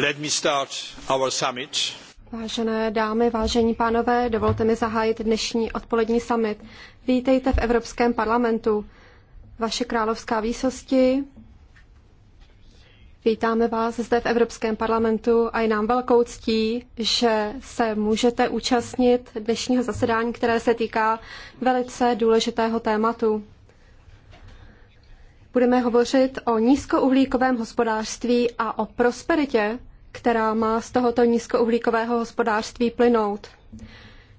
Let me start our summit. Vážené dámy, vážení pánové, dovolte mi zahájit dnešní odpolední summit. Vítejte v Evropském parlamentu. Vaše královská výsosti, vítáme vás zde v Evropském parlamentu a je nám velkou ctí, že se můžete účastnit dnešního zasedání, které se týká velice důležitého tématu. Budeme hovořit o nízkouhlíkovém hospodářství a o prosperitě, která má z tohoto nízkouhlíkového hospodářství plynout.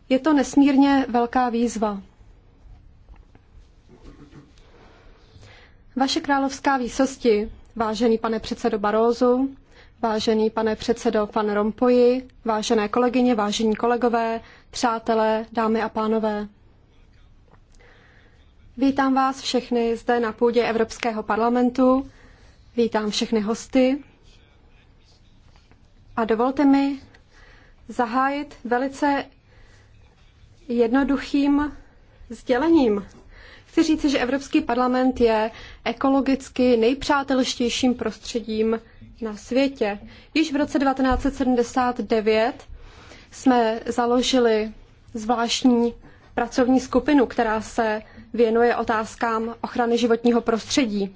Je to nesmírně velká výzva. Vaše královská výsosti, vážený pane předsedo Barózu, vážený pane předsedo Van Rompuyi, vážené kolegyně, vážení kolegové, přátelé, dámy a pánové. Vítám vás všechny zde na půdě Evropského parlamentu, vítám všechny hosty a dovolte mi zahájit velice jednoduchým sdělením. Chci říci, že Evropský parlament je ekologicky nejpřátelštějším prostředím na světě. Již v roce 1979 jsme založili zvláštní pracovní skupinu, která se věnuje otázkám ochrany životního prostředí.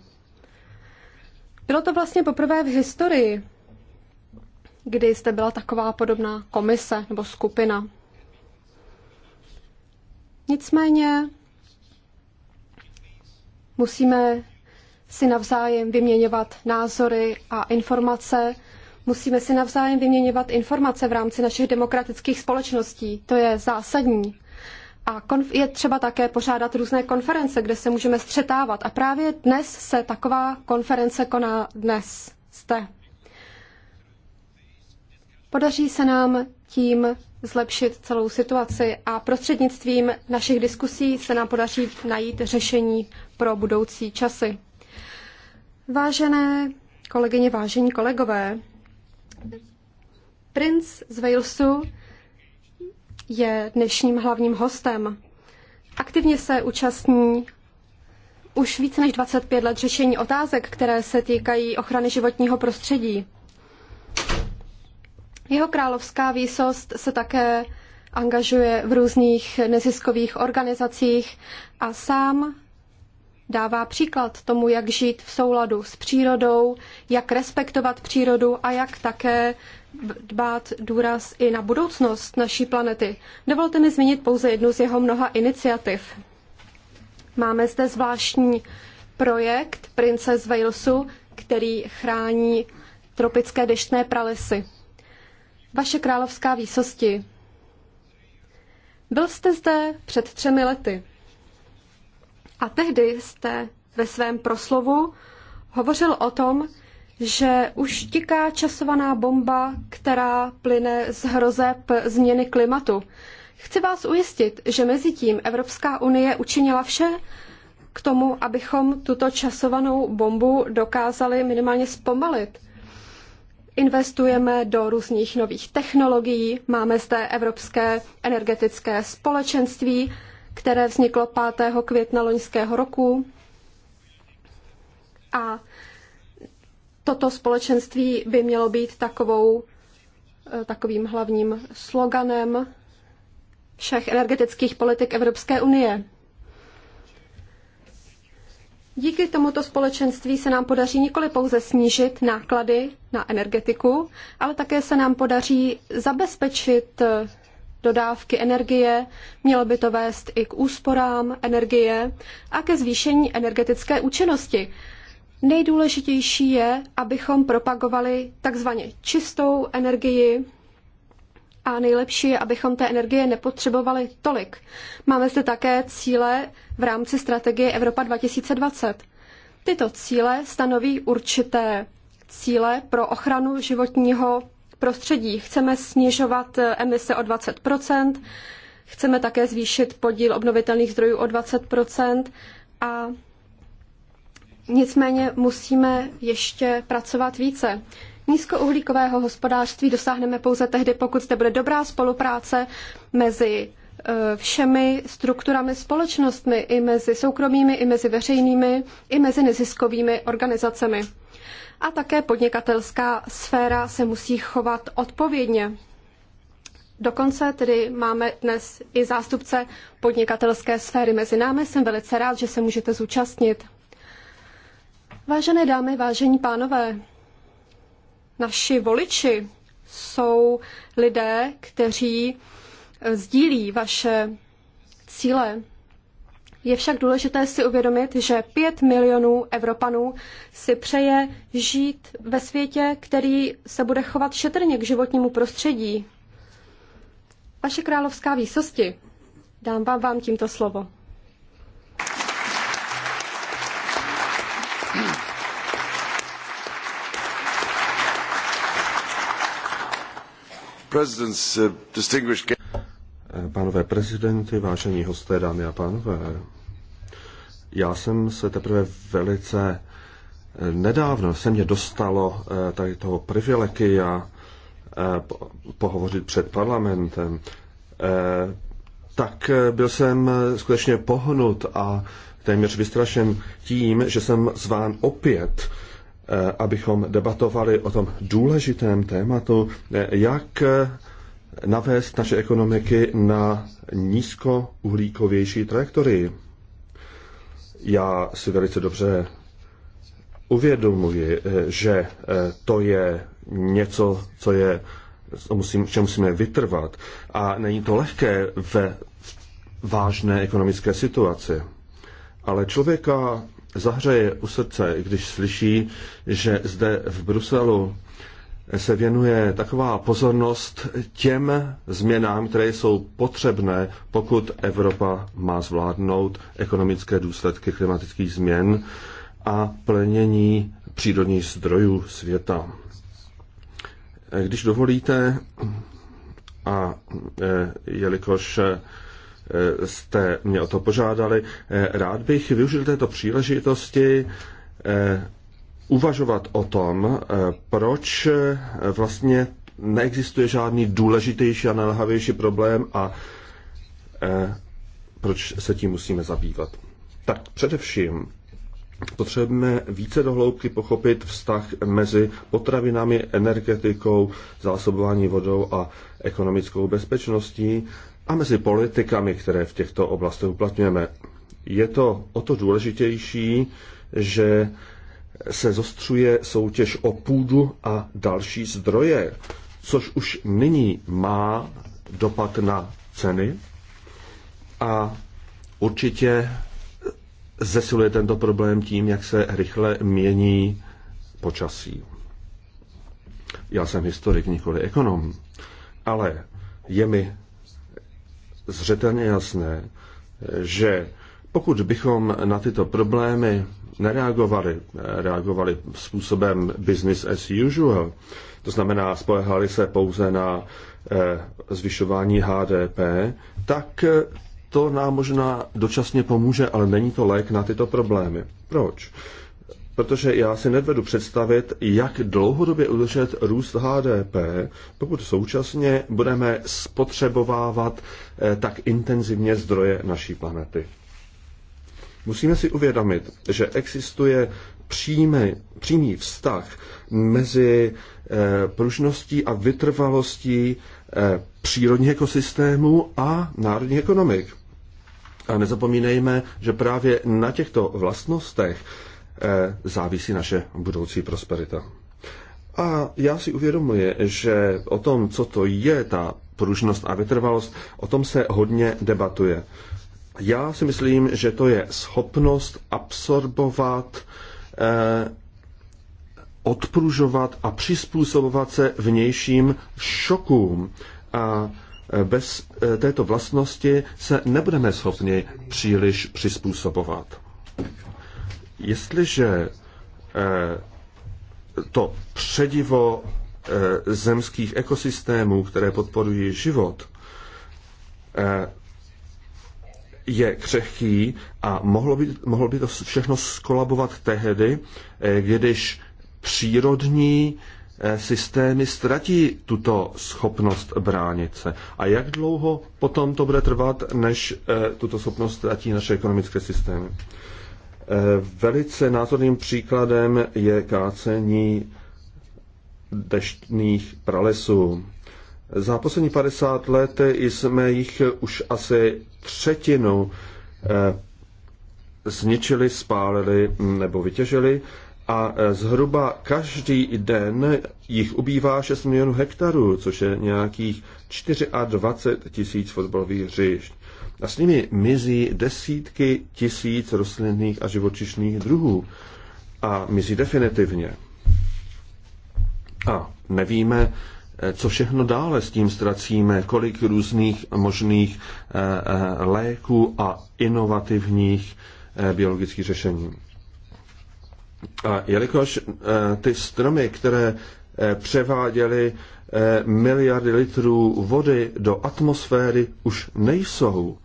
Bylo to vlastně poprvé v historii, kdy jste byla taková podobná komise nebo skupina. Nicméně musíme si navzájem vyměňovat názory a informace, musíme si navzájem vyměňovat informace v rámci našich demokratických společností. To je zásadní. A je třeba také pořádat různé konference, kde se můžeme střetávat. A právě dnes se taková konference koná dnes. Zde. Podaří se nám tím zlepšit celou situaci a prostřednictvím našich diskusí se nám podaří najít řešení pro budoucí časy. Vážené kolegyně, vážení kolegové, princ z Walesu je dnešním hlavním hostem. Aktivně se účastní už více než 25 let řešení otázek, které se týkají ochrany životního prostředí. Jeho královská výsost se také angažuje v různých neziskových organizacích a sám dává příklad tomu, jak žít v souladu s přírodou, jak respektovat přírodu a jak také dbát důraz i na budoucnost naší planety. Dovolte mi zmínit pouze jednu z jeho mnoha iniciativ. Máme zde zvláštní projekt Princes Walesu, který chrání tropické deštné pralesy. Vaše královská výsosti, byl jste zde před třemi lety a tehdy jste ve svém proslovu hovořil o tom, že už tiká časovaná bomba, která plyne z hrozeb změny klimatu. Chci vás ujistit, že mezi tím Evropská unie učinila vše k tomu, abychom tuto časovanou bombu dokázali minimálně zpomalit investujeme do různých nových technologií. Máme zde Evropské energetické společenství, které vzniklo 5. května loňského roku. A toto společenství by mělo být takovou, eh, takovým hlavním sloganem všech energetických politik Evropské unie. Díky tomuto společenství se nám podaří nikoli pouze snížit náklady na energetiku, ale také se nám podaří zabezpečit eh, dodávky energie, mělo by to vést i k úsporám energie a ke zvýšení energetické účinnosti. Nejdůležitější je, abychom propagovali takzvaně čistou energii, a nejlepší je, abychom té energie nepotřebovali tolik. Máme zde také cíle v rámci strategie Evropa 2020. Tyto cíle stanoví určité cíle pro ochranu životního prostředí. Chceme snižovat emise o 20 chceme také zvýšit podíl obnovitelných zdrojů o 20 a nicméně musíme ještě pracovat více. Nízkouhlíkového hospodářství dosáhneme pouze tehdy, pokud zde bude dobrá spolupráce mezi eh, všemi strukturami společnostmi, i mezi soukromými, i mezi veřejnými, i mezi neziskovými organizacemi. A také podnikatelská sféra se musí chovat odpovědně. Dokonce tedy máme dnes i zástupce podnikatelské sféry mezi námi. Jsem velice rád, že se můžete zúčastnit. Vážené dámy, vážení pánové, Naši voliči jsou lidé, kteří sdílí vaše cíle. Je však důležité si uvědomit, že pět milionů Evropanů si přeje žít ve světě, který se bude chovat šetrně k životnímu prostředí. Vaše královská výsosti, dám vám, vám tímto slovo. Uh, eh, pánové prezidenty, vážení hosté, dámy a pánové, já jsem se teprve velice eh, nedávno se mě dostalo eh, tady toho privilegia pohovořit před parlamentem. Tak byl jsem skutečně pohnut a téměř vystrašen tím, že jsem zván opět Eh, abychom debatovali o tom důležitém tématu, eh, jak eh, navést naše ekonomiky na nízkouhlíkovější trajektorii. Já si velice dobře uvědomuji, že to je něco, co je, co musím, čem musíme vytrvat. A není to lehké ve vážné ekonomické situaci. Ale člověka zahřeje u srdce, když slyší, že zde v Bruselu se věnuje taková pozornost těm změnám, které jsou potřebné, pokud Evropa má zvládnout ekonomické důsledky klimatických změn a plnění přírodních zdrojů světa. Když dovolíte, a e, jelikož Eh, jste mě o to požádali. Eh, rád bych využil této příležitosti eh, uvažovat o tom, proč vlastně neexistuje žádný důležitější a nelhavější problém a proč se tím musíme zabývat. Tak především potřebujeme více dohloubky pochopit vztah mezi potravinami, energetikou, zásobování vodou a ekonomickou bezpečností a mezi politikami, které v těchto oblastech uplatňujeme. Je to o to důležitější, že se zostřuje soutěž o půdu a další zdroje, což už nyní má dopad na ceny a určitě zesiluje tento problém tím, jak se rychle mění počasí. Já jsem historik, nikoli ekonom, ale je mi zřetelně jasné, že pokud bychom na tyto problémy nereagovali, reagovali způsobem business as usual, to znamená spolehali se pouze na eh, zvyšování HDP, tak eh, to nám možná dočasně pomůže, ale není to lék na tyto problémy. Proč? protože já si nedvedu představit, jak dlouhodobě udržet růst HDP, pokud současně budeme spotřebovávat eh, tak intenzivně zdroje naší planety. Musíme si uvědomit, že existuje přímý, přímý vztah mezi eh, pružností a vytrvalostí eh, přírodních ekosystémů a národních ekonomik. A nezapomínejme, že právě na těchto vlastnostech Eh, závisí naše budoucí prosperita. A já si uvědomuji, že o tom, co to je ta pružnost a vytrvalost, o tom se hodně debatuje. Já si myslím, že to je schopnost absorbovat, eh, odpružovat a přizpůsobovat se vnějším šokům. A eh, bez eh, této vlastnosti se nebudeme schopni příliš přizpůsobovat. Jestliže eh, to předivo eh, zemských ekosystémů, které podporují život, eh, je křehký a mohlo by, mohlo by to všechno skolabovat tehdy, když přírodní systémy ztratí tuto schopnost bránit se. A jak dlouho potom to bude trvat, než tuto schopnost ztratí naše ekonomické systémy? Eh, velice názorným příkladem je kácení deštných pralesů. Za poslední 50 let jsme jich už asi třetinu eh, zničili, spálili nebo vytěžili a eh, zhruba každý den jich ubývá 6 milionů hektarů, což je nějakých 24 tisíc fotbalových hřišť. A s nimi mizí desítky tisíc rostlinných a živočišných druhů. A mizí definitivně. A nevíme, eh, co všechno dále s tím ztracíme, kolik různých možných eh, eh, léků a inovativních biologických řešení. A jelikož ty stromy, které Eh, převáděly eh, miliardy litrů vody do atmosféry, už nejsou,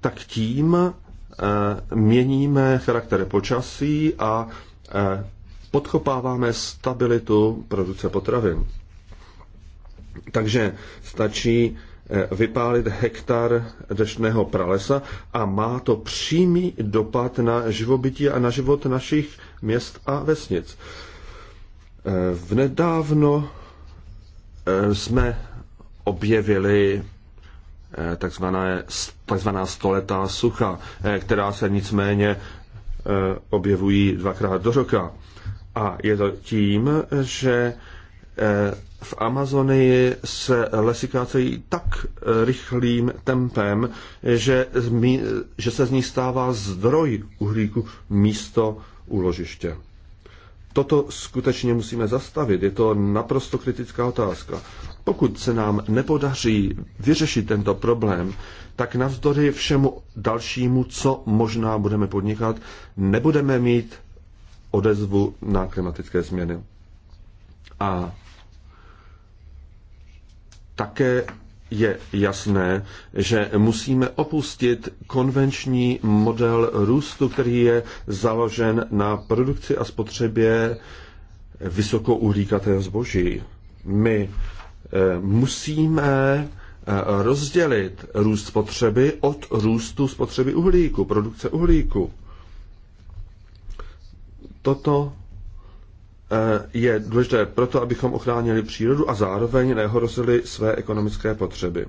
tak tím eh, měníme charakter počasí a podkopáváme stabilitu produkce potravin. Takže stačí vypálit hektar dešného pralesa a má to přímý dopad na živobytí a na život našich měst a vesnic. V nedávno eh, jsme objevili eh, takzvané, takzvaná stoletá sucha, eh, která se nicméně objevují dvakrát do roka. A je to tím, že v Amazonii se lesy kácejí tak rychlým tempem, že, že se z ní stává zdroj uhlíku místo úložiště toto skutečně musíme zastavit. Je to naprosto kritická otázka. Pokud se nám nepodaří vyřešit tento problém, tak navzdory všemu dalšímu, co možná budeme podnikat, nebudeme mít odezvu na klimatické změny. A také je jasné, že musíme opustit konvenční model růstu, který je založen na produkci a spotřebě vysokouhlíkatého zboží. My eh, musíme eh, rozdělit růst spotřeby od růstu spotřeby uhlíku, produkce uhlíku. Toto Eh, je důležité proto, abychom ochránili přírodu a zároveň nehorozili své ekonomické potřeby.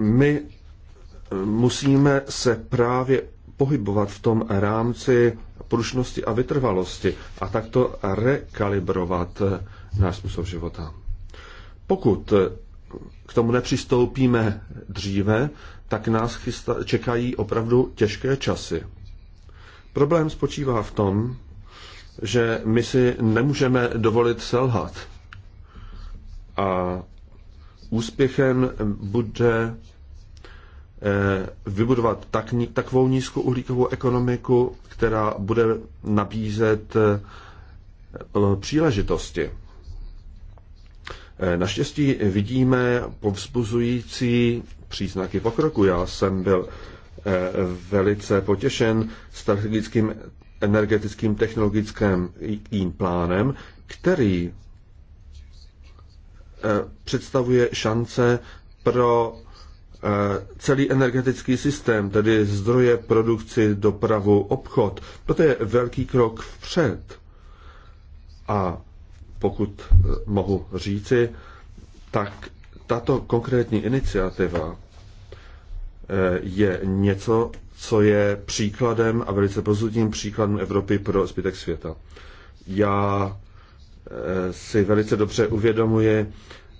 My eh, musíme se právě pohybovat v tom rámci prušnosti a vytrvalosti a takto rekalibrovat eh, náš způsob života. Pokud k tomu nepřistoupíme dříve, tak nás chysta, čekají opravdu těžké časy. Problém spočívá v tom, že my si nemůžeme dovolit selhat. A úspěchem bude eh, vybudovat tak, takovou nízkouhlíkovou ekonomiku, která bude nabízet eh, příležitosti. Eh, naštěstí vidíme povzbuzující příznaky pokroku. Já jsem byl velice potěšen strategickým energetickým technologickým plánem, který eh, představuje šance pro eh, celý energetický systém, tedy zdroje, produkci, dopravu, obchod. To je velký krok vpřed. A pokud eh, mohu říci, tak tato konkrétní iniciativa je něco, co je příkladem a velice pozitivním příkladem Evropy pro zbytek světa. Já eh, si velice dobře uvědomuji,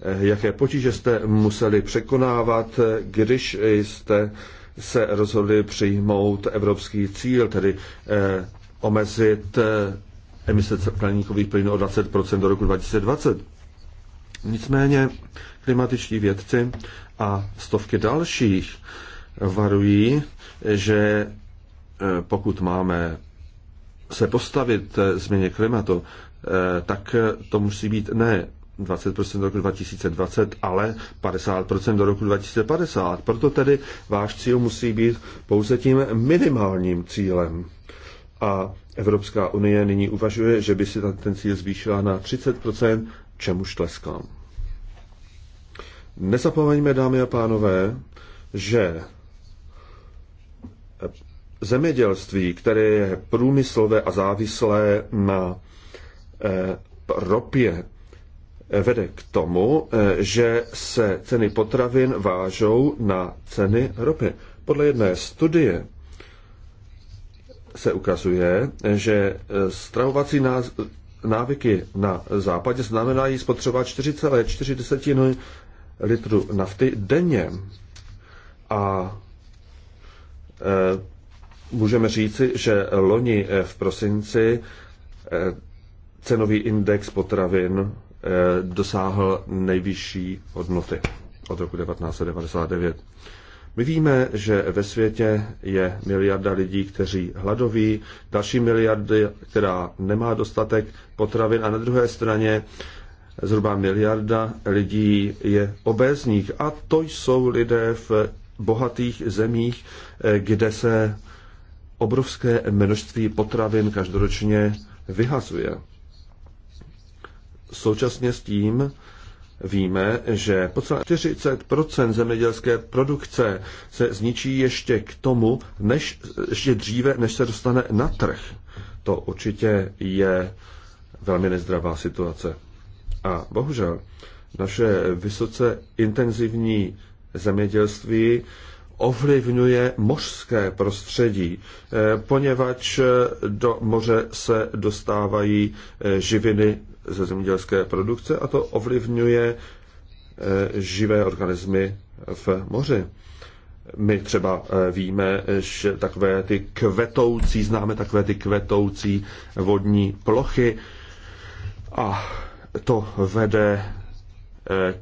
eh, jaké potíže jste museli překonávat, eh, když jste se rozhodli přijmout evropský cíl, tedy omezit emise skleníkových plynů o 20 do roku 2020. Nicméně klimatičtí vědci a stovky dalších varují že e, pokud máme se postavit e, změně klimatu, e, tak to musí být ne 20% do roku 2020, ale 50% do roku 2050. Proto tedy váš cíl musí být pouze tím minimálním cílem. A Evropská unie nyní uvažuje, že by si ten cíl zvýšila na 30%, čemuž tleskám. Nezapomeňme, dámy a pánové, že zemědělství, které je průmyslové a závislé na eh, ropě, eh, vede k tomu, eh, že se ceny potravin vážou na ceny ropy. Podle jedné studie se ukazuje, že stravovací návyky na západě znamenají spotřeba 4,4 litru nafty denně. A můžeme říci, že loni v prosinci eh, cenový index potravin eh, dosáhl nejvyšší hodnoty od roku 1999. My víme, že ve světě je miliarda lidí, kteří hladoví, další miliardy, která nemá dostatek potravin a na druhé straně zhruba miliarda lidí je obézních a to jsou lidé v bohatých zemích, eh, kde se obrovské množství potravin každoročně vyhazuje. Současně s tím víme, že po celé 40 zemědělské produkce se zničí ještě k tomu, než, ještě dříve, než se dostane na trh. To určitě je velmi nezdravá situace. A bohužel naše vysoce intenzivní zemědělství ovlivňuje mořské prostředí, eh, poněvadž eh, do moře se dostávají eh, živiny ze zemědělské produkce a to ovlivňuje živé organismy v moři. My třeba víme, že takové ty kvetoucí, známe takové ty kvetoucí vodní plochy a to vede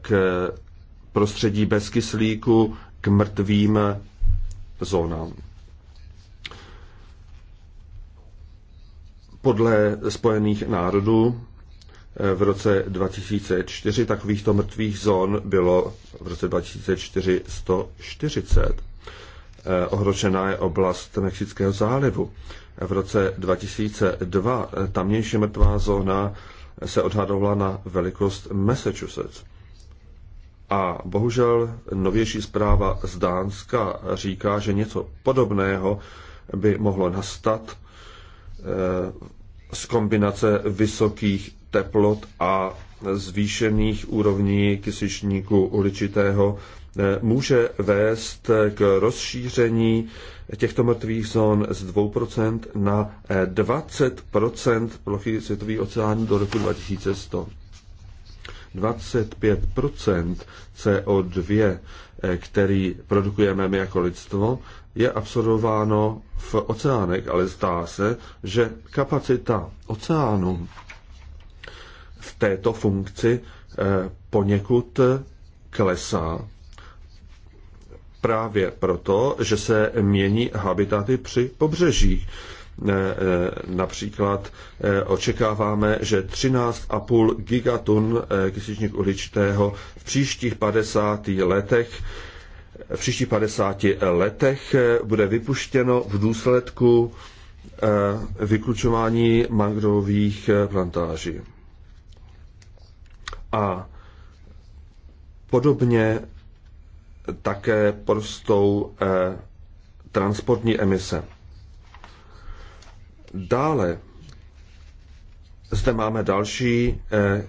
k prostředí bez kyslíku, k mrtvým zónám. Podle Spojených národů eh, v roce 2004 takovýchto mrtvých zón bylo v roce 2004 140. Eh, ohročená je oblast Mexického zálivu. V roce 2002 tamnější mrtvá zóna se odhadovala na velikost Massachusetts. A bohužel novější zpráva z Dánska říká, že něco podobného by mohlo nastat eh, z kombinace vysokých teplot a zvýšených úrovní kysičníku uličitého eh, může vést k rozšíření těchto mrtvých zón z 2% na 20% eh, plochy světových oceánů do roku 2100. 25 CO2, eh, který produkujeme my jako lidstvo, je absorbováno v oceánech, ale zdá se, že kapacita oceánu v této funkci eh, poněkud eh, klesá právě proto, že se mění habitaty při pobřežích. Eh, eh, například eh, očekáváme, že 13,5 gigatun kysličníku uhličitého v příštích 50 letech v příštích 50 letech bude vypuštěno v důsledku vyklučování mangrových plantáží. A podobně také prostou transportní emise. Dále zde máme další eh,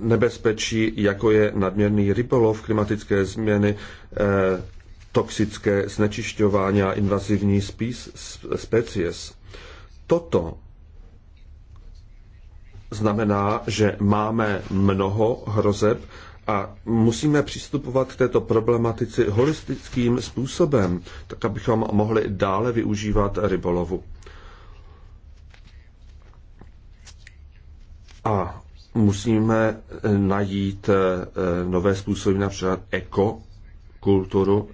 nebezpečí, jako je nadměrný rybolov, klimatické změny, eh, toxické znečišťování a invazivní spíš species. Toto znamená, že máme mnoho hrozeb a musíme přistupovat k této problematici holistickým způsobem, tak abychom mohli dále využívat rybolovu. A musíme eh, najít eh, eh, nové způsoby, například ekokulturu,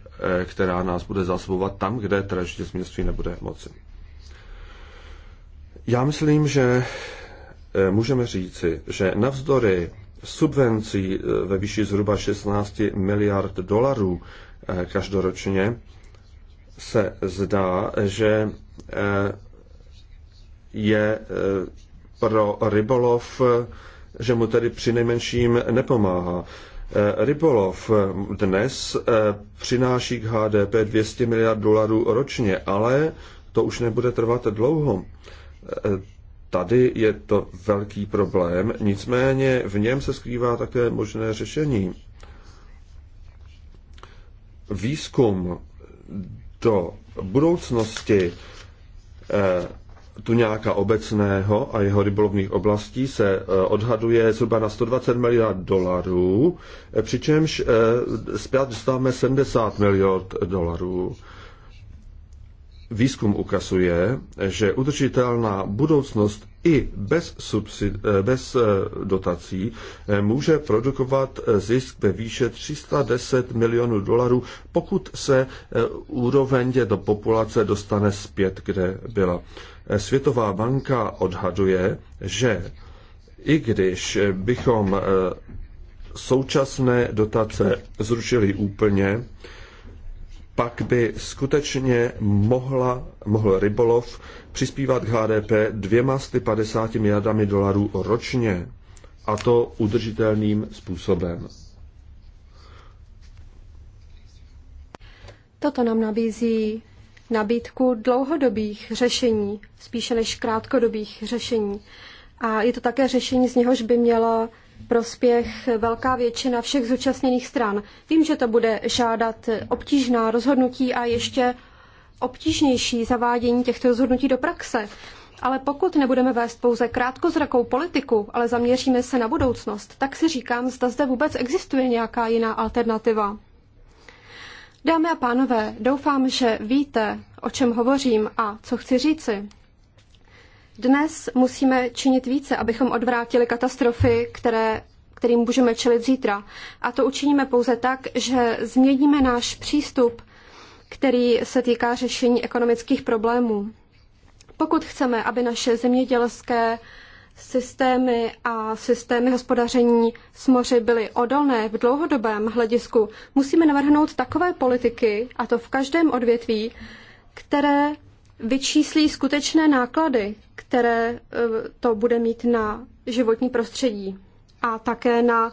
která nás bude zasouvat tam, kde tradičně směství nebude moci. Já myslím, že můžeme říci, že navzdory subvencí ve výši zhruba 16 miliard dolarů každoročně se zdá, že je pro rybolov, že mu tedy přinejmenším nepomáhá. Eh, rybolov mm, dnes eh, přináší k HDP 200 miliard dolarů ročně, ale to už nebude trvat dlouho. Eh, tady je to velký problém, nicméně v něm se skrývá také možné řešení. Výzkum do budoucnosti tuňáka obecného a jeho rybolovných oblastí se e, odhaduje zhruba na 120 miliard dolarů, e, přičemž e, zpět dostáváme 70 miliard dolarů. Výzkum ukazuje, že udržitelná budoucnost i bez, subsid, eh, bez eh, dotací eh, může produkovat zisk ve výše 310 milionů dolarů, pokud se úroveň do populace dostane zpět, kde byla. Světová banka odhaduje, že i když bychom současné dotace zrušili úplně, pak by skutečně mohla, mohl rybolov přispívat k HDP 250 miliardami dolarů ročně, a to udržitelným způsobem. Toto nám nabízí nabídku dlouhodobých řešení, spíše než krátkodobých řešení. A je to také řešení, z něhož by mělo prospěch velká většina všech zúčastněných stran. Vím, že to bude žádat obtížná rozhodnutí a ještě obtížnější zavádění těchto rozhodnutí do praxe. Ale pokud nebudeme vést pouze krátkozrakou politiku, ale zaměříme se na budoucnost, tak si říkám, zda zde vůbec existuje nějaká jiná alternativa. Dámy a pánové, doufám, že víte, o čem hovořím a co chci říci. Dnes musíme činit více, abychom odvrátili katastrofy, které, kterým můžeme čelit zítra. A to učiníme pouze tak, že změníme náš přístup, který se týká řešení ekonomických problémů. Pokud chceme, aby naše zemědělské systémy a systémy hospodaření s moři byly odolné v dlouhodobém hledisku, musíme navrhnout takové politiky, a to v každém odvětví, které vyčíslí skutečné náklady, které e, to bude mít na životní prostředí a také na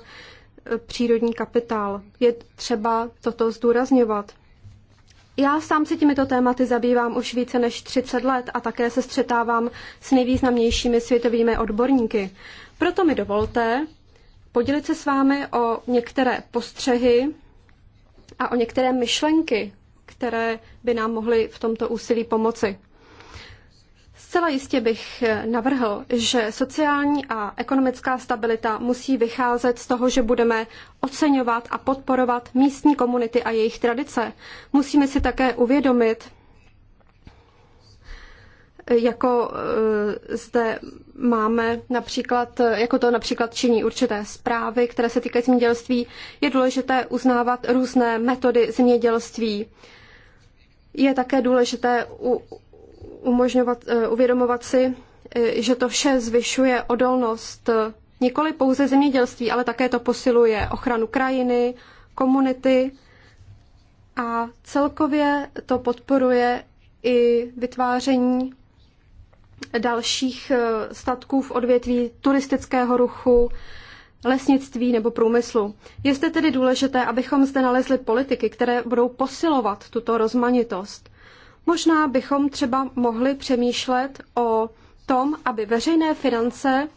e, přírodní kapitál. Je třeba toto zdůrazňovat. Já sám se těmito tématy zabývám už více než 30 let a také se střetávám s nejvýznamnějšími světovými odborníky. Proto mi dovolte podělit se s vámi o některé postřehy a o některé myšlenky které by nám mohly v tomto úsilí pomoci. Zcela jistě bych navrhl, že sociální a ekonomická stabilita musí vycházet z toho, že budeme oceňovat a podporovat místní komunity a jejich tradice. Musíme si také uvědomit, jako eh, zde máme například, jako to například činí určité zprávy, které se týkají zemědělství, je důležité uznávat různé metody zemědělství je také důležité u, umožňovat, eh, uvědomovat si, eh, že to vše zvyšuje odolnost eh, nikoli pouze zemědělství, ale také to posiluje ochranu krajiny, komunity a celkově to podporuje i vytváření dalších statků v odvětví turistického ruchu, lesnictví nebo průmyslu. Je zde tedy důležité, abychom zde nalezli politiky, které budou posilovat tuto rozmanitost. Možná bychom třeba mohli přemýšlet o tom, aby veřejné finance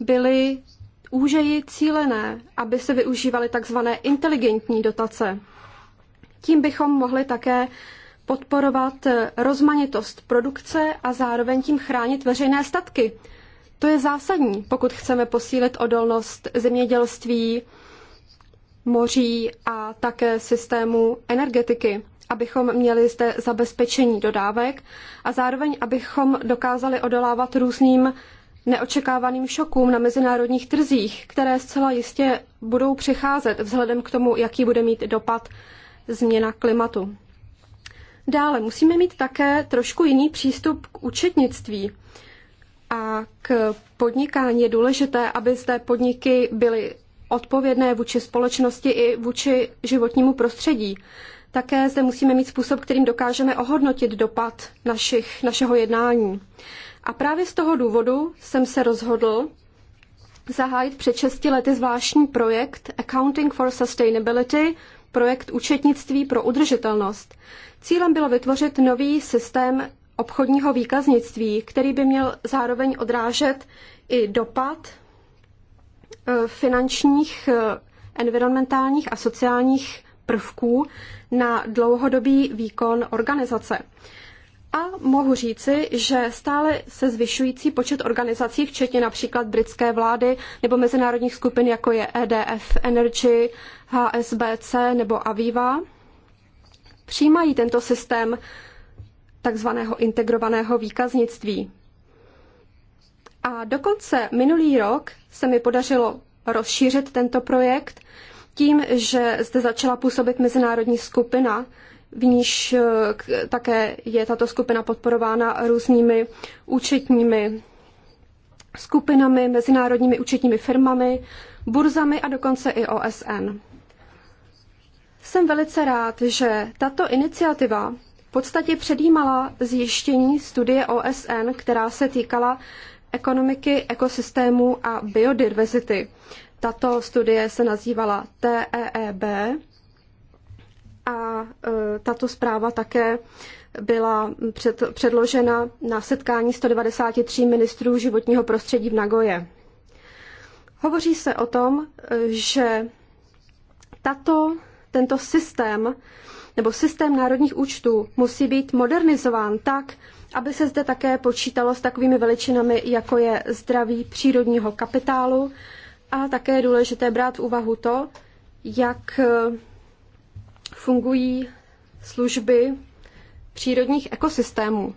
byly úžeji cílené, aby se využívaly tzv. inteligentní dotace. Tím bychom mohli také podporovat rozmanitost produkce a zároveň tím chránit veřejné statky. To je zásadní, pokud chceme posílit odolnost zemědělství, moří a také systému energetiky, abychom měli zde zabezpečení dodávek a zároveň, abychom dokázali odolávat různým neočekávaným šokům na mezinárodních trzích, které zcela jistě budou přicházet vzhledem k tomu, jaký bude mít dopad změna klimatu. Dále musíme mít také trošku jiný přístup k účetnictví a k podnikání je důležité, aby zde podniky byly odpovědné vůči společnosti i vůči životnímu prostředí. Také zde musíme mít způsob, kterým dokážeme ohodnotit dopad našich, našeho jednání. A právě z toho důvodu jsem se rozhodl zahájit před 6 lety zvláštní projekt Accounting for Sustainability, projekt účetnictví pro udržitelnost. Cílem bylo vytvořit nový systém obchodního výkaznictví, který by měl zároveň odrážet i dopad e, finančních, e, environmentálních a sociálních prvků na dlouhodobý výkon organizace. A mohu říci, že stále se zvyšující počet organizací, včetně například britské vlády nebo mezinárodních skupin, jako je EDF Energy, HSBC nebo Aviva, přijímají tento systém takzvaného integrovaného výkaznictví. A dokonce minulý rok se mi podařilo rozšířit tento projekt tím, že zde začala působit mezinárodní skupina, v níž eh, také je tato skupina podporována různými účetními skupinami, mezinárodními účetními firmami, burzami a dokonce i OSN. Jsem velice rád, že tato iniciativa podstatě předjímala zjištění studie OSN, která se týkala ekonomiky, ekosystému a biodiverzity. Tato studie se nazývala TEEB a e, tato zpráva také byla před, předložena na setkání 193 ministrů životního prostředí v Nagoje. Hovoří se o tom, e, že tato, tento systém nebo systém národních účtů musí být modernizován tak, aby se zde také počítalo s takovými veličinami, jako je zdraví přírodního kapitálu a také je důležité brát v úvahu to, jak eh, fungují služby přírodních ekosystémů.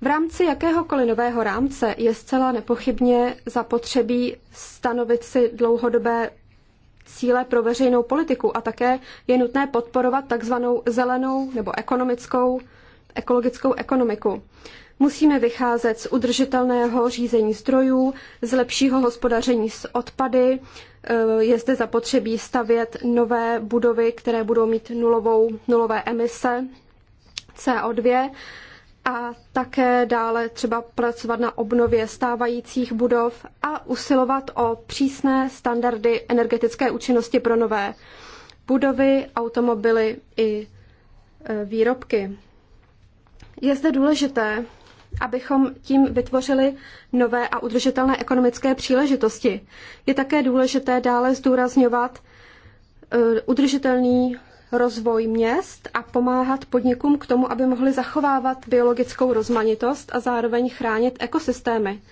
V rámci jakéhokoliv nového rámce je zcela nepochybně zapotřebí stanovit si dlouhodobé cíle pro veřejnou politiku a také je nutné podporovat takzvanou zelenou nebo ekonomickou, ekologickou ekonomiku. Musíme vycházet z udržitelného řízení zdrojů, z lepšího hospodaření s odpady. Eh, je zde zapotřebí stavět nové budovy, které budou mít nulovou, nulové emise CO2 a také dále třeba pracovat na obnově stávajících budov a usilovat o přísné standardy energetické účinnosti pro nové budovy, automobily i e, výrobky. Je zde důležité, abychom tím vytvořili nové a udržitelné ekonomické příležitosti. Je také důležité dále zdůrazňovat e, udržitelný rozvoj měst a pomáhat podnikům k tomu, aby mohli zachovávat biologickou rozmanitost a zároveň chránit ekosystémy.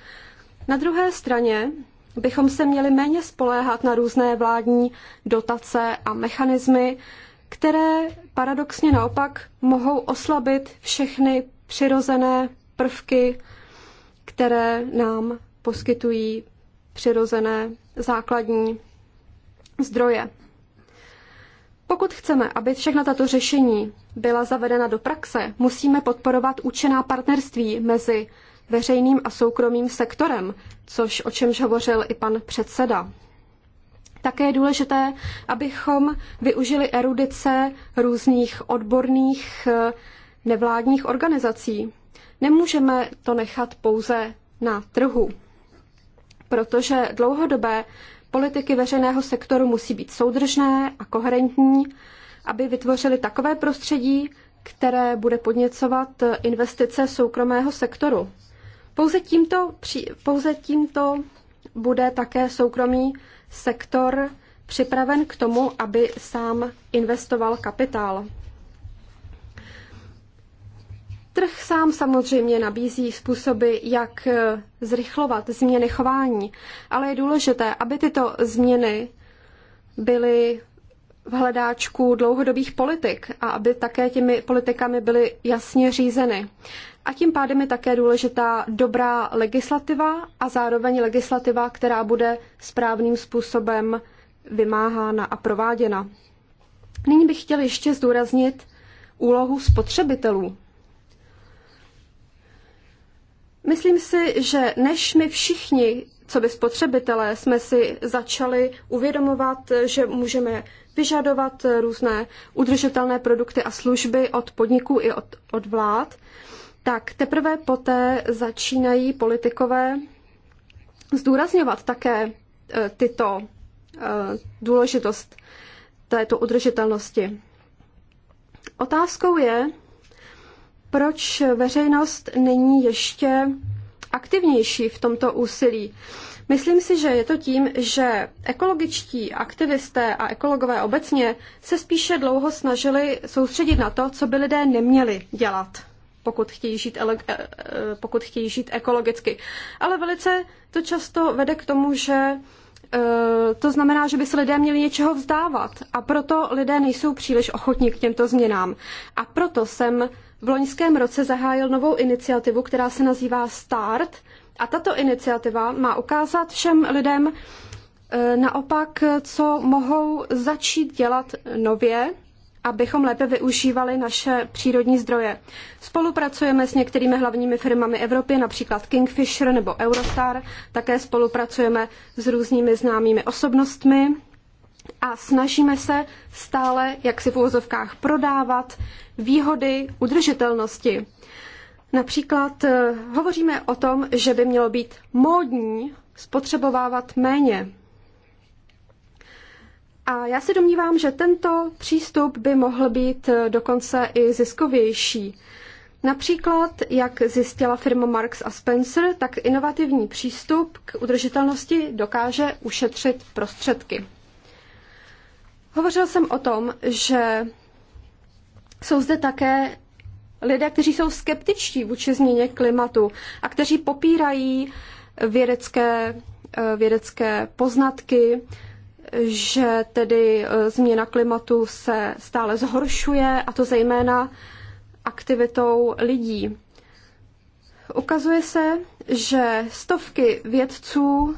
Na druhé straně bychom se měli méně spoléhat na různé vládní dotace a mechanismy, které paradoxně naopak mohou oslabit všechny přirozené prvky, které nám poskytují přirozené základní zdroje. Pokud chceme, aby všechna tato řešení byla zavedena do praxe, musíme podporovat účená partnerství mezi veřejným a soukromým sektorem, což o čemž hovořil i pan předseda. Také je důležité, abychom využili erudice různých odborných eh, nevládních organizací. Nemůžeme to nechat pouze na trhu, protože dlouhodobé politiky veřejného sektoru musí být soudržné a koherentní, aby vytvořili takové prostředí, které bude podněcovat investice soukromého sektoru. Pouze tímto, pouze tímto bude také soukromý sektor připraven k tomu, aby sám investoval kapitál. Trh sám samozřejmě nabízí způsoby, jak eh, zrychlovat změny chování, ale je důležité, aby tyto změny byly v hledáčku dlouhodobých politik a aby také těmi politikami byly jasně řízeny. A tím pádem je také důležitá dobrá legislativa a zároveň legislativa, která bude správným způsobem vymáhána a prováděna. Nyní bych chtěl ještě zdůraznit úlohu spotřebitelů. Myslím si, že než my všichni, co by spotřebitelé, jsme si začali uvědomovat, že můžeme vyžadovat různé udržitelné produkty a služby od podniků i od, od vlád, tak teprve poté začínají politikové zdůrazňovat také e, tyto e, důležitost této udržitelnosti. Otázkou je, proč veřejnost není ještě aktivnější v tomto úsilí. Myslím si, že je to tím, že ekologičtí aktivisté a ekologové obecně se spíše dlouho snažili soustředit na to, co by lidé neměli dělat, pokud chtějí žít, e, e, pokud chtějí žít ekologicky. Ale velice to často vede k tomu, že e, to znamená, že by se lidé měli něčeho vzdávat a proto lidé nejsou příliš ochotní k těmto změnám. A proto jsem v loňském roce zahájil novou iniciativu, která se nazývá START. A tato iniciativa má ukázat všem lidem e, naopak, co mohou začít dělat nově, abychom lépe využívali naše přírodní zdroje. Spolupracujeme s některými hlavními firmami Evropy, například Kingfisher nebo Eurostar. Také spolupracujeme s různými známými osobnostmi a snažíme se stále, jak si v uvozovkách, prodávat, výhody udržitelnosti. Například eh, hovoříme o tom, že by mělo být módní spotřebovávat méně. A já se domnívám, že tento přístup by mohl být eh, dokonce i ziskovější. Například, jak zjistila firma Marks a Spencer, tak inovativní přístup k udržitelnosti dokáže ušetřit prostředky. Hovořil jsem o tom, že jsou zde také lidé, kteří jsou skeptičtí vůči změně klimatu a kteří popírají vědecké, eh, vědecké poznatky, že tedy eh, změna klimatu se stále zhoršuje, a to zejména aktivitou lidí. Ukazuje se, že stovky vědců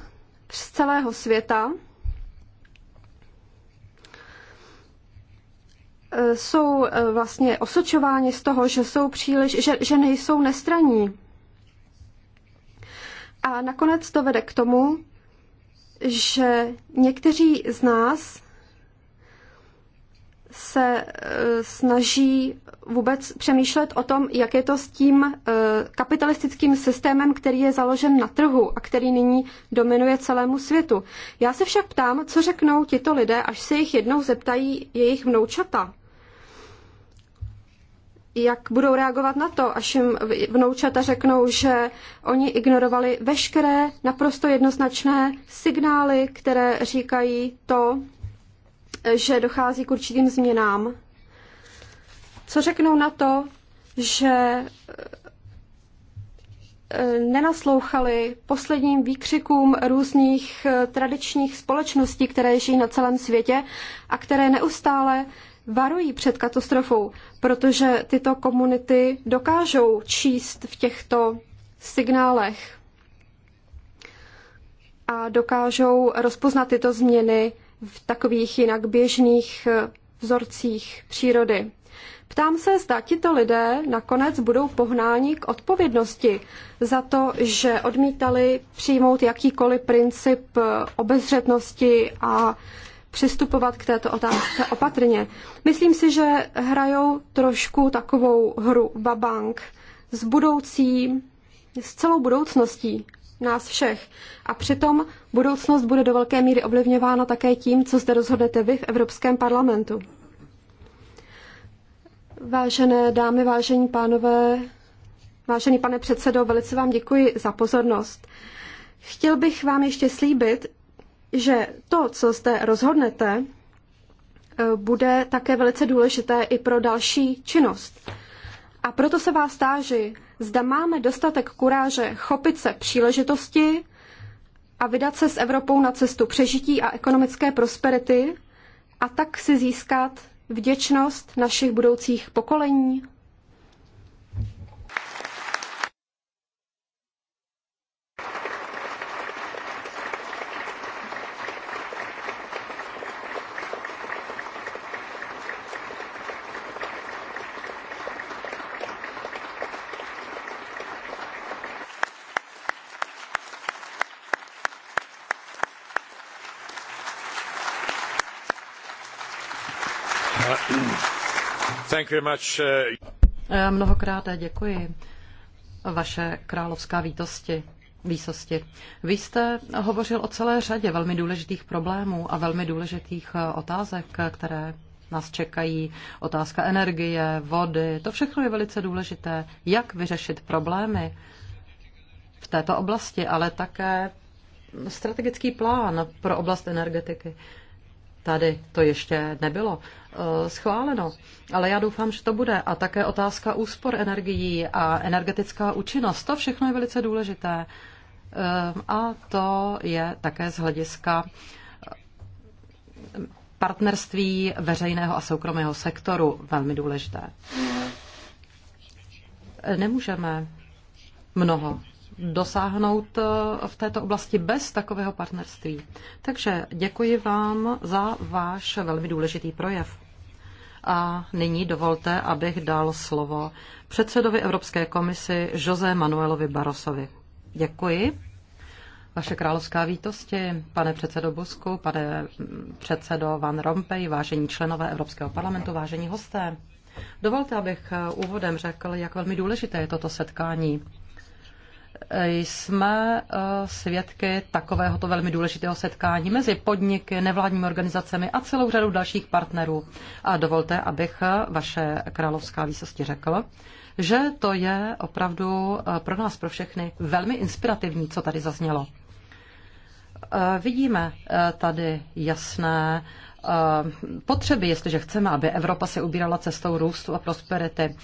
z celého světa Eh, jsou eh, vlastně osočováni z toho, že jsou příliš, že, že nejsou nestraní. A nakonec to vede k tomu, že někteří z nás se eh, snaží vůbec přemýšlet o tom, jak je to s tím kapitalistickým systémem, který je založen na trhu a který nyní dominuje celému světu. Já se však ptám, co řeknou tito lidé, až se jich jednou zeptají jejich vnoučata jak budou reagovat na to, až jim vnoučata řeknou, že oni ignorovali veškeré naprosto jednoznačné signály, které říkají to, že dochází k určitým změnám. Co řeknou na to, že e, nenaslouchali posledním výkřikům různých e, tradičních společností, které žijí na celém světě a které neustále varují před katastrofou, protože tyto komunity dokážou číst v těchto signálech a dokážou rozpoznat tyto změny v takových jinak běžných eh, vzorcích přírody. Ptám se, zda tito lidé nakonec budou pohnáni k odpovědnosti za to, že odmítali přijmout jakýkoliv princip eh, obezřetnosti a přistupovat k této otázce opatrně. Myslím si, že hrajou trošku takovou hru babank s budoucí, s celou budoucností nás všech. A přitom budoucnost bude do velké míry ovlivňována také tím, co zde rozhodnete vy v Evropském parlamentu. Vážené dámy, vážení pánové, vážený pane předsedo, velice vám děkuji za pozornost. Chtěl bych vám ještě slíbit, že to, co zde rozhodnete, eh, bude také velice důležité i pro další činnost. A proto se vás táži, zda máme dostatek kuráže chopit se příležitosti a vydat se s Evropou na cestu přežití a ekonomické prosperity a tak si získat vděčnost našich budoucích pokolení. Uh, mnohokrát děkuji vaše královská vítosti. Výsosti. Vy jste hovořil o celé řadě velmi důležitých problémů a velmi důležitých eh, otázek, které nás čekají. Otázka energie, vody, to všechno je velice důležité. Jak vyřešit problémy v této oblasti, ale také strategický plán pro oblast energetiky. Tady to ještě nebylo eh, schváleno, ale já doufám, že to bude. A také otázka úspor energií a energetická účinnost, to všechno je velice důležité. Eh, a to je také z hlediska eh, partnerství veřejného a soukromého sektoru velmi důležité. Nemůžeme mnoho dosáhnout eh, v této oblasti bez takového partnerství. Takže děkuji vám za váš velmi důležitý projev. A nyní dovolte, abych dal slovo předsedovi Evropské komisi Jose Manuelovi Barosovi. Děkuji. Vaše královská vítosti, pane předsedo Busku, pane předsedo Van Rompuy, vážení členové Evropského parlamentu, vážení hosté. Dovolte, abych úvodem řekl, jak velmi důležité je toto setkání jsme eh, svědky takovéhoto velmi důležitého setkání mezi podniky, nevládními organizacemi a celou řadou dalších partnerů. A dovolte, abych vaše královská výsosti řekl, že to je opravdu eh, pro nás, pro všechny, velmi inspirativní, co tady zaznělo. Eh, vidíme tady jasné potřeby, jestliže chceme, aby Evropa se ubírala cestou růstu a prosperity.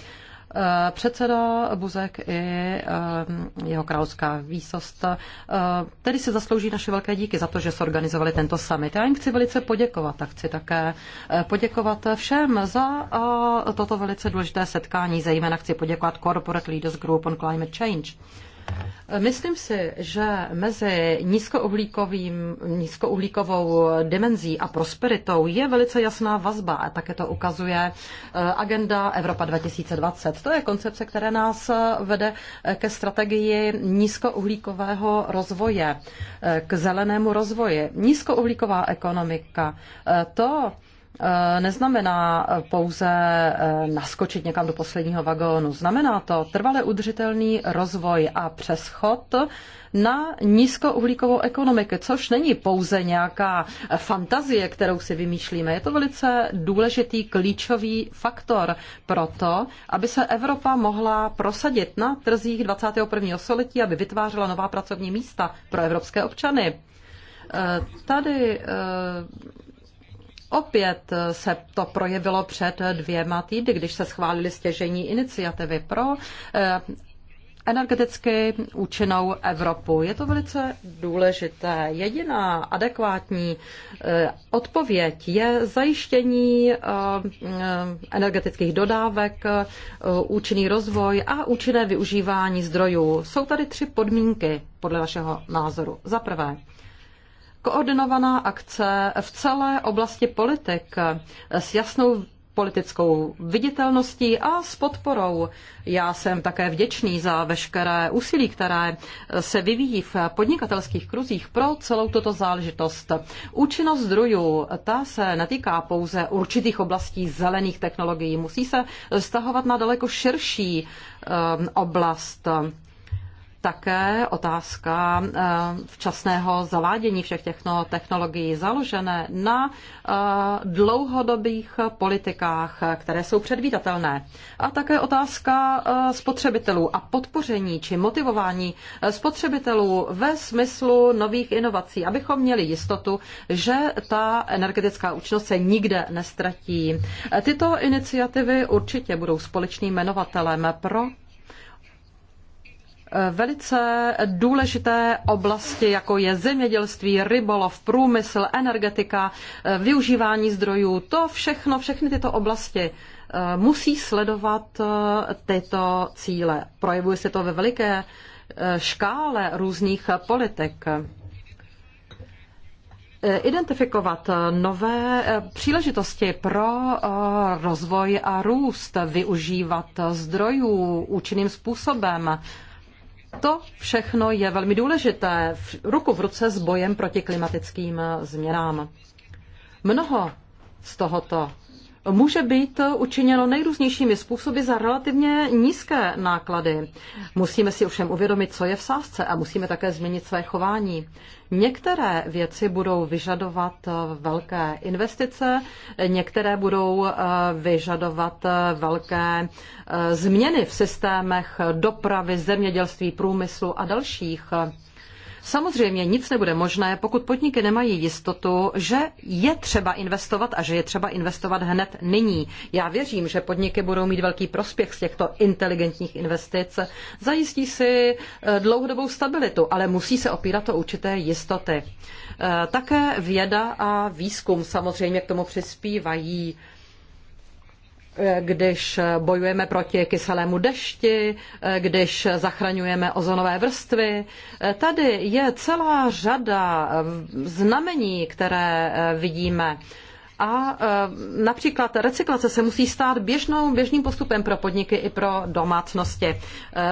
Předseda Buzek i eh, jeho královská výsost eh, tedy si zaslouží naše velké díky za to, že organizovali tento summit. Já jim chci velice poděkovat a chci také eh, poděkovat všem za toto velice důležité setkání. Zejména chci poděkovat Corporate Leaders Group on Climate Change. Myslím si, že mezi nízkouhlíkovým, nízkouhlíkovou dimenzí a prosperitou je velice jasná vazba a také to ukazuje eh, agenda Evropa 2020. To je koncepce, která nás eh, vede eh, ke strategii nízkouhlíkového rozvoje, k zelenému rozvoji. Nízkouhlíková ekonomika, to Eh, neznamená pouze eh, naskočit někam do posledního vagónu. Znamená to trvale udržitelný rozvoj a přeschod na nízkouhlíkovou ekonomiku, což není pouze nějaká fantazie, kterou si vymýšlíme. Je to velice důležitý klíčový faktor pro to, aby se Evropa mohla prosadit na trzích 21. století, aby vytvářela nová pracovní místa pro evropské občany. Eh, tady Opět se to projevilo před dvěma týdny, když se schválili stěžení iniciativy pro eh, energeticky účinnou Evropu. Je to velice důležité. Jediná adekvátní eh, odpověď je zajištění eh, energetických dodávek, účinný rozvoj a účinné využívání zdrojů. Jsou tady tři podmínky podle vašeho názoru. Za prvé, koordinovaná akce v celé oblasti politik s jasnou politickou viditelností a s podporou. Já jsem také vděčný za veškeré úsilí, které se vyvíjí v podnikatelských kruzích pro celou tuto záležitost. Účinnost zdrojů, ta se netýká pouze určitých oblastí zelených technologií, musí se stahovat na daleko širší eh, oblast také otázka eh, včasného zavádění všech těchto technologií založené na eh, dlouhodobých politikách, které jsou předvídatelné. A také otázka eh, spotřebitelů a podpoření či motivování spotřebitelů ve smyslu nových inovací, abychom měli jistotu, že ta energetická účinnost se nikde nestratí. Tyto iniciativy určitě budou společným jmenovatelem pro velice důležité oblasti, jako je zemědělství, rybolov, průmysl, energetika, eh, využívání zdrojů, to všechno, všechny tyto oblasti eh, musí sledovat eh, tyto cíle. Projevuje se to ve veliké škále různých politik. Identifikovat nové příležitosti pro rozvoj a růst, využívat zdrojů účinným způsobem, to všechno je velmi důležité v ruku v ruce s bojem proti klimatickým změnám. Mnoho z tohoto může být učiněno nejrůznějšími způsoby za relativně nízké náklady. Musíme si ovšem uvědomit, co je v sázce a musíme také změnit své chování. Některé věci budou vyžadovat velké investice, některé budou eh, vyžadovat eh, velké eh, změny v systémech dopravy, zemědělství, průmyslu a dalších. Samozřejmě nic nebude možné, pokud podniky nemají jistotu, že je třeba investovat a že je třeba investovat hned nyní. Já věřím, že podniky budou mít velký prospěch z těchto inteligentních investic. Zajistí si eh, dlouhodobou stabilitu, ale musí se opírat o určité jistoty. Eh, také věda a výzkum samozřejmě k tomu přispívají když bojujeme proti kyselému dešti, když zachraňujeme ozonové vrstvy. Tady je celá řada znamení, které vidíme a e, například recyklace se musí stát běžnou, běžným postupem pro podniky i pro domácnosti. E,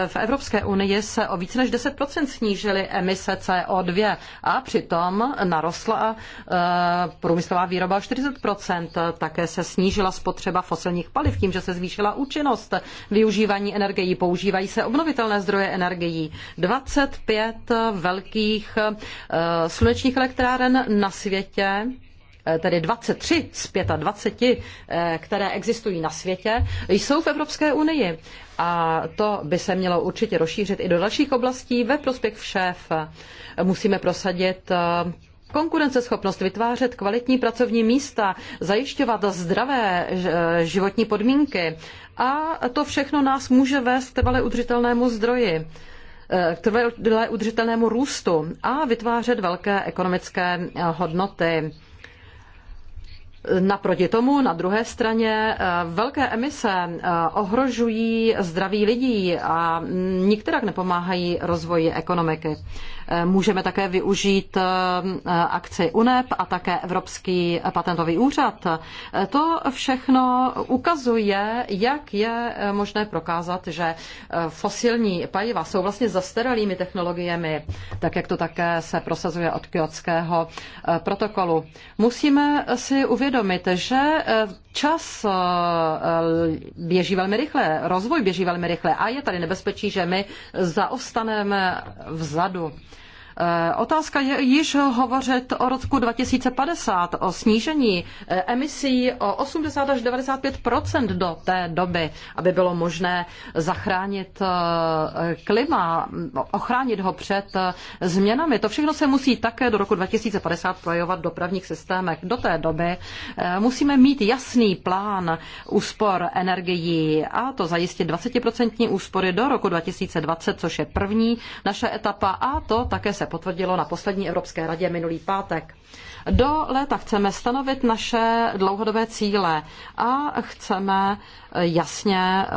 v Evropské unii se o více než 10% snížily emise CO2 a přitom narostla e, průmyslová výroba o 40%. Také se snížila spotřeba fosilních paliv tím, že se zvýšila účinnost využívání energií. Používají se obnovitelné zdroje energií. 25 velkých slunečních elektráren na světě Eh, tedy 23 z 25, eh, které existují na světě, jsou v Evropské unii. A to by se mělo určitě rozšířit i do dalších oblastí ve prospěch všech. Musíme prosadit eh, konkurenceschopnost, vytvářet kvalitní pracovní místa, zajišťovat zdravé životní podmínky. A to všechno nás může vést k trvale udržitelnému zdroji k trvalé udržitelnému růstu a vytvářet velké ekonomické hodnoty. Naproti tomu, na druhé straně, eh, velké emise eh, ohrožují zdraví lidí a nikterak nepomáhají rozvoji ekonomiky. Eh, můžeme také využít akci UNEP a také Evropský patentový úřad. To všechno ukazuje, jak je možné prokázat, že fosilní paliva jsou vlastně zastaralými technologiemi, tak jak to také se prosazuje od kyotského protokolu. Musíme si uvědomit, uvědomit, že eh, čas eh, běží velmi rychle, rozvoj běží velmi rychle a je tady nebezpečí, že my zaostaneme vzadu. Eh, otázka je již hovořit o roku 2050, o snížení eh, emisí o 80 až 95 do té doby, aby bylo možné zachránit eh, klima, ochránit ho před změnami. To všechno se musí také do roku 2050 projevovat v dopravních systémech. Do té doby musíme mít jasný plán úspor energií a to zajistit 20% úspory do roku 2020, což je první naše etapa a to také se se potvrdilo na poslední Evropské radě minulý pátek. Do léta chceme stanovit naše dlouhodobé cíle a chceme jasně eh,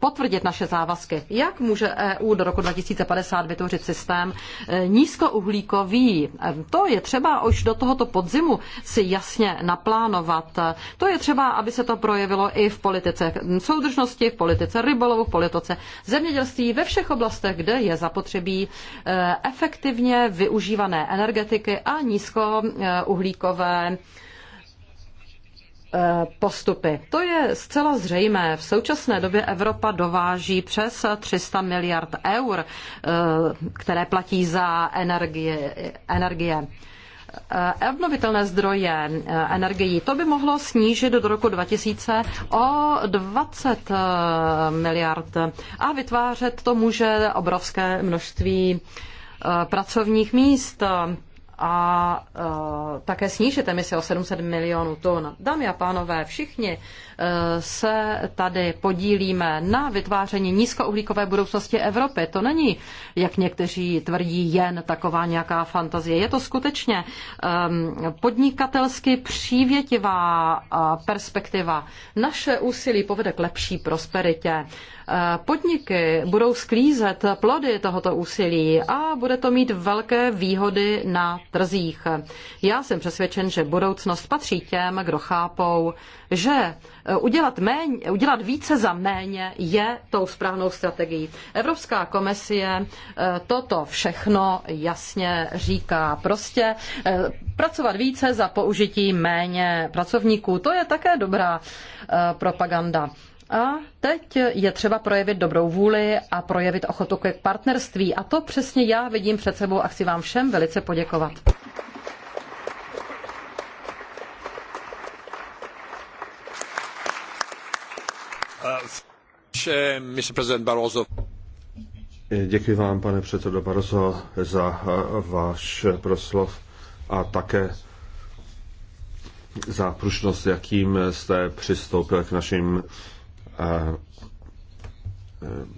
potvrdit naše závazky. Jak může EU do roku 2050 vytvořit systém e, nízkouhlíkový? E, to je třeba už do tohoto podzimu si jasně naplánovat. E, to je třeba, aby se to projevilo i v politice soudržnosti, v politice rybolovu, v politice zemědělství, ve všech oblastech, kde je zapotřebí efektivně využívané energetiky a nízkouhlíkové Eh, postupy. To je zcela zřejmé. V současné době Evropa dováží přes 300 miliard eur, eh, které platí za energie. energie eh, obnovitelné zdroje energií, to by mohlo snížit do roku 2000 o 20 miliard a vytvářet to může obrovské množství pracovních míst a e, také snížit emise o 700 milionů tun. Dámy a pánové, všichni e, se tady podílíme na vytváření nízkouhlíkové budoucnosti Evropy. To není, jak někteří tvrdí, jen taková nějaká fantazie. Je to skutečně podnikatelsky přívětivá e, perspektiva. Naše úsilí povede k lepší prosperitě. Eh, podniky budou sklízet plody tohoto úsilí a bude to mít velké výhody na trzích. Já jsem přesvědčen, že budoucnost patří těm, kdo chápou, že eh, udělat, méně, udělat více za méně je tou správnou strategií. Evropská komisie eh, toto všechno jasně říká. Prostě pracovat více za použití méně pracovníků, to je také dobrá propaganda. A teď je třeba projevit dobrou vůli a projevit ochotu k partnerství. A to přesně já vidím před sebou a chci vám všem velice poděkovat. Děkuji vám, pane předsedo Barroso, za eh, váš eh, proslov a také za prušnost, jakým jste přistoupil k našim E,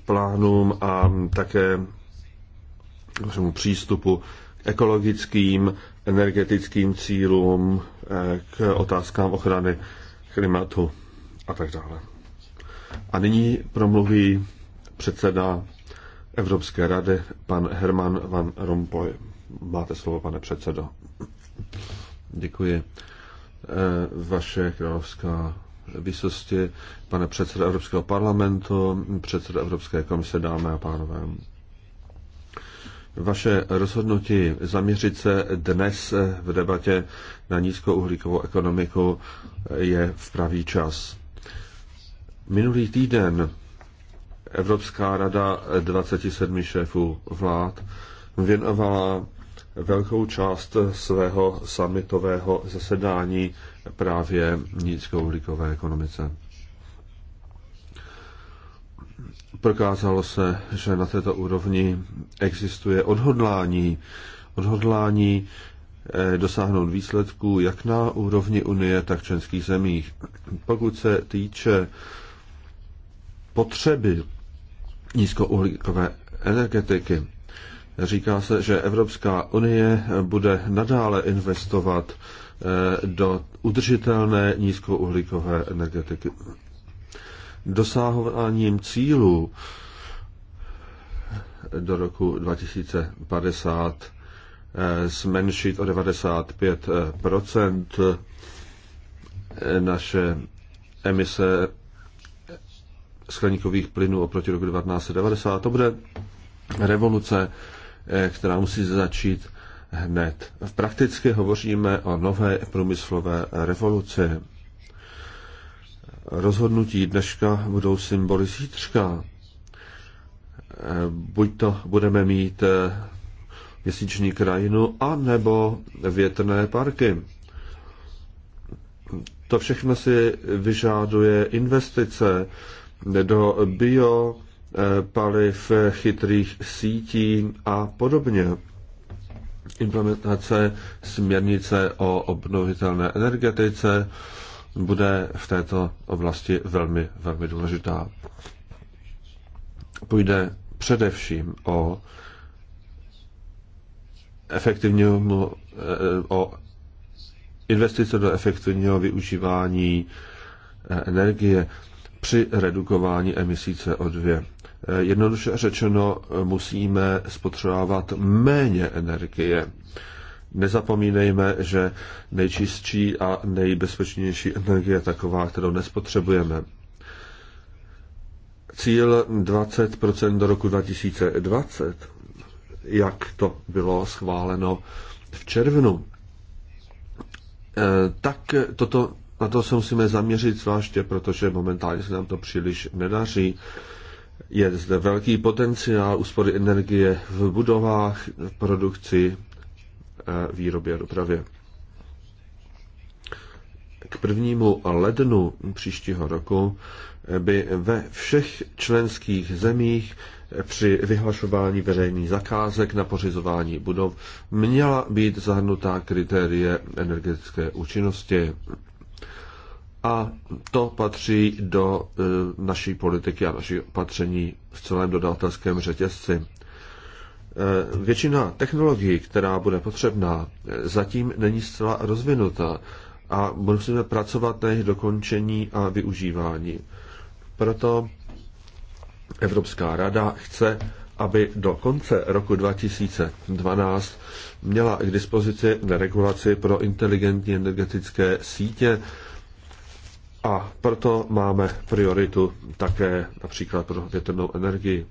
plánům a také všemu přístupu k ekologickým, energetickým cílům, e, k otázkám ochrany klimatu a tak dále. A nyní promluví předseda Evropské rady, pan Herman van Rompuy. Máte slovo, pane předsedo. Děkuji. E, vaše královská výsosti, pane předseda Evropského parlamentu, předseda Evropské komise, dámy a pánové. Vaše rozhodnutí zaměřit se dnes v debatě na nízkouhlíkovou ekonomiku je v pravý čas. Minulý týden Evropská rada 27 šéfů vlád věnovala velkou část svého summitového zasedání právě nízkouhlíkové ekonomice. Prokázalo se, že na této úrovni existuje odhodlání, odhodlání eh, dosáhnout výsledků jak na úrovni Unie, tak členských zemích. Pokud se týče potřeby nízkouhlíkové energetiky, říká se, že Evropská unie bude nadále investovat Eh, do udržitelné nízkouhlíkové energetiky. Dosáhováním cílů do roku 2050 eh, zmenšit o 95 eh, naše emise skleníkových plynů oproti roku 1990. To bude revoluce, která musí začít hned. v Prakticky hovoříme o nové průmyslové revoluci. Rozhodnutí dneška budou symboly zítřka. Buď to budeme mít eh, měsíční krajinu, a nebo větrné parky. To všechno si vyžáduje investice do bio, eh, paliv, chytrých sítí a podobně. Implementace směrnice o obnovitelné energetice bude v této oblasti velmi, velmi důležitá. Půjde především o efektivnímu, eh, o investice do efektivního využívání eh, energie při redukování emisí CO2. Eh, jednoduše řečeno, eh, musíme spotřebovávat méně energie. Nezapomínejme, že nejčistší a nejbezpečnější energie je taková, kterou nespotřebujeme. Cíl 20% do roku 2020, jak to bylo schváleno v červnu, eh, tak toto, na to se musíme zaměřit zvláště, protože momentálně se nám to příliš nedaří. Je zde velký potenciál úspory energie v budovách, v produkci, e, výrobě a dopravě. K prvnímu lednu příštího roku by ve všech členských zemích při vyhlašování veřejných zakázek na pořizování budov měla být zahrnutá kritérie energetické účinnosti. A to patří do e, naší politiky a naší opatření v celém dodatelském řetězci. E, většina technologií, která bude potřebná, e, zatím není zcela rozvinutá a musíme pracovat na jejich dokončení a využívání. Proto Evropská rada chce, aby do konce roku 2012 měla k dispozici regulaci pro inteligentní energetické sítě, a proto máme prioritu také například pro větrnou energii.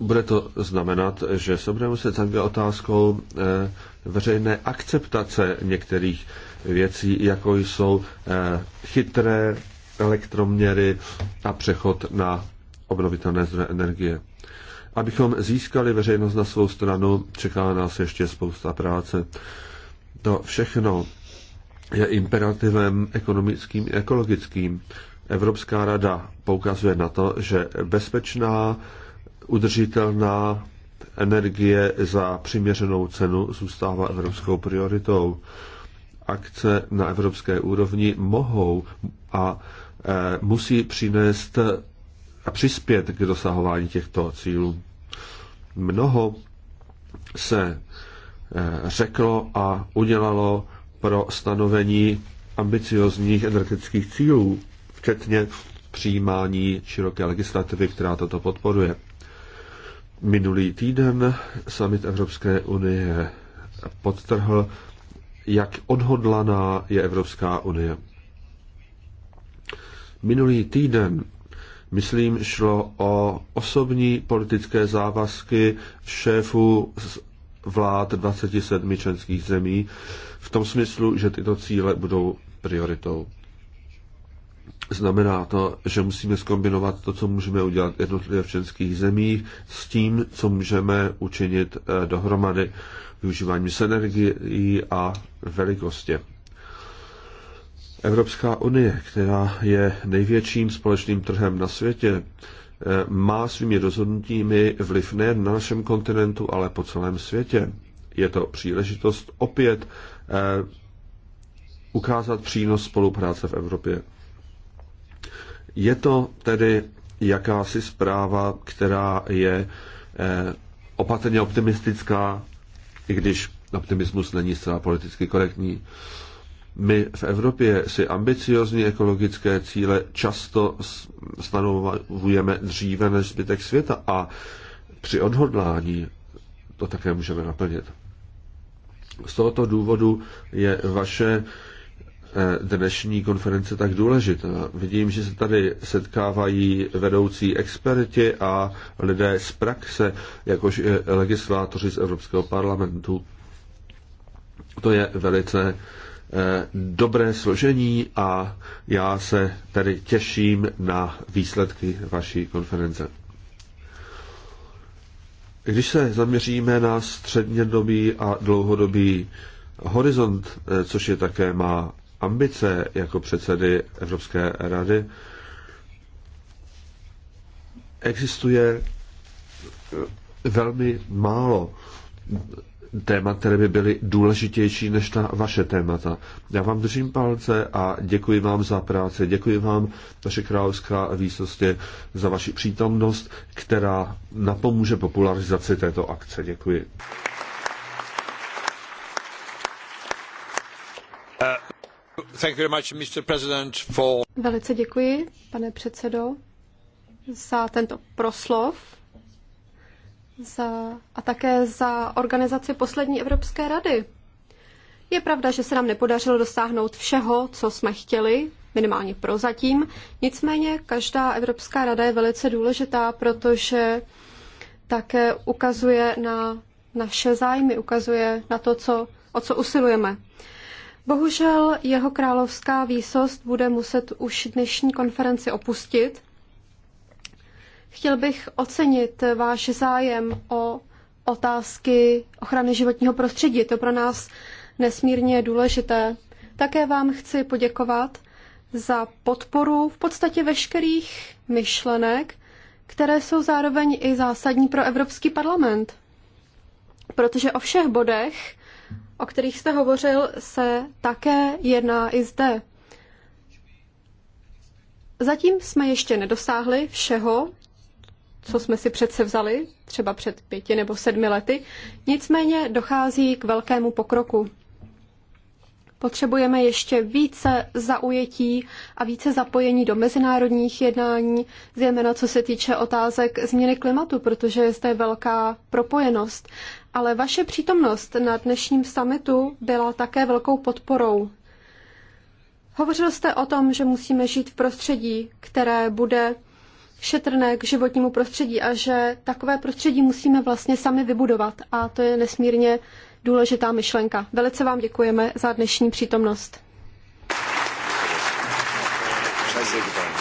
Bude to znamenat, že se budeme muset zabývat otázkou eh, veřejné akceptace některých věcí, jako jsou eh, chytré elektroměry a přechod na obnovitelné zdroje energie. Abychom získali veřejnost na svou stranu, čeká nás ještě spousta práce. To všechno je imperativem ekonomickým i ekologickým. Evropská rada poukazuje na to, že bezpečná, udržitelná energie za přiměřenou cenu zůstává evropskou prioritou. Akce na evropské úrovni mohou a e, musí přinést a přispět k dosahování těchto cílů. Mnoho se e, řeklo a udělalo pro stanovení ambiciozních energetických cílů, včetně přijímání široké legislativy, která toto podporuje. Minulý týden summit Evropské unie podtrhl, jak odhodlaná je Evropská unie. Minulý týden, myslím, šlo o osobní politické závazky šéfů vlád 27 členských zemí v tom smyslu, že tyto cíle budou prioritou. Znamená to, že musíme skombinovat to, co můžeme udělat jednotlivě v členských zemích, s tím, co můžeme učinit eh, dohromady využíváním synergií a velikosti. Evropská unie, která je největším společným trhem na světě, má svými rozhodnutími vliv nejen na našem kontinentu, ale po celém světě. Je to příležitost opět eh, ukázat přínos spolupráce v Evropě. Je to tedy jakási zpráva, která je eh, opatrně optimistická, i když optimismus není zcela politicky korektní. My v Evropě si ambiciozní ekologické cíle často stanovujeme dříve než zbytek světa a při odhodlání to také můžeme naplnit. Z tohoto důvodu je vaše eh, dnešní konference tak důležitá. Vidím, že se tady setkávají vedoucí experti a lidé z praxe, jakož legislátoři z Evropského parlamentu. To je velice Eh, dobré složení a já se tedy těším na výsledky vaší konference. Když se zaměříme na střednědobý a dlouhodobý horizont, eh, což je také má ambice jako předsedy Evropské rady, existuje eh, velmi málo Téma, které by byly důležitější než ta vaše témata. Já vám držím palce a děkuji vám za práci, děkuji vám, vaše královská výsostě, za vaši přítomnost, která napomůže popularizaci této akce. Děkuji. Uh, Velice děkuji, pane předsedo, za tento proslov za, a také za organizaci poslední Evropské rady. Je pravda, že se nám nepodařilo dosáhnout všeho, co jsme chtěli, minimálně prozatím. Nicméně každá Evropská rada je velice důležitá, protože také ukazuje na naše zájmy, ukazuje na to, co, o co usilujeme. Bohužel jeho královská výsost bude muset už dnešní konferenci opustit, Chtěl bych ocenit váš zájem o otázky ochrany životního prostředí. Je to pro nás nesmírně důležité. Také vám chci poděkovat za podporu v podstatě veškerých myšlenek, které jsou zároveň i zásadní pro Evropský parlament. Protože o všech bodech, o kterých jste hovořil, se také jedná i zde. Zatím jsme ještě nedosáhli všeho, co jsme si přece vzali, třeba před pěti nebo sedmi lety. Nicméně dochází k velkému pokroku. Potřebujeme ještě více zaujetí a více zapojení do mezinárodních jednání, zejména co se týče otázek změny klimatu, protože je zde velká propojenost. Ale vaše přítomnost na dnešním summitu byla také velkou podporou. Hovořil jste o tom, že musíme žít v prostředí, které bude šetrné k životnímu prostředí a že takové prostředí musíme vlastně sami vybudovat a to je nesmírně důležitá myšlenka. Velice vám děkujeme za dnešní přítomnost. you.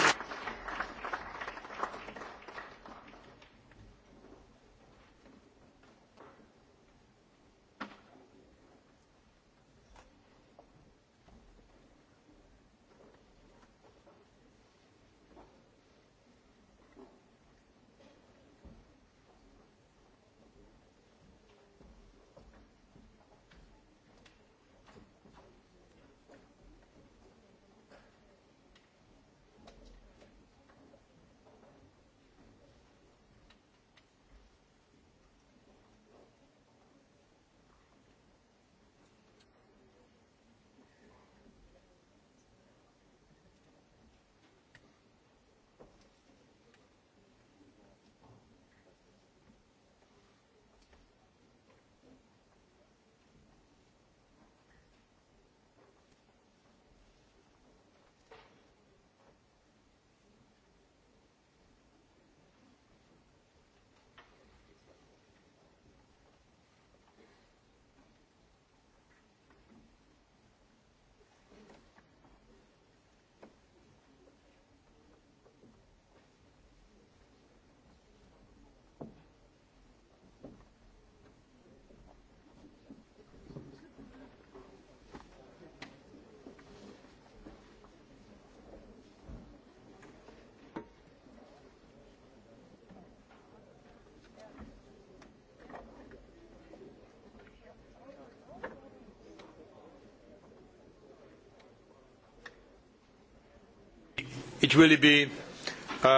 Uh,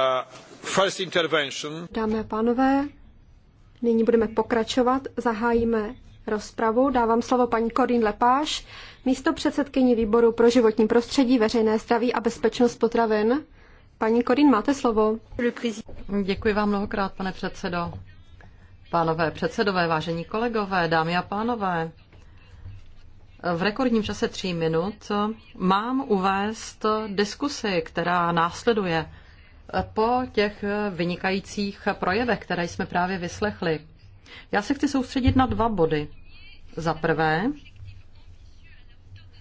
dámy a pánové, nyní budeme pokračovat. Zahájíme rozpravu. Dávám slovo paní Corinne Lepáš, místo předsedkyni výboru pro životní prostředí, veřejné zdraví a bezpečnost potravin. Paní Corinne, máte slovo. Děkuji vám mnohokrát, pane předsedo. Pánové předsedové, vážení kolegové, dámy a pánové, v rekordním čase tří minut mám uvést diskusi, která následuje po těch vynikajících projevech, které jsme právě vyslechli. Já se chci soustředit na dva body. Za prvé,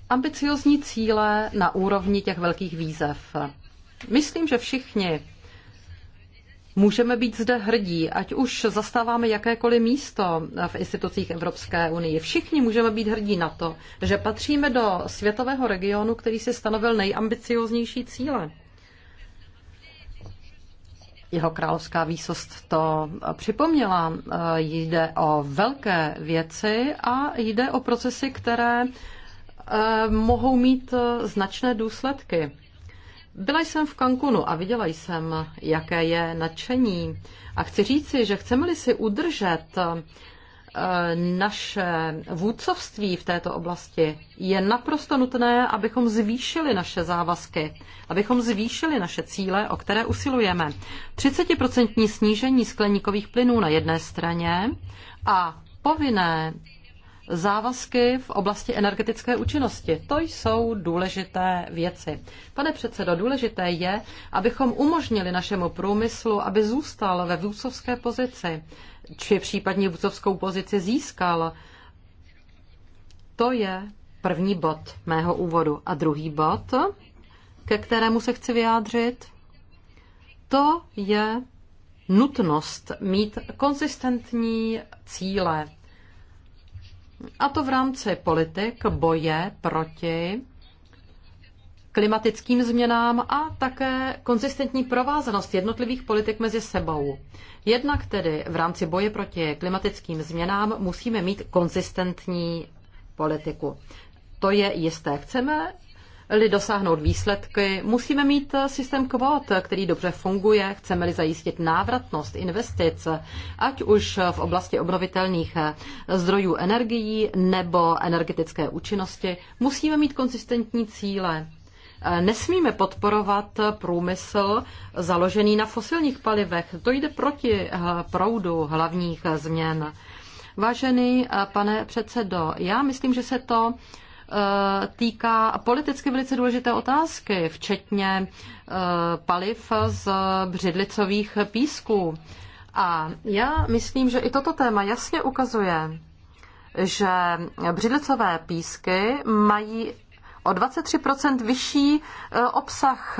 ambiciozní cíle na úrovni těch velkých výzev. Myslím, že všichni Můžeme být zde hrdí, ať už zastáváme jakékoliv místo v institucích Evropské unie. Všichni můžeme být hrdí na to, že patříme do světového regionu, který si stanovil nejambicioznější cíle. Jeho královská výsost to připomněla. Jde o velké věci a jde o procesy, které eh, mohou mít eh, značné důsledky. Byla jsem v Cancunu a viděla jsem, jaké je nadšení. A chci říci, že chceme-li si udržet eh, naše vůdcovství v této oblasti, je naprosto nutné, abychom zvýšili naše závazky, abychom zvýšili naše cíle, o které usilujeme. 30% snížení skleníkových plynů na jedné straně a povinné závazky v oblasti energetické účinnosti. To jsou důležité věci. Pane předsedo, důležité je, abychom umožnili našemu průmyslu, aby zůstal ve vůcovské pozici, či případně vůcovskou pozici získal. To je první bod mého úvodu. A druhý bod, ke kterému se chci vyjádřit, to je nutnost mít konzistentní cíle a to v rámci politik boje proti klimatickým změnám a také konzistentní provázanost jednotlivých politik mezi sebou. Jednak tedy v rámci boje proti klimatickým změnám musíme mít konzistentní politiku. To je jisté. Chceme li dosáhnout výsledky, musíme mít systém kvót, který dobře funguje, chceme-li zajistit návratnost investic, ať už v oblasti obnovitelných zdrojů energií nebo energetické účinnosti, musíme mít konsistentní cíle. Nesmíme podporovat průmysl založený na fosilních palivech. To jde proti eh, proudu hlavních změn. Vážený eh, pane předsedo, já myslím, že se to Eh, týká politicky velice důležité otázky, včetně eh, paliv z břidlicových písků. A já myslím, že i toto téma jasně ukazuje, že břidlicové písky mají o 23 vyšší eh, obsah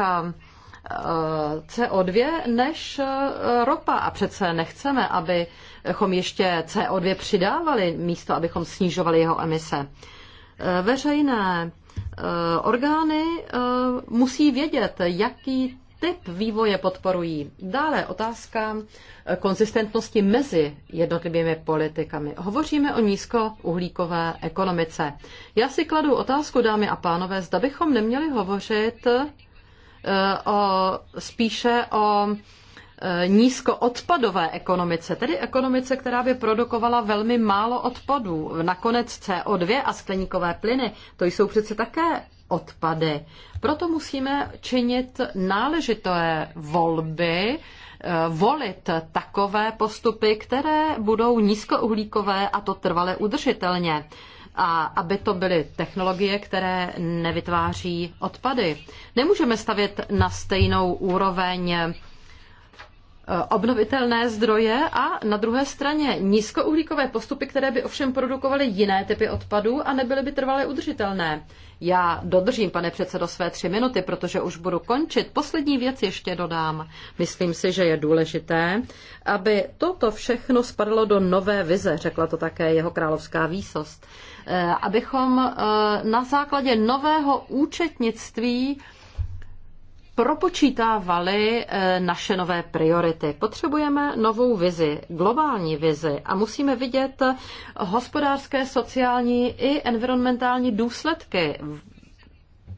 CO2 než ropa. A přece nechceme, abychom ještě CO2 přidávali místo, abychom snižovali jeho emise. Eh, veřejné eh, orgány eh, musí vědět, jaký typ vývoje podporují. Dále otázka konzistentnosti mezi jednotlivými politikami. Hovoříme o nízkouhlíkové ekonomice. Já si kladu otázku, dámy a pánové, zda bychom neměli hovořit o, spíše o Eh, nízkoodpadové ekonomice, tedy ekonomice, která by produkovala velmi málo odpadů. Nakonec CO2 a skleníkové plyny, to jsou přece také odpady. Proto musíme činit náležité volby, eh, volit takové postupy, které budou nízkouhlíkové a to trvale udržitelně. A aby to byly technologie, které nevytváří odpady. Nemůžeme stavět na stejnou úroveň Eh, obnovitelné zdroje a na druhé straně nízkouhlíkové postupy, které by ovšem produkovaly jiné typy odpadů a nebyly by trvale udržitelné. Já dodržím, pane předsedo, své tři minuty, protože už budu končit. Poslední věc ještě dodám. Myslím si, že je důležité, aby toto všechno spadlo do nové vize, řekla to také jeho královská výsost. Eh, abychom eh, na základě nového účetnictví propočítávali eh, naše nové priority. Potřebujeme novou vizi, globální vizi a musíme vidět hospodářské, sociální i environmentální důsledky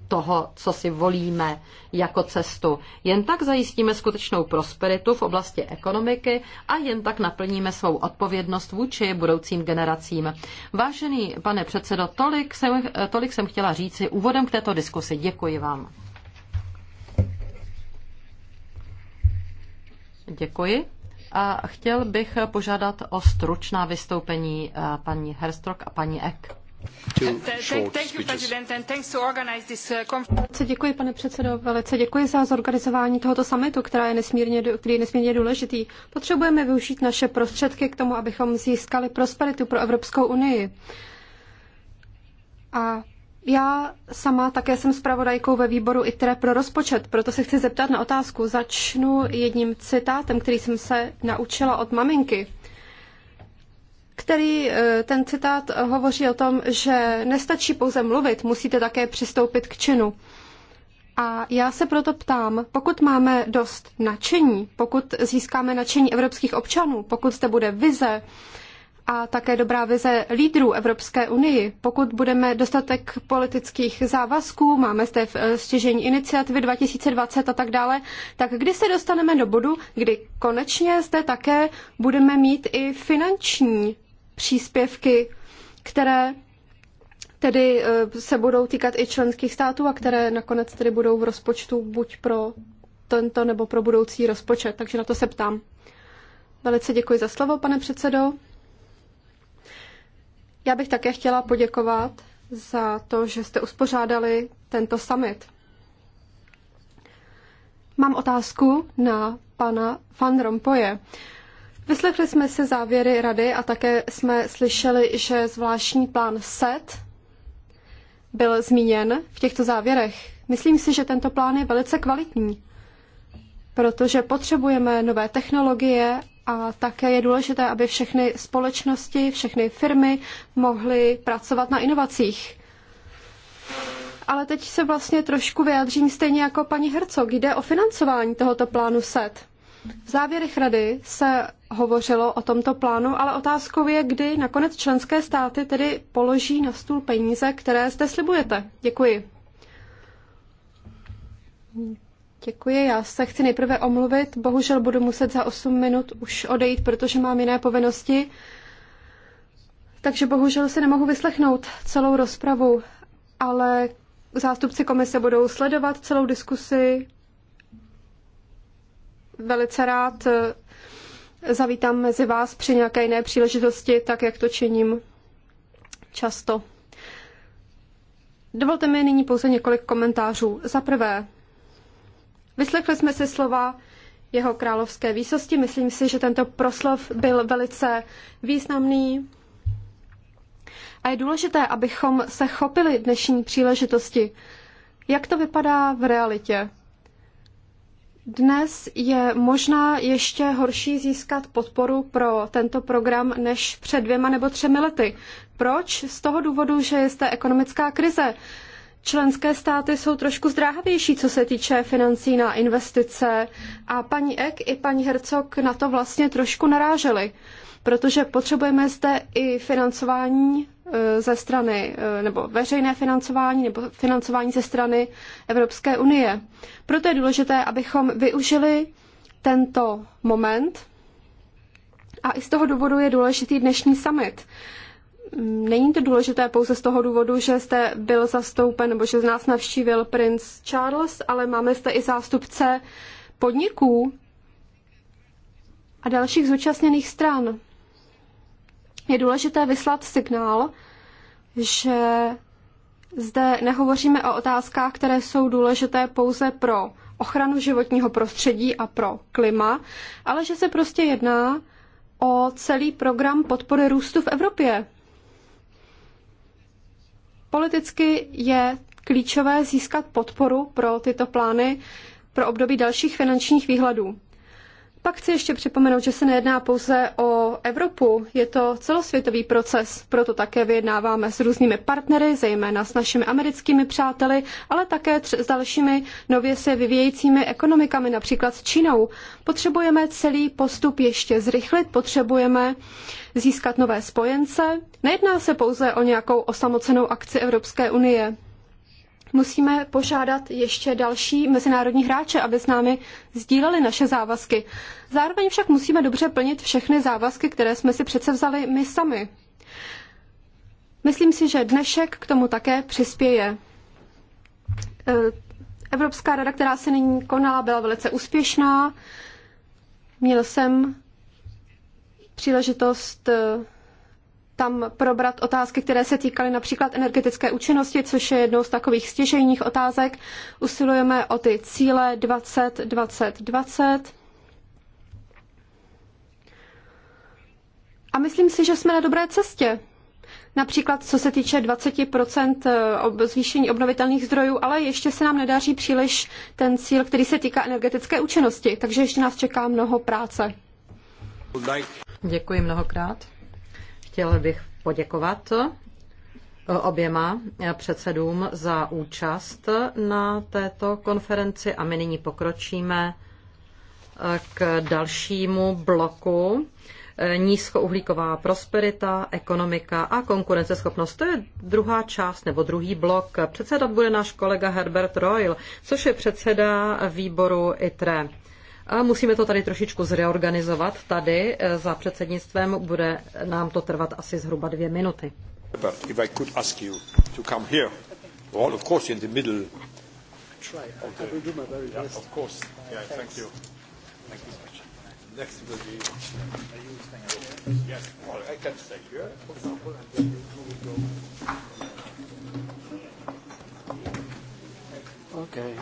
toho, co si volíme jako cestu. Jen tak zajistíme skutečnou prosperitu v oblasti ekonomiky a jen tak naplníme svou odpovědnost vůči budoucím generacím. Vážený pane předsedo, tolik jsem, tolik jsem chtěla říci úvodem k této diskusi. Děkuji vám. Děkuji. A chtěl bych požádat o stručná vystoupení eh, paní Herstrok a paní Eck. Eh, eh, děkuji, pane předsedo, velice děkuji za zorganizování tohoto summitu, která je nesmírně, který je nesmírně důležitý. Potřebujeme využít naše prostředky k tomu, abychom získali prosperitu pro Evropskou unii. A já sama také jsem zpravodajkou ve výboru ITRE pro rozpočet, proto se chci zeptat na otázku. Začnu jedním citátem, který jsem se naučila od maminky, který eh, ten citát hovoří o tom, že nestačí pouze mluvit, musíte také přistoupit k činu. A já se proto ptám, pokud máme dost nadšení, pokud získáme nadšení evropských občanů, pokud zde bude vize, a také dobrá vize lídrů Evropské unii. Pokud budeme dostatek politických závazků, máme zde eh, stěžení iniciativy 2020 a tak dále, tak kdy se dostaneme do bodu, kdy konečně zde také budeme mít i finanční příspěvky, které tedy eh, se budou týkat i členských států a které nakonec tedy budou v rozpočtu buď pro tento nebo pro budoucí rozpočet. Takže na to se ptám. Velice děkuji za slovo, pane předsedo. Já bych také chtěla poděkovat za to, že jste uspořádali tento summit. Mám otázku na pana Van Rompoje. Vyslechli jsme se závěry rady a také jsme slyšeli, že zvláštní plán SET byl zmíněn v těchto závěrech. Myslím si, že tento plán je velice kvalitní, protože potřebujeme nové technologie a také je důležité, aby všechny společnosti, všechny firmy mohly pracovat na inovacích. Ale teď se vlastně trošku vyjádřím stejně jako paní Hercog. Jde o financování tohoto plánu SET. V závěrech rady se hovořilo o tomto plánu, ale otázkou je, kdy nakonec členské státy tedy položí na stůl peníze, které zde slibujete. Děkuji. Děkuji, já se chci nejprve omluvit. Bohužel budu muset za 8 minut už odejít, protože mám jiné povinnosti. Takže bohužel se nemohu vyslechnout celou rozpravu, ale zástupci komise budou sledovat celou diskusi. Velice rád eh, zavítám mezi vás při nějaké jiné příležitosti, tak jak to činím často. Dovolte mi nyní pouze několik komentářů. Za prvé, Vyslechli jsme si slova jeho královské výsosti. Myslím si, že tento proslov byl velice významný. A je důležité, abychom se chopili dnešní příležitosti. Jak to vypadá v realitě? Dnes je možná ještě horší získat podporu pro tento program než před dvěma nebo třemi lety. Proč? Z toho důvodu, že je zde ekonomická krize členské státy jsou trošku zdráhavější, co se týče financí na investice a paní Ek i paní Hercog na to vlastně trošku narážely, protože potřebujeme zde i financování eh, ze strany, eh, nebo veřejné financování, nebo financování ze strany Evropské unie. Proto je důležité, abychom využili tento moment a i z toho důvodu je důležitý dnešní summit. Není to důležité pouze z toho důvodu, že jste byl zastoupen nebo že z nás navštívil princ Charles, ale máme zde i zástupce podniků a dalších zúčastněných stran. Je důležité vyslat signál, že zde nehovoříme o otázkách, které jsou důležité pouze pro ochranu životního prostředí a pro klima, ale že se prostě jedná o celý program podpory růstu v Evropě. Politicky je klíčové získat podporu pro tyto plány pro období dalších finančních výhledů. Pak chci ještě připomenout, že se nejedná pouze o Evropu, je to celosvětový proces, proto také vyjednáváme s různými partnery, zejména s našimi americkými přáteli, ale také s dalšími nově se vyvíjejícími ekonomikami, například s Čínou. Potřebujeme celý postup ještě zrychlit, potřebujeme získat nové spojence. Nejedná se pouze o nějakou osamocenou akci Evropské unie musíme požádat ještě další mezinárodní hráče, aby s námi sdíleli naše závazky. Zároveň však musíme dobře plnit všechny závazky, které jsme si přece vzali my sami. Myslím si, že dnešek k tomu také přispěje. E, Evropská rada, která se nyní konala, byla velice úspěšná. Měl jsem příležitost e, tam probrat otázky, které se týkaly například energetické účinnosti, což je jednou z takových stěžejních otázek. Usilujeme o ty cíle 20, 20, 20. A myslím si, že jsme na dobré cestě. Například co se týče 20% eh, zvýšení obnovitelných zdrojů, ale ještě se nám nedaří příliš ten cíl, který se týká energetické účinnosti, takže ještě nás čeká mnoho práce. Děkuji mnohokrát. Chtěl bych poděkovat oběma předsedům za účast na této konferenci a my nyní pokročíme k dalšímu bloku nízkouhlíková prosperita, ekonomika a konkurenceschopnost. To je druhá část nebo druhý blok. Předsedat bude náš kolega Herbert Royal, což je předseda výboru ITRE. A musíme to tady trošičku zreorganizovat. Tady eh, za předsednictvem bude nám to trvat asi zhruba dvě minuty. Okay.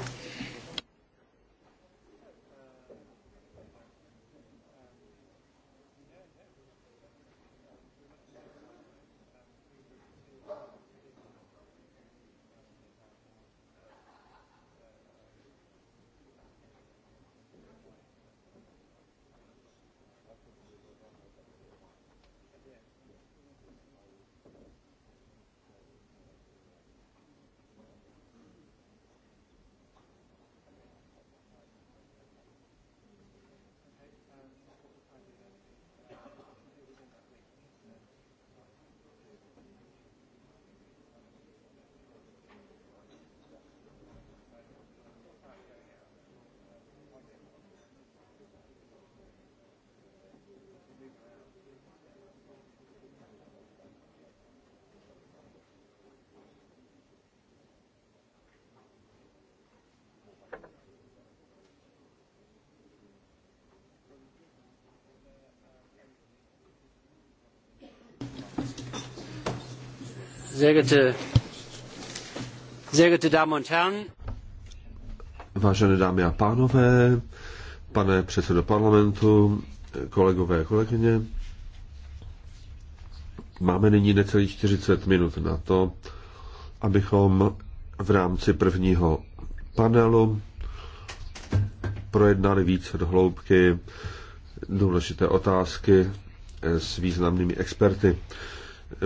Vážené dámy a pánové, pane předsedo parlamentu, kolegové a kolegyně, máme nyní necelých 40 minut na to, abychom v rámci prvního panelu projednali více do hloubky důležité otázky s významnými experty.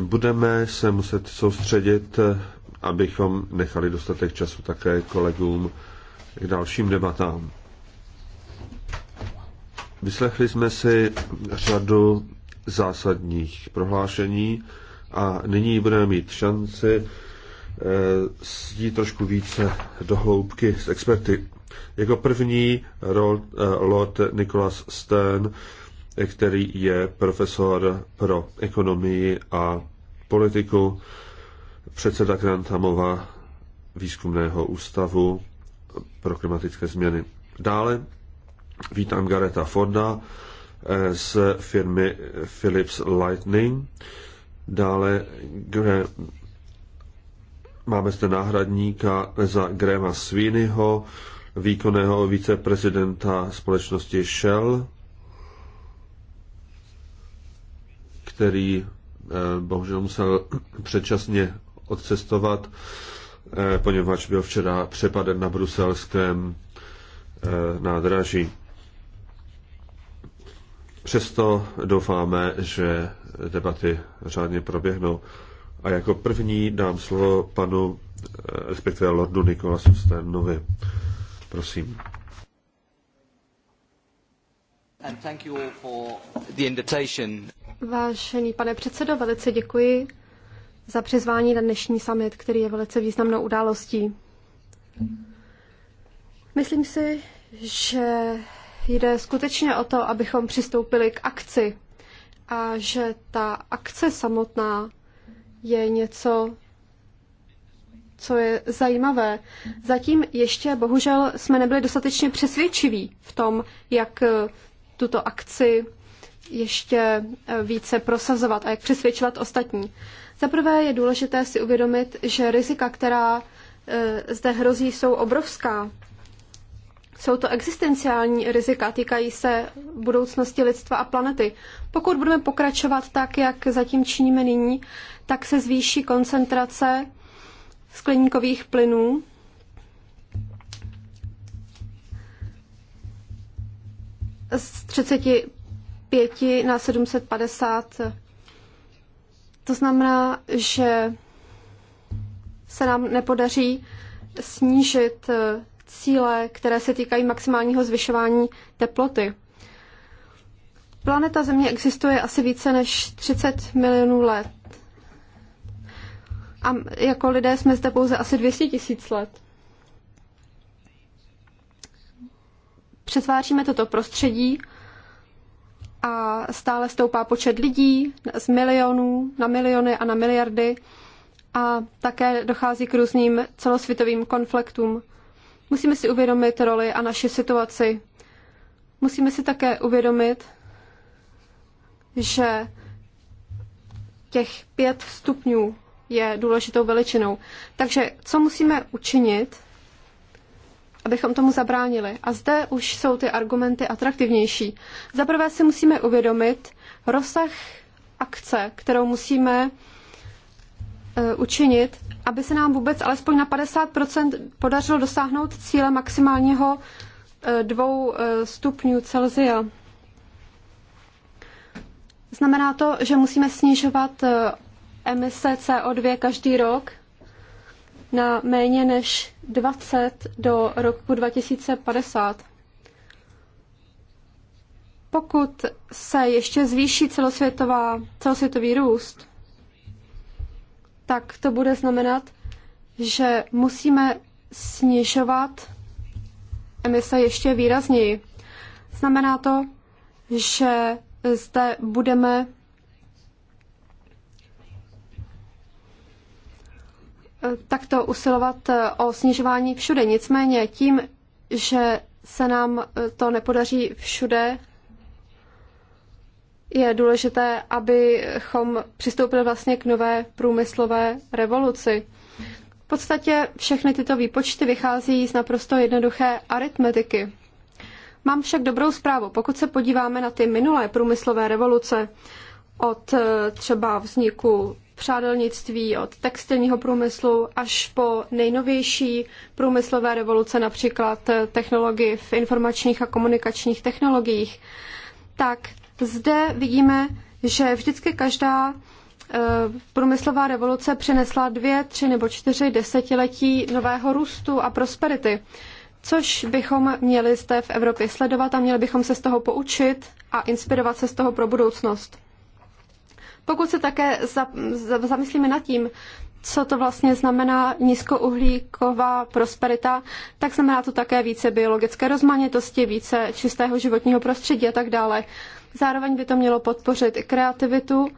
Budeme se muset soustředit, abychom nechali dostatek času také kolegům k dalším debatám. Vyslechli jsme si řadu zásadních prohlášení a nyní budeme mít šanci jít eh, trošku více do hloubky s experty. Jako první eh, Lord Nicholas Stern, který je profesor pro ekonomii a politiku, předseda Grantamova výzkumného ústavu pro klimatické změny. Dále vítám Gareta Forda eh, z firmy Philips Lightning. Dále kde máme zde náhradníka za Grema Sweeneyho, výkonného viceprezidenta společnosti Shell který eh, bohužel musel předčasně odcestovat, eh, poněvadž byl včera přepaden na bruselském eh, nádraží. Přesto doufáme, že debaty řádně proběhnou. A jako první dám slovo panu, respektive lordu Nikolasu Sternovi. Prosím. Vážený pane předsedo, velice děkuji za přizvání na dnešní summit, který je velice významnou událostí. Myslím si, že jde skutečně o to, abychom přistoupili k akci a že ta akce samotná je něco, co je zajímavé. Zatím ještě bohužel jsme nebyli dostatečně přesvědčiví v tom, jak tuto akci ještě eh, více prosazovat a jak přesvědčovat ostatní. Za prvé je důležité si uvědomit, že rizika, která eh, zde hrozí, jsou obrovská. Jsou to existenciální rizika, týkají se budoucnosti lidstva a planety. Pokud budeme pokračovat tak, jak zatím činíme nyní, tak se zvýší koncentrace skleníkových plynů z 35 na 750. To znamená, že se nám nepodaří snížit eh, cíle, které se týkají maximálního zvyšování teploty. Planeta Země existuje asi více než 30 milionů let. A jako lidé jsme zde pouze asi 200 tisíc let. přetváříme toto prostředí a stále stoupá počet lidí z milionů na miliony a na miliardy a také dochází k různým celosvětovým konfliktům. Musíme si uvědomit roli a naši situaci. Musíme si také uvědomit, že těch pět stupňů je důležitou veličinou. Takže co musíme učinit, abychom tomu zabránili. A zde už jsou ty argumenty atraktivnější. Za prvé si musíme uvědomit rozsah akce, kterou musíme e, učinit, aby se nám vůbec alespoň na 50% podařilo dosáhnout cíle maximálního e, dvou e, stupňů Celsia. Znamená to, že musíme snižovat emise CO2 každý rok na méně než 20 do roku 2050. Pokud se ještě zvýší celosvětová, celosvětový růst, tak to bude znamenat, že musíme snižovat emise ještě výrazněji. Znamená to, že zde budeme takto usilovat eh, o snižování všude. Nicméně tím, že se nám eh, to nepodaří všude, je důležité, abychom přistoupili vlastně k nové průmyslové revoluci. V podstatě všechny tyto výpočty vychází z naprosto jednoduché aritmetiky. Mám však dobrou zprávu. Pokud se podíváme na ty minulé průmyslové revoluce, od eh, třeba vzniku přádelnictví, od textilního průmyslu až po nejnovější průmyslové revoluce, například technologii v informačních a komunikačních technologiích, tak zde vidíme, že vždycky každá e, průmyslová revoluce přinesla dvě, tři nebo čtyři desetiletí nového růstu a prosperity, což bychom měli zde v Evropě sledovat a měli bychom se z toho poučit a inspirovat se z toho pro budoucnost. Pokud se také zamyslíme nad tím, co to vlastně znamená nízkouhlíková prosperita, tak znamená to také více biologické rozmanitosti, více čistého životního prostředí a tak dále. Zároveň by to mělo podpořit i kreativitu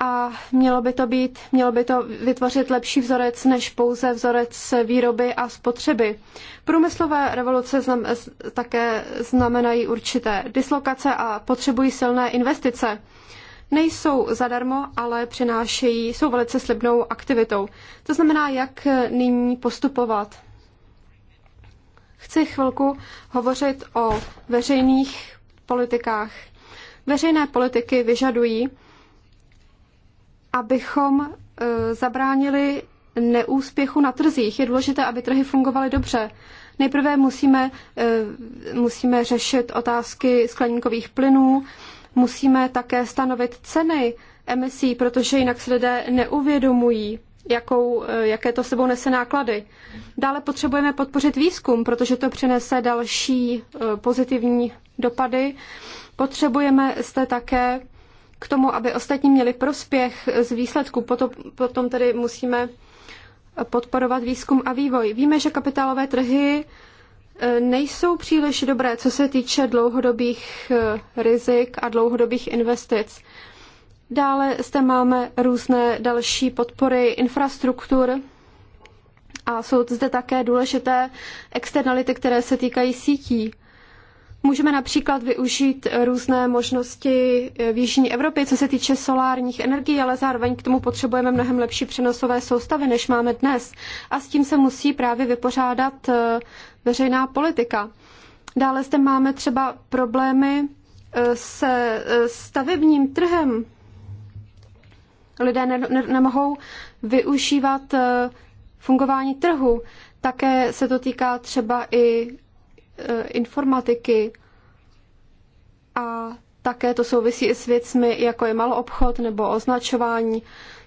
a mělo by to být, mělo by to vytvořit lepší vzorec než pouze vzorec výroby a spotřeby. Průmyslové revoluce znam, také znamenají určité dislokace a potřebují silné investice nejsou zadarmo, ale přinášejí, jsou velice slibnou aktivitou. To znamená, jak nyní postupovat. Chci chvilku hovořit o veřejných politikách. Veřejné politiky vyžadují, abychom e, zabránili neúspěchu na trzích. Je důležité, aby trhy fungovaly dobře. Nejprve musíme, e, musíme řešit otázky skleníkových plynů, Musíme také stanovit ceny emisí, protože jinak se lidé neuvědomují, jakou, eh, jaké to sebou nese náklady. Dále potřebujeme podpořit výzkum, protože to přinese další eh, pozitivní dopady. Potřebujeme zde také k tomu, aby ostatní měli prospěch z výsledku. Potom, potom tedy musíme podporovat výzkum a vývoj. Víme, že kapitálové trhy E, nejsou příliš dobré, co se týče dlouhodobých e, rizik a dlouhodobých investic. Dále zde máme různé další podpory infrastruktur a jsou zde také důležité externality, které se týkají sítí. Můžeme například využít různé možnosti v Jižní Evropě, co se týče solárních energií, ale zároveň k tomu potřebujeme mnohem lepší přenosové soustavy, než máme dnes. A s tím se musí právě vypořádat e, veřejná politika. Dále zde máme třeba problémy e, se e, stavebním trhem. Lidé ne- ne- nemohou využívat e, fungování trhu. Také se to týká třeba i informatiky a také to souvisí i s věcmi, jako je maloobchod nebo označování.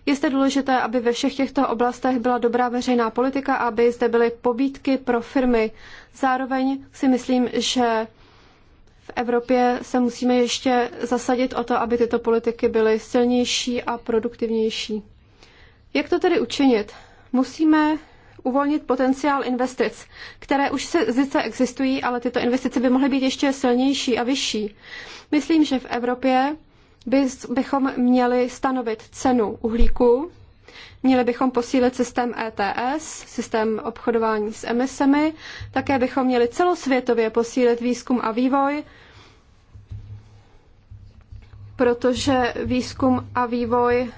Jste důležité, aby ve všech těchto oblastech byla dobrá veřejná politika, aby zde byly pobídky pro firmy. Zároveň si myslím, že v Evropě se musíme ještě zasadit o to, aby tyto politiky byly silnější a produktivnější. Jak to tedy učinit? Musíme uvolnit potenciál investic, které už se zice existují, ale tyto investice by mohly být ještě silnější a vyšší. Myslím, že v Evropě bychom měli stanovit cenu uhlíku, měli bychom posílit systém ETS, systém obchodování s emisemi, také bychom měli celosvětově posílit výzkum a vývoj, protože výzkum a vývoj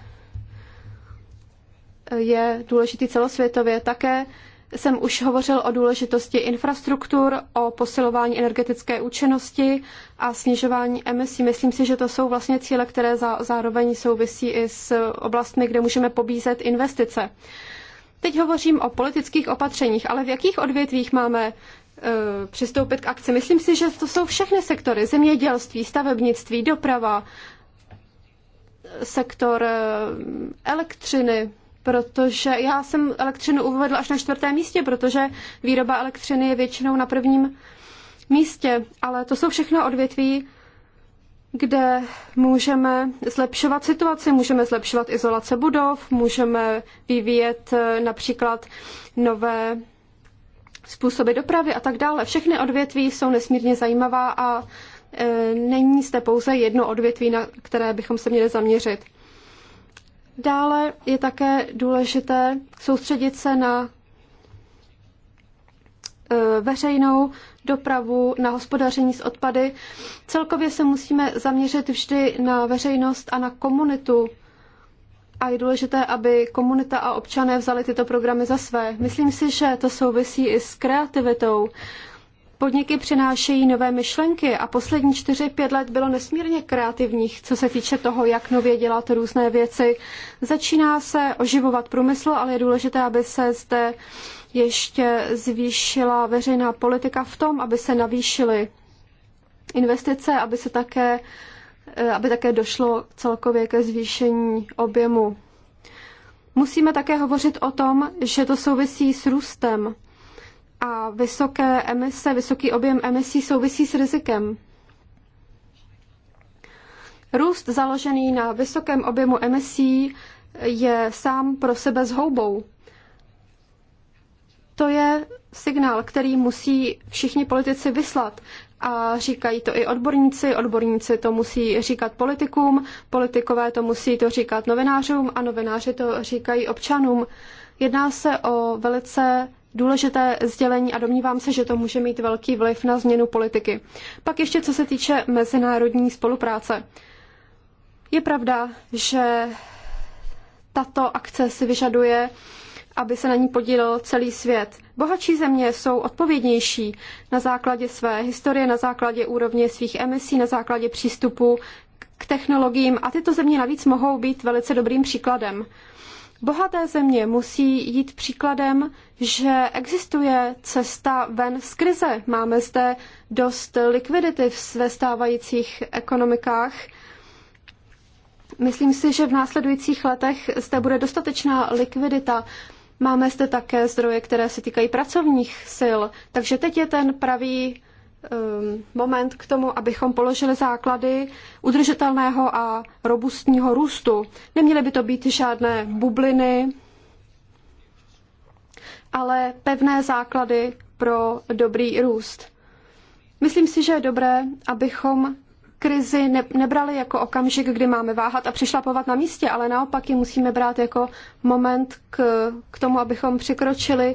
je důležitý celosvětově. Také jsem už hovořil o důležitosti infrastruktur, o posilování energetické účinnosti a snižování emisí. Myslím si, že to jsou vlastně cíle, které zároveň souvisí i s oblastmi, kde můžeme pobízet investice. Teď hovořím o politických opatřeních, ale v jakých odvětvích máme e, přistoupit k akci. Myslím si, že to jsou všechny sektory. Zemědělství, stavebnictví, doprava, sektor e, elektřiny, protože já jsem elektřinu uvedla až na čtvrtém místě, protože výroba elektřiny je většinou na prvním místě, ale to jsou všechno odvětví, kde můžeme zlepšovat situaci, můžeme zlepšovat izolace budov, můžeme vyvíjet eh, například nové způsoby dopravy a tak dále. Všechny odvětví jsou nesmírně zajímavá a e, není zde pouze jedno odvětví, na které bychom se měli zaměřit. Dále je také důležité soustředit se na e, veřejnou dopravu, na hospodaření s odpady. Celkově se musíme zaměřit vždy na veřejnost a na komunitu. A je důležité, aby komunita a občané vzali tyto programy za své. Myslím si, že to souvisí i s kreativitou. Podniky přinášejí nové myšlenky a poslední čtyři pět let bylo nesmírně kreativních, co se týče toho, jak nově dělat různé věci. Začíná se oživovat průmysl, ale je důležité, aby se zde ještě zvýšila veřejná politika v tom, aby se navýšily investice, aby se také, eh, aby také došlo celkově ke zvýšení objemu. Musíme také hovořit o tom, že to souvisí s růstem a vysoké emise, vysoký objem emisí souvisí s rizikem. Růst založený na vysokém objemu emisí je sám pro sebe zhoubou. To je signál, který musí všichni politici vyslat. A říkají to i odborníci, odborníci to musí říkat politikům, politikové to musí to říkat novinářům a novináři to říkají občanům. Jedná se o velice důležité sdělení a domnívám se, že to může mít velký vliv na změnu politiky. Pak ještě co se týče mezinárodní spolupráce. Je pravda, že tato akce si vyžaduje, aby se na ní podílel celý svět. Bohatší země jsou odpovědnější na základě své historie, na základě úrovně svých emisí, na základě přístupu k technologiím a tyto země navíc mohou být velice dobrým příkladem. Bohaté země musí jít příkladem, že existuje cesta ven z krize. Máme zde dost likvidity ve stávajících ekonomikách. Myslím si, že v následujících letech zde bude dostatečná likvidita. Máme zde také zdroje, které se týkají pracovních sil, takže teď je ten pravý Um, moment k tomu, abychom položili základy udržitelného a robustního růstu. Neměly by to být žádné bubliny, ale pevné základy pro dobrý růst. Myslím si, že je dobré, abychom krizi ne- nebrali jako okamžik, kdy máme váhat a přišlapovat na místě, ale naopak ji musíme brát jako moment k, k tomu, abychom překročili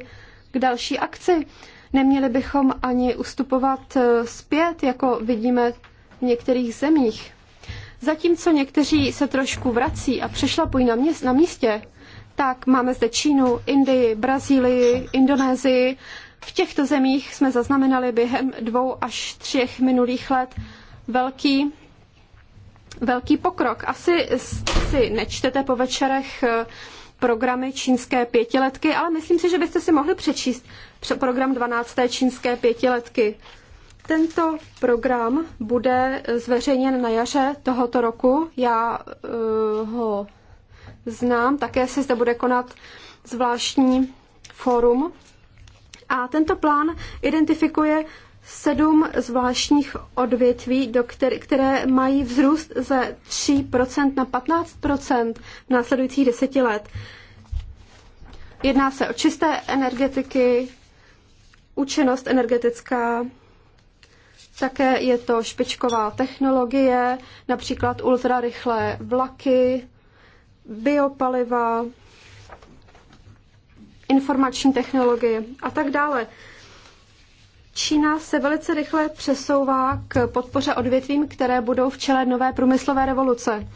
k další akci. Neměli bychom ani ustupovat eh, zpět, jako vidíme v některých zemích. Zatímco někteří se trošku vrací a přešlapují na, měst, na místě, tak máme zde Čínu, Indii, Brazílii, Indonésii. V těchto zemích jsme zaznamenali během dvou až třech minulých let velký, velký pokrok. Asi si nečtete po večerech eh, programy čínské pětiletky, ale myslím si, že byste si mohli přečíst program 12. čínské pětiletky. Tento program bude zveřejněn na jaře tohoto roku. Já uh, ho znám. Také se zde bude konat zvláštní fórum. A tento plán identifikuje sedm zvláštních odvětví, do který, které mají vzrůst ze 3% na 15% v následujících deseti let. Jedná se o čisté energetiky, účinnost energetická, také je to špičková technologie, například ultrarychlé vlaky, biopaliva, informační technologie a tak dále. Čína se velice rychle přesouvá k podpoře odvětvím, které budou v čele nové průmyslové revoluce.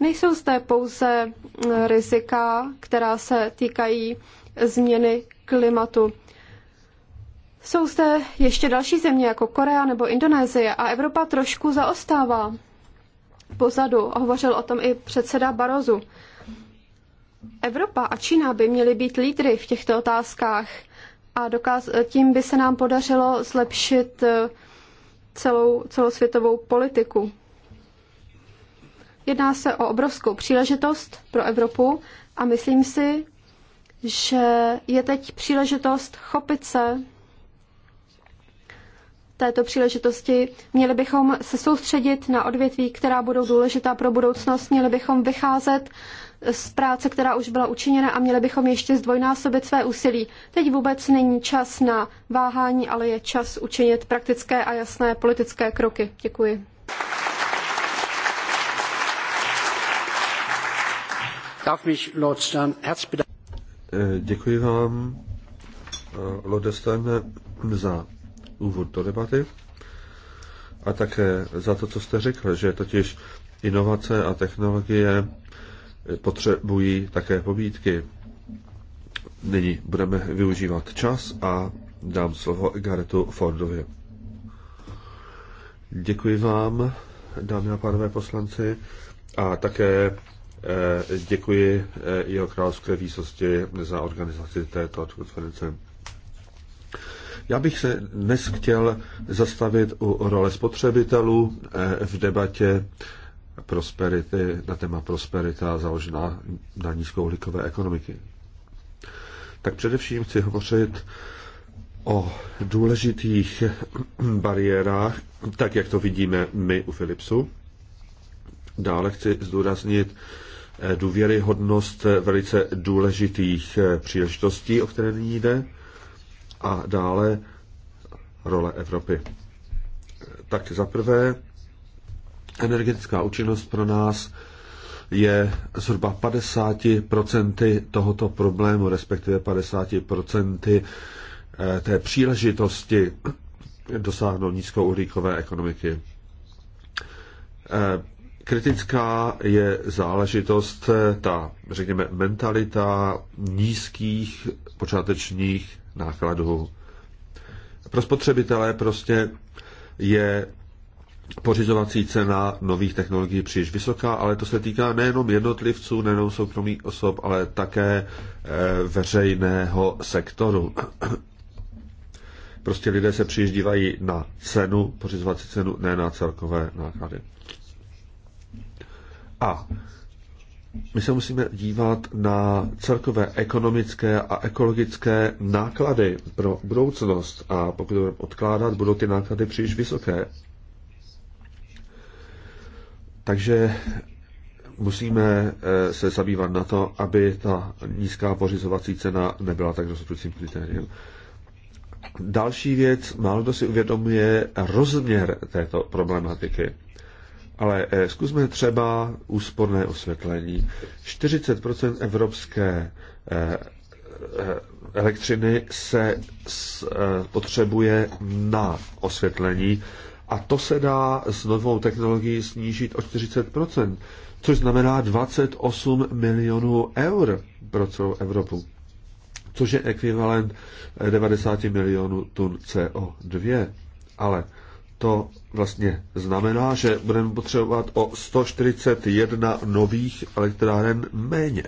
Nejsou zde pouze eh, rizika, která se týkají změny klimatu. Jsou zde ještě další země jako Korea nebo Indonésie a Evropa trošku zaostává pozadu. Hovořil o tom i předseda Barozu. Evropa a Čína by měly být lídry v těchto otázkách a dokáz, tím by se nám podařilo zlepšit eh, celou celosvětovou politiku. Jedná se o obrovskou příležitost pro Evropu a myslím si, že je teď příležitost chopit se této příležitosti. Měli bychom se soustředit na odvětví, která budou důležitá pro budoucnost. Měli bychom vycházet z práce, která už byla učiněna a měli bychom ještě zdvojnásobit své úsilí. Teď vůbec není čas na váhání, ale je čas učinit praktické a jasné politické kroky. Děkuji. Děkuji vám, Lodestane, za úvod do debaty a také za to, co jste řekl, že totiž inovace a technologie potřebují také pobídky. Nyní budeme využívat čas a dám slovo Garetu Fordovi. Děkuji vám, dámy a pánové poslanci, a také eh, děkuji eh, jeho královské výsosti za organizaci této konference. Já bych se dnes chtěl zastavit u role spotřebitelů eh, v debatě prosperity, na téma prosperita založená na nízkouhlíkové ekonomiky. Tak především chci hovořit o důležitých bariérách, tak jak to vidíme my u Philipsu. Dále chci zdůraznit eh, důvěryhodnost velice důležitých eh, příležitostí, o které nyní jde. A dále role Evropy. Tak za prvé, energetická účinnost pro nás je zhruba 50% tohoto problému, respektive 50% eh, té příležitosti dosáhnout nízkouhlíkové ekonomiky. Eh, kritická je záležitost, eh, ta, řekněme, mentalita nízkých počátečních nákladu Pro spotřebitele prostě je pořizovací cena nových technologií příliš vysoká, ale to se týká nejenom jednotlivců, nejenom soukromých osob, ale také eh, veřejného sektoru. Prostě lidé se příliš dívají na cenu, pořizovací cenu, ne na celkové náklady. A my se musíme dívat na celkové ekonomické a ekologické náklady pro budoucnost a pokud budeme odkládat, budou ty náklady příliš vysoké. Takže musíme eh, se zabývat na to, aby ta nízká pořizovací cena nebyla tak rozhodujícím kritériem. Další věc, málo kdo si uvědomuje rozměr této problematiky. Ale eh, zkusme třeba úsporné osvětlení. 40% evropské eh, eh, elektřiny se potřebuje na osvětlení a to se dá s novou technologií snížit o 40%, což znamená 28 milionů eur pro celou Evropu, což je ekvivalent 90 milionů tun CO2. Ale to vlastně znamená, že budeme potřebovat o 141 nových elektráren méně.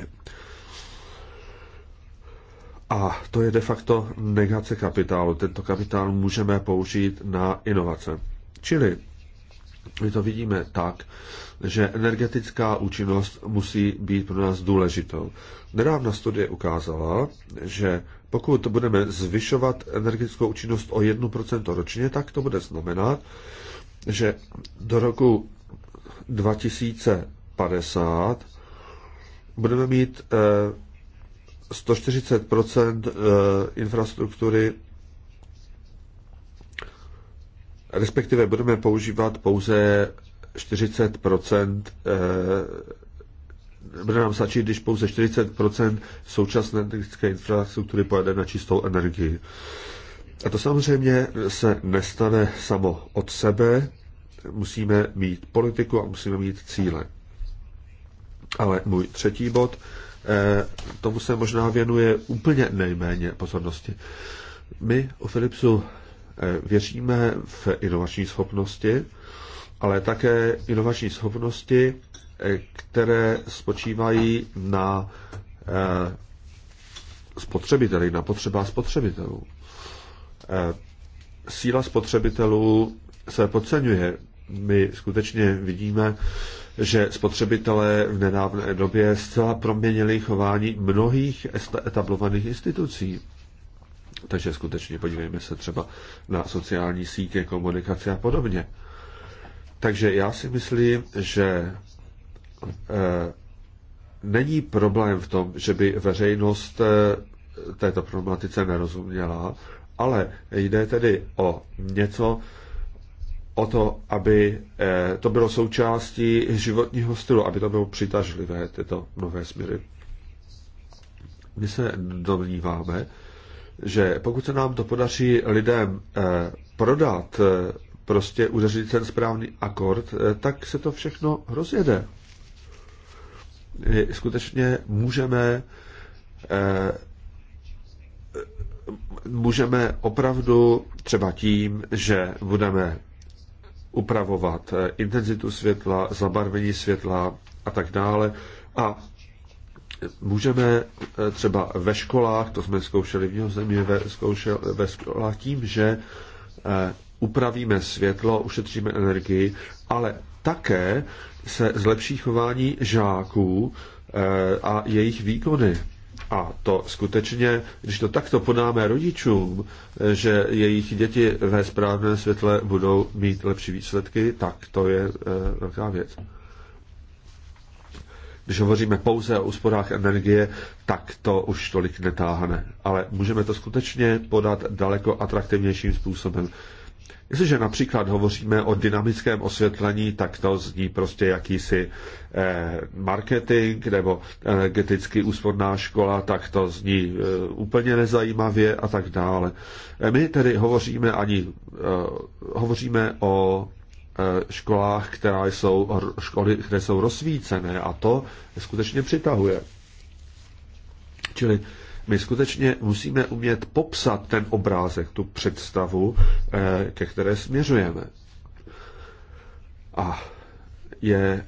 A to je de facto negace kapitálu. Tento kapitál můžeme použít na inovace. Čili my to vidíme tak, že energetická účinnost musí být pro nás důležitou. Nedávna studie ukázala, že pokud budeme zvyšovat energetickou účinnost o 1% ročně, tak to bude znamenat, že do roku 2050 budeme mít 140 eh, eh, infrastruktury, respektive budeme používat pouze 40 bude nám stačit, když pouze 40 současné energetické infrastruktury pojede na čistou energii. A to samozřejmě se nestane samo od sebe. Musíme mít politiku a musíme mít cíle. Ale můj třetí bod, eh, tomu se možná věnuje úplně nejméně pozornosti. My u Philipsu eh, věříme v inovační schopnosti, ale také inovační schopnosti které spočívají na eh, spotřebiteli, na potřeba spotřebitelů. Eh, síla spotřebitelů se podceňuje. My skutečně vidíme, že spotřebitelé v nedávné době zcela proměnili chování mnohých etablovaných institucí. Takže skutečně podívejme se třeba na sociální sítě, komunikace a podobně. Takže já si myslím, že Eh, není problém v tom, že by veřejnost eh, této problematice nerozuměla, ale jde tedy o něco, o to, aby eh, to bylo součástí životního stylu, aby to bylo přitažlivé, tyto nové směry. My se domníváme, že pokud se nám to podaří lidem prodat, prostě udeřit ten správný akord, tak se to všechno rozjede skutečně můžeme eh, můžeme opravdu třeba tím, že budeme upravovat eh, intenzitu světla, zabarvení světla a tak dále. A můžeme eh, třeba ve školách, to jsme zkoušeli v země, ve, zkoušel, ve školách tím, že upravíme světlo, ušetříme energii, ale také se zlepší chování žáků eh, a jejich výkony. A to skutečně, když to takto podáme rodičům, eh, že jejich děti ve správném světle budou mít lepší výsledky, tak to je eh, velká věc. Když hovoříme pouze o úsporách energie, tak to už tolik netáhne. Ale můžeme to skutečně podat daleko atraktivnějším způsobem. Jestliže například hovoříme o dynamickém osvětlení, tak to zní prostě jakýsi eh, marketing nebo energeticky úsporná škola, tak to zní eh, úplně nezajímavě a tak dále. Eh, my tedy hovoříme ani hovoříme o školách, která jsou, školy, které jsou rozsvícené a to skutečně přitahuje. Čili my skutečně musíme umět popsat ten obrázek, tu představu, eh, ke které směřujeme. A je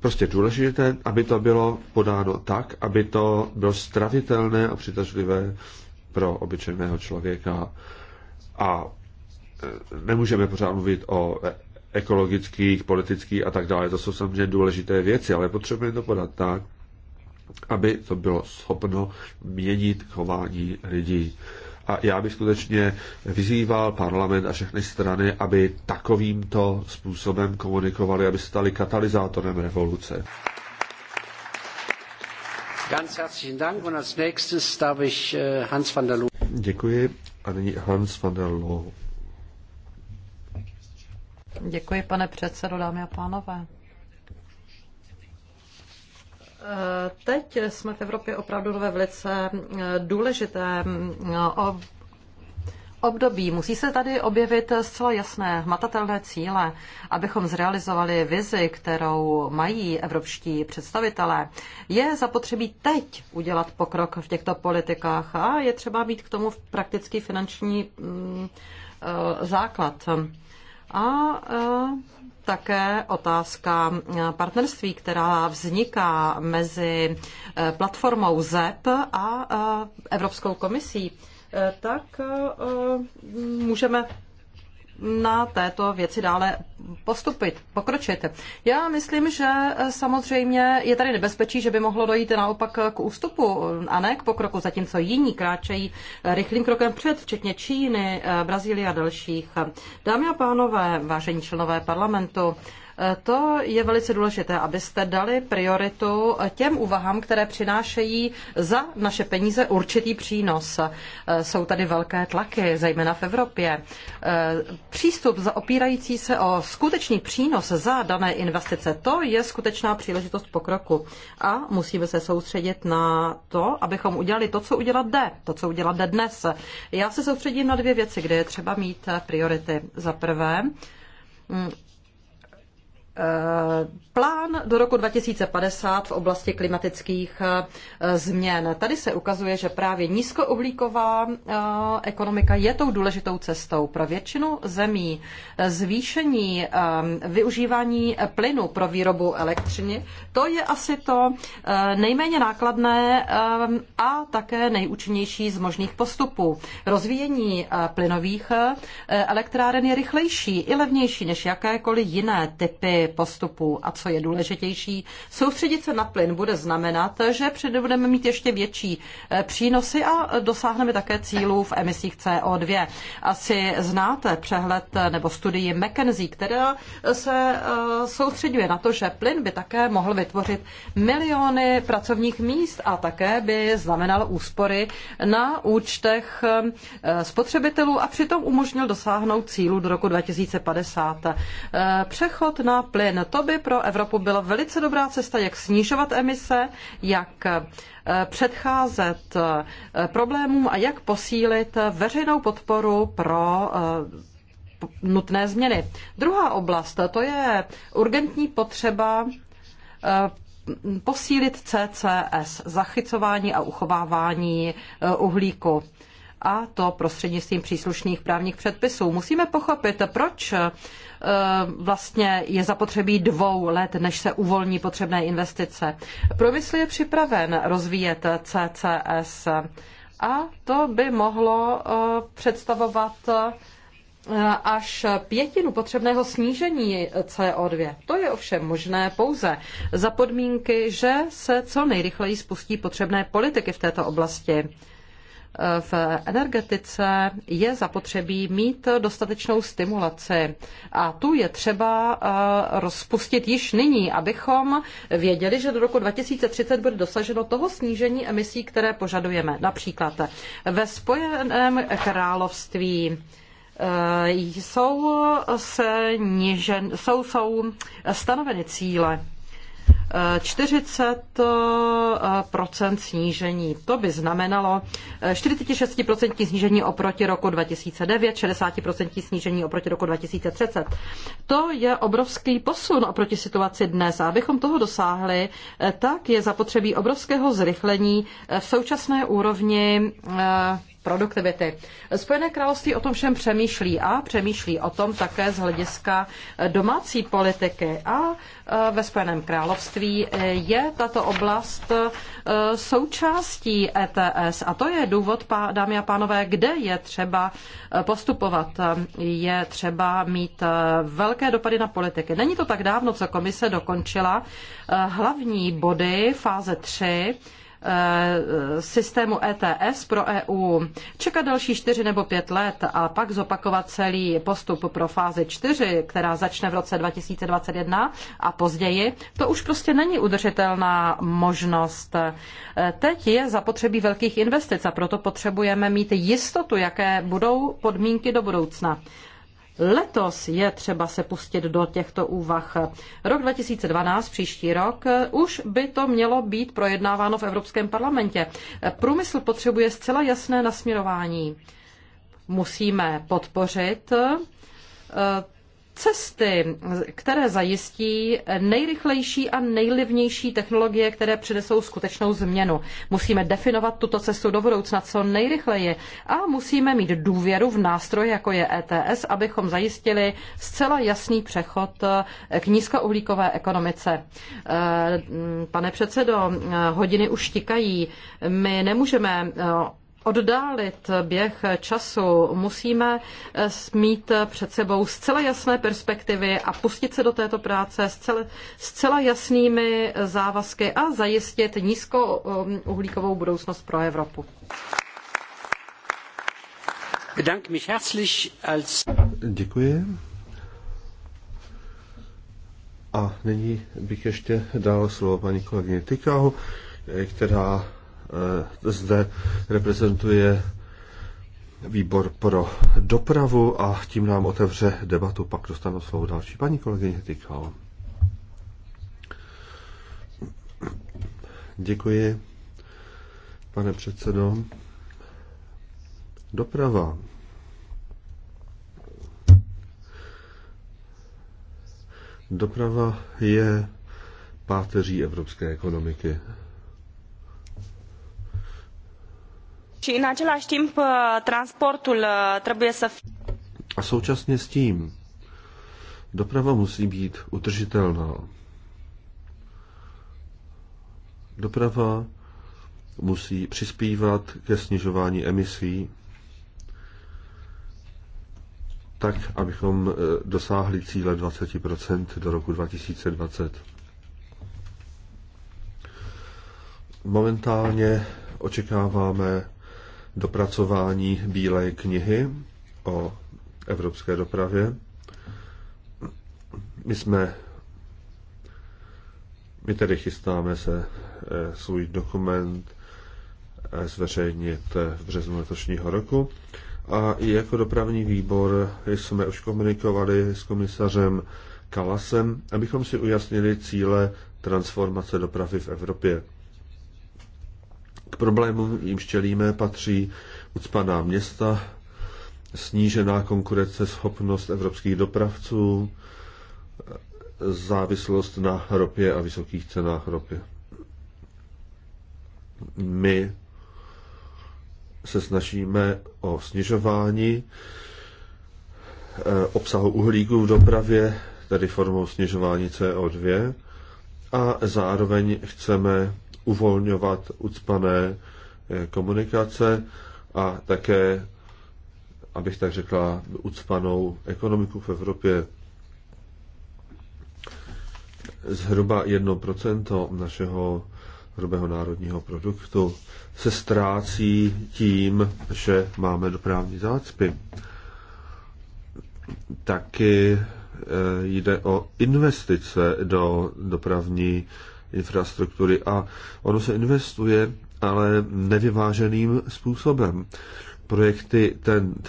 prostě důležité, aby to bylo podáno tak, aby to bylo stravitelné a přitažlivé pro obyčejného člověka. A eh, nemůžeme pořád mluvit o ekologických, politických a tak dále. To jsou samozřejmě důležité věci, ale potřebujeme to podat tak, aby to bylo schopno měnit chování lidí. A já bych skutečně vyzýval parlament a všechny strany, aby takovýmto způsobem komunikovali, aby stali katalyzátorem revoluce. Ganz herzlichen Dank als nächstes darf ich äh, Hans van der Děkuji a nyní Hans van der Loo. Děkuji, pane předsedo, dámy a pánové. Teď jsme v Evropě opravdu ve velice eh, důležité eh, období. Musí se tady objevit zcela jasné, hmatatelné cíle, abychom zrealizovali vizi, kterou mají evropští představitelé. Je zapotřebí teď udělat pokrok v těchto politikách a je třeba mít k tomu praktický finanční mm, eh, základ. A také otázka partnerství, která vzniká mezi eh, platformou ZEP a eh, Evropskou komisí, eh, tak můžeme na této věci dále postupit, pokročit. Já myslím, že eh, samozřejmě je tady nebezpečí, že by mohlo dojít naopak k ústupu eh, a ne k pokroku, zatímco jiní kráčejí eh, rychlým krokem před, včetně Číny, Brazílie a dalších. Dámy a pánové, vážení členové parlamentu, to je velice důležité, abyste dali prioritu těm úvahám, které přinášejí za naše peníze určitý přínos. E, Jsou tady velké tlaky, zejména v Evropě. E, Přístup opírající se o skutečný přínos za dané investice, to je skutečná příležitost pokroku. A musíme se soustředit na to, abychom udělali to, co udělat jde, to, co udělat jde dnes. Já se soustředím na dvě věci, kde je třeba mít priority. Za prvé, Plán do roku 2050 v oblasti klimatických eh, změn. Tady se ukazuje, že právě nízkouhlíková eh, ekonomika je tou důležitou cestou. Pro většinu zemí zvýšení eh, využívání plynu pro výrobu elektřiny, to je asi to nejméně nákladné a také nejúčinnější z možných postupů. Rozvíjení plynových elektráren je rychlejší i levnější než jakékoliv jiné typy postupu postupů. A co je důležitější, soustředit se na plyn bude znamenat, že budeme mít ještě větší eh, přínosy a dosáhneme také cílů v emisích CO2. Asi znáte přehled eh, nebo studii McKenzie, která eh, se soustředuje na to, že plyn by také mohl vytvořit miliony pracovních míst a také by znamenal úspory na účtech spotřebitelů a přitom umožnil dosáhnout cílu do roku 2050. Přechod na plyn plyn. To by pro Evropu byla velice dobrá cesta, jak snižovat emise, jak eh, předcházet eh, problémům a jak posílit veřejnou podporu pro eh, nutné změny. Druhá oblast, to je urgentní potřeba posílit CCS, zachycování a uchovávání uhlíku a to prostřednictvím příslušných právních předpisů. Musíme pochopit, proč eh, vlastně je zapotřebí dvou let, než se uvolní potřebné investice. Průmysl je připraven rozvíjet CCS a to by mohlo eh, představovat eh, až pětinu potřebného snížení CO2. To je ovšem možné pouze za podmínky, že se co nejrychleji spustí potřebné politiky v této oblasti v energetice je zapotřebí mít dostatečnou stimulaci. A tu je třeba eh, rozpustit již nyní, abychom věděli, že do roku 2030 bude dosaženo toho snížení emisí, které požadujeme. Například ve Spojeném království eh, jsou, se nižen, jsou, jsou stanoveny cíle 40% snížení. To by znamenalo 46% eh, snížení oproti roku 2009, 60% snížení oproti roku 2030. To je obrovský posun oproti situaci dnes. A abychom toho dosáhli, eh, tak je zapotřebí obrovského zrychlení eh, v současné úrovni produktivity. Spojené království o tom všem přemýšlí a přemýšlí o tom také z hlediska eh, domácí politiky. A eh, ve Spojeném království eh, je tato oblast součástí ETS. A to je důvod, dámy a pánové, kde je třeba postupovat. Je třeba mít velké dopady na politiky. Není to tak dávno, co komise dokončila hlavní body fáze 3 Eh, systému ETS pro EU, čekat další čtyři nebo pět let a pak zopakovat celý postup pro fázi čtyři, která začne v roce 2021 a později, to už prostě není udržitelná možnost. Eh, teď je zapotřebí velkých investic a proto potřebujeme mít jistotu, jaké budou podmínky do budoucna. Letos je třeba se pustit do těchto úvah. Rok 2012, příští rok, už by to mělo být projednáváno v Evropském parlamentě. Průmysl potřebuje zcela jasné nasměrování. Musíme podpořit eh, cesty, které zajistí nejrychlejší a nejlivnější technologie, které přinesou skutečnou změnu. Musíme definovat tuto cestu do budoucna co nejrychleji a musíme mít důvěru v nástroje, jako je ETS, abychom zajistili zcela jasný přechod eh, k nízkouhlíkové ekonomice. Eh, pane předsedo, eh, hodiny už tikají. My nemůžeme oddálit běh času, musíme eh, mít před sebou zcela jasné perspektivy a pustit se do této práce s zcela jasnými závazky a zajistit nízkouhlíkovou eh, budoucnost pro Evropu. Děkuji. A nyní bych ještě dal slovo paní kolegyně Tykáhu, eh, která Eh, zde reprezentuje výbor pro dopravu a tím nám otevře debatu. Pak dostanu slovo další paní kolegyně Tykal. Děkuji, pane předsedo. Doprava. Doprava je páteří evropské ekonomiky. și în același timp uh, transportul uh, trebuie să fie... A současně s tím doprava musí být udržitelná. Doprava musí přispívat ke snižování emisí, tak, abychom eh, dosáhli cíle 20% do roku 2020. Momentálně očekáváme dopracování Bílé knihy o evropské dopravě. My jsme, my tedy chystáme se eh, svůj dokument eh, zveřejnit eh, v březnu letošního roku. A i jako dopravní výbor jsme už komunikovali s komisařem Kalasem, abychom si ujasnili cíle transformace dopravy v Evropě. K problémům, jimž čelíme, patří ucpaná města, snížená konkurence schopnost evropských dopravců, závislost na ropě a vysokých cenách ropy. My se snažíme o snižování eh, obsahu uhlíku v dopravě, tedy formou snižování CO2, a zároveň chceme uvolňovat ucpané eh, komunikace a také, abych tak řekla, ucpanou ekonomiku v Evropě. Zhruba 1% našeho hrubého národního produktu se ztrácí tím, že máme dopravní zácpy. Taky eh, jde o investice do dopravní infrastruktury. A ono se investuje, ale nevyváženým způsobem. Projekty TNT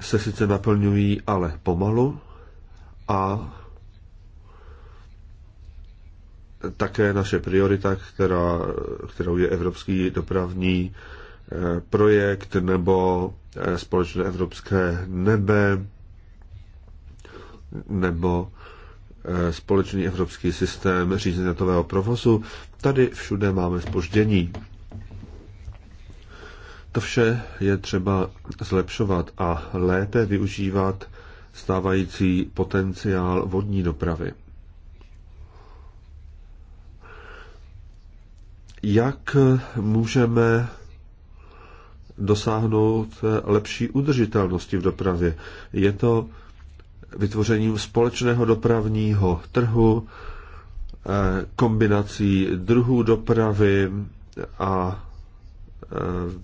se sice naplňují, ale pomalu a také naše priorita, která, kterou je evropský dopravní eh, projekt nebo eh, společné evropské nebe nebo Eh, společný evropský systém řízení datového provozu, tady všude máme spoždění. To vše je třeba zlepšovat a lépe využívat stávající potenciál vodní dopravy. Jak můžeme dosáhnout lepší udržitelnosti v dopravě? Je to vytvořením společného dopravního trhu, eh, kombinací druhů dopravy a eh,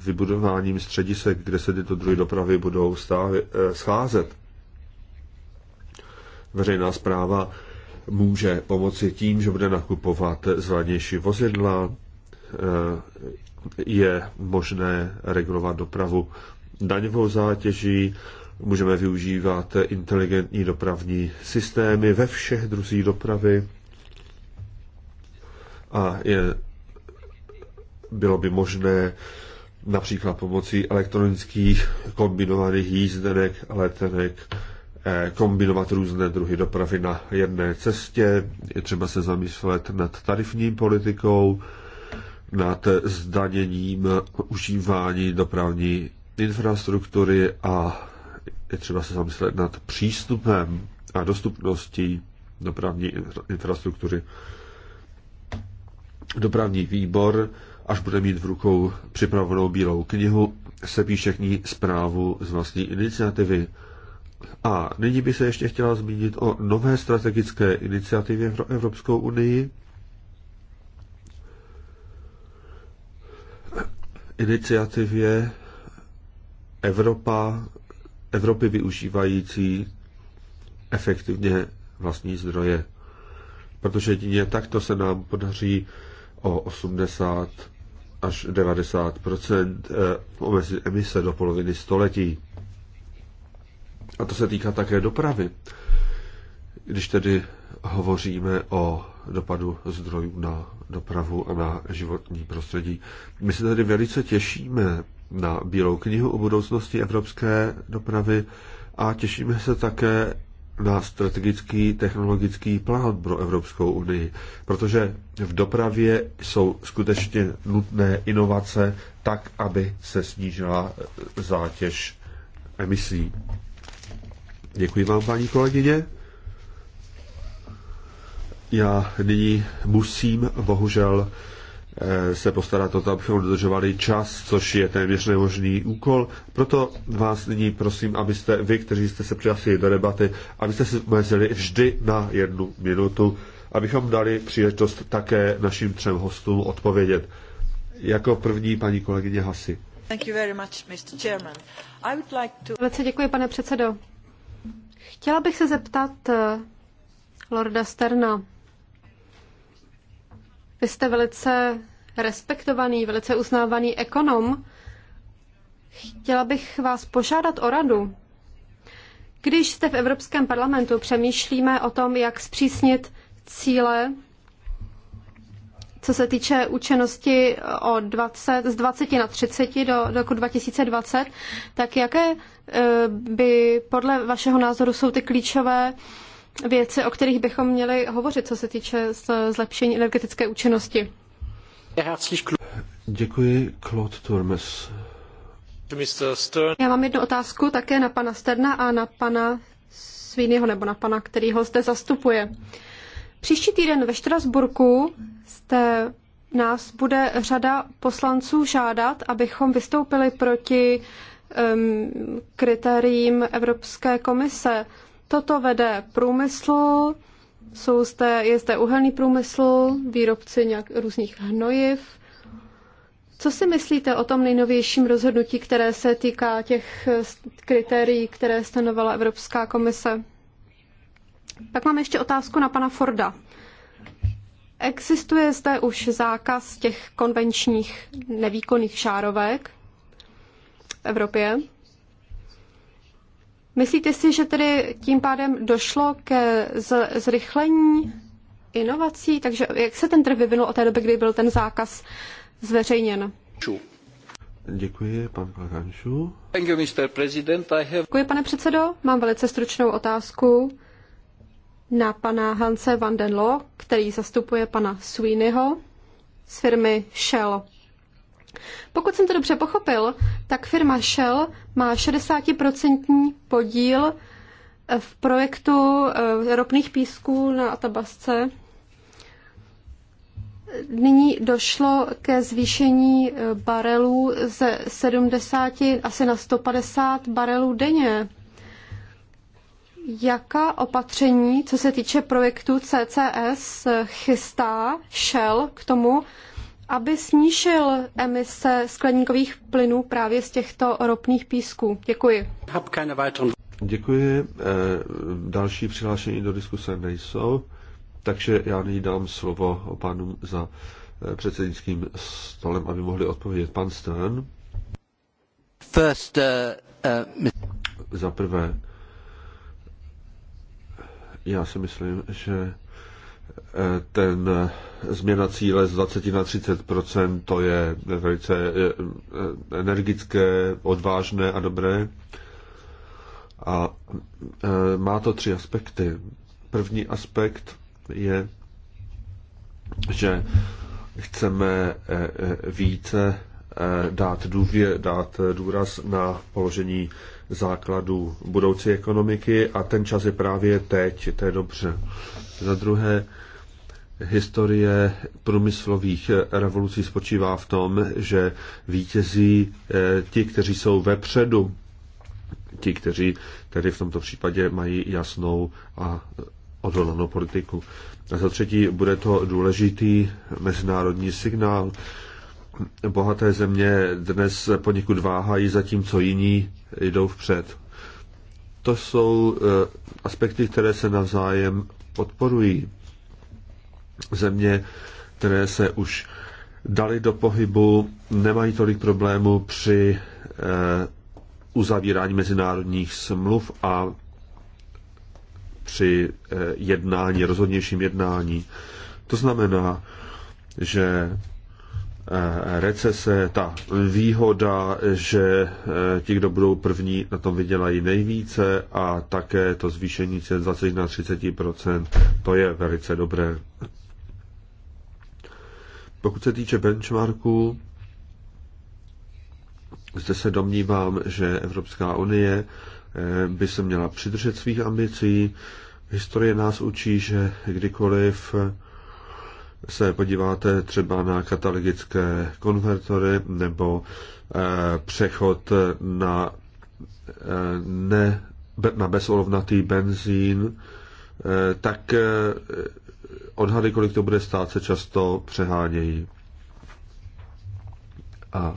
vybudováním středisek, kde se tyto druhy dopravy budou eh, scházet. Veřejná zpráva může pomoci tím, že bude nakupovat zvládnější vozidla, je možné regulovat dopravu daňovou zátěží, Můžeme využívat inteligentní dopravní systémy ve všech druzích dopravy a je, bylo by možné například pomocí elektronických kombinovaných jízdenek, letenek, eh, kombinovat různé druhy dopravy na jedné cestě. Je třeba se zamyslet nad tarifní politikou, nad zdaněním užívání dopravní infrastruktury a je třeba se zamyslet nad přístupem a dostupností dopravní infrastruktury. Dopravní výbor, až bude mít v rukou připravenou bílou knihu, se píše k ní zprávu z vlastní iniciativy. A nyní by se ještě chtěla zmínit o nové strategické iniciativě pro Evropskou unii. Iniciativě Evropa Evropy využívající efektivně vlastní zdroje. Protože jedině takto se nám podaří o 80 až 90 eh, omezit emise do poloviny století. A to se týká také dopravy. Když tedy hovoříme o dopadu zdrojů na dopravu a na životní prostředí. My se tedy velice těšíme na Bílou knihu o budoucnosti evropské dopravy a těšíme se také na strategický technologický plán pro Evropskou unii, protože v dopravě jsou skutečně nutné inovace tak, aby se snížila zátěž emisí. Děkuji vám, paní kolegyně. Já nyní musím bohužel Eh, se postarat o to, abychom dodržovali čas, což je téměř nemožný úkol. Proto vás nyní prosím, abyste vy, kteří jste se přihlásili do debaty, abyste se omezili vždy na jednu minutu, abychom dali příležitost také našim třem hostům odpovědět. Jako první paní kolegyně Hasi. Velice děkuji, pane předsedo. Chtěla bych se zeptat eh, Lorda Sterna, vy jste velice respektovaný, velice uznávaný ekonom. Chtěla bych vás požádat o radu. Když jste v Evropském parlamentu, přemýšlíme o tom, jak zpřísnit cíle, co se týče účinnosti o 20, z 20 na 30 do, do roku 2020, tak jaké eh, by podle vašeho názoru jsou ty klíčové věci, o kterých bychom měli hovořit, co se týče zlepšení energetické účinnosti. Děkuji, Claude Turmes. Já mám jednu otázku také na pana Sterna a na pana Svínyho, nebo na pana, který ho zde zastupuje. Příští týden ve Štrasburku jste nás bude řada poslanců žádat, abychom vystoupili proti um, kritériím Evropské komise Toto vede průmysl, jsou zde, je zde uhelný průmysl, výrobci nějak, různých hnojiv. Co si myslíte o tom nejnovějším rozhodnutí, které se týká těch kritérií, které stanovala Evropská komise? Pak mám ještě otázku na pana Forda. Existuje zde už zákaz těch konvenčních nevýkonných šárovek v Evropě? Myslíte si, že tedy tím pádem došlo ke zrychlení inovací? Takže jak se ten trh vyvinul od té doby, kdy byl ten zákaz zveřejněn? Děkuji, pan Kakanšu. Děkuji, pane předsedo. Mám velice stručnou otázku na pana Hanse van den Lo, který zastupuje pana Sweeneyho z firmy Shell. Pokud jsem to dobře pochopil, tak firma Shell má 60% podíl eh, v projektu eh, ropných písků na Atabasce. Nyní došlo ke zvýšení eh, barelů ze 70 asi na 150 barelů denně. Jaká opatření, co se týče projektu CCS, chystá Shell k tomu, aby snížil emise skleníkových plynů právě z těchto ropných písků. Děkuji. Děkuji. Eh, další přihlášení do diskuse nejsou, takže já nyní dám slovo pánům za eh, předsednickým stolem, aby mohli odpovědět. Pan Stern. First, uh, uh, Za prvé, já si myslím, že ten změna cíle z 20 na 30 to je velice eh, eh, energické, odvážné a dobré. A eh, má to tři aspekty. První aspekt je, že chceme více dát, důvě, dát důraz na položení základů budoucí ekonomiky a ten čas je právě teď, to je dobře. Za druhé, historie průmyslových revolucí spočívá v tom, že vítězí eh, ti, kteří jsou vepředu, ti, kteří tedy v tomto případě mají jasnou a odhodlanou politiku. A za třetí bude to důležitý mezinárodní signál. Bohaté země dnes poněkud váhají, zatímco jiní jdou vpřed. To jsou eh, aspekty, které se navzájem podporují země, které se už dali do pohybu, nemají tolik problémů při eh, uzavírání mezinárodních smluv a při eh, jednání, rozhodnějším jednání. To znamená, že eh, recese, ta výhoda, že ti, kdo budou první, na tom vydělají nejvíce a také to zvýšení cen 20 na 30 to je velice dobré. Pokud se týče benchmarků, zde se domnívám, že Evropská unie eh, by se měla přidržet svých ambicí. Historie nás učí, že kdykoliv se podíváte třeba na katalytické konvertory nebo eh, přechod na, eh, ne, na bezolovnatý benzín, tak odhady, kolik to bude stát, se často přehánějí. A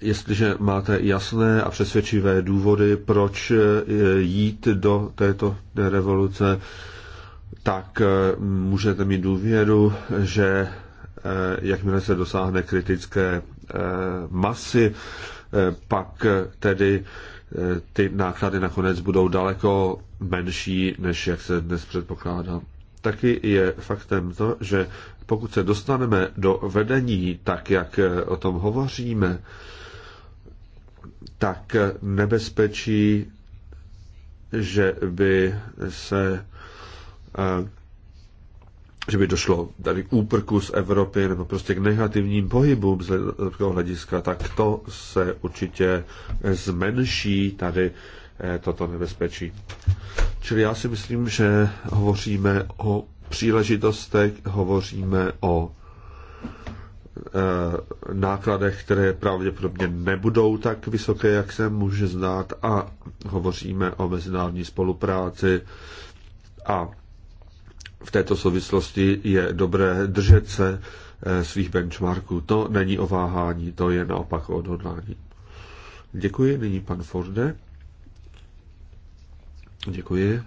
jestliže máte jasné a přesvědčivé důvody, proč eh, jít do této revoluce, tak eh, můžete mít důvěru, že eh, jakmile se dosáhne kritické masy, pak tedy ty náklady nakonec budou daleko menší, než jak se dnes předpokládá taky je faktem to, že pokud se dostaneme do vedení, tak jak o tom hovoříme, tak nebezpečí, že by se eh, že by došlo tady k úprku z Evropy nebo prostě k negativním pohybům z hlediska, tak to se určitě zmenší tady Eh, toto nebezpečí. Čili já si myslím, že hovoříme o příležitostech, hovoříme o eh, nákladech, které pravděpodobně nebudou tak vysoké, jak se může znát, a hovoříme o mezinárodní spolupráci. A v této souvislosti je dobré držet se eh, svých benchmarků. To není o váhání, to je naopak o odhodlání. Děkuji, nyní pan Forde. Děkuji.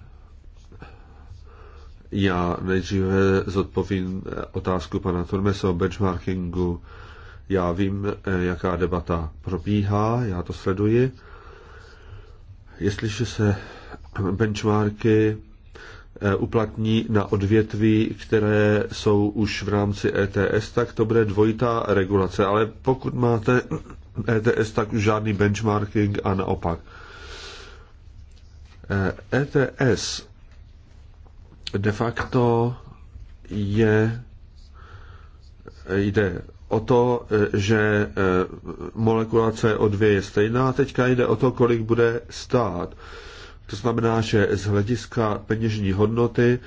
Já nejdříve zodpovím otázku pana Turmese o benchmarkingu. Já vím, eh, jaká debata probíhá, já to sleduji. Jestliže se benchmarky eh, uplatní na odvětví, které jsou už v rámci ETS, tak to bude dvojitá regulace. Ale pokud máte ETS, e tak už žádný benchmarking a naopak. ETS eh, e de facto je, eh, jde o to, eh, že molekula CO2 je stejná, teďka jde o to, kolik bude stát. To znamená, že z hlediska peněžní hodnoty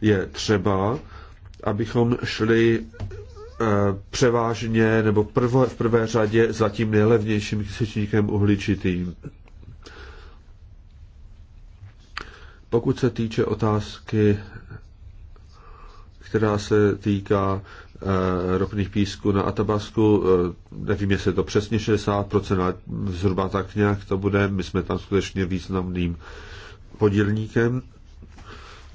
je třeba, abychom šli převážně nebo prvo, v prvé řadě za tím nejlevnějším kysečníkem uhličitým. Pokud se týče otázky, která se týká eh, ropných písků na Atabasku. Eh, nevím, jestli je to přesně 60%, ale zhruba tak nějak to bude. My jsme tam skutečně významným podílníkem.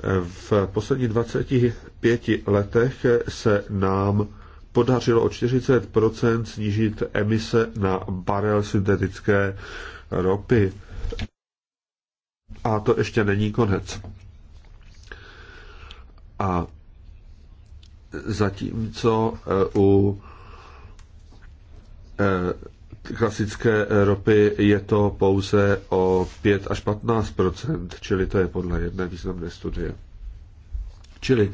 Eh, v posledních 25 letech se nám podařilo o 40% snížit emise na barel syntetické ropy. A to ještě není konec. A zatímco eh, u eh, klasické ropy je to pouze o 5 až 15 čili to je podle jedné významné studie. Čili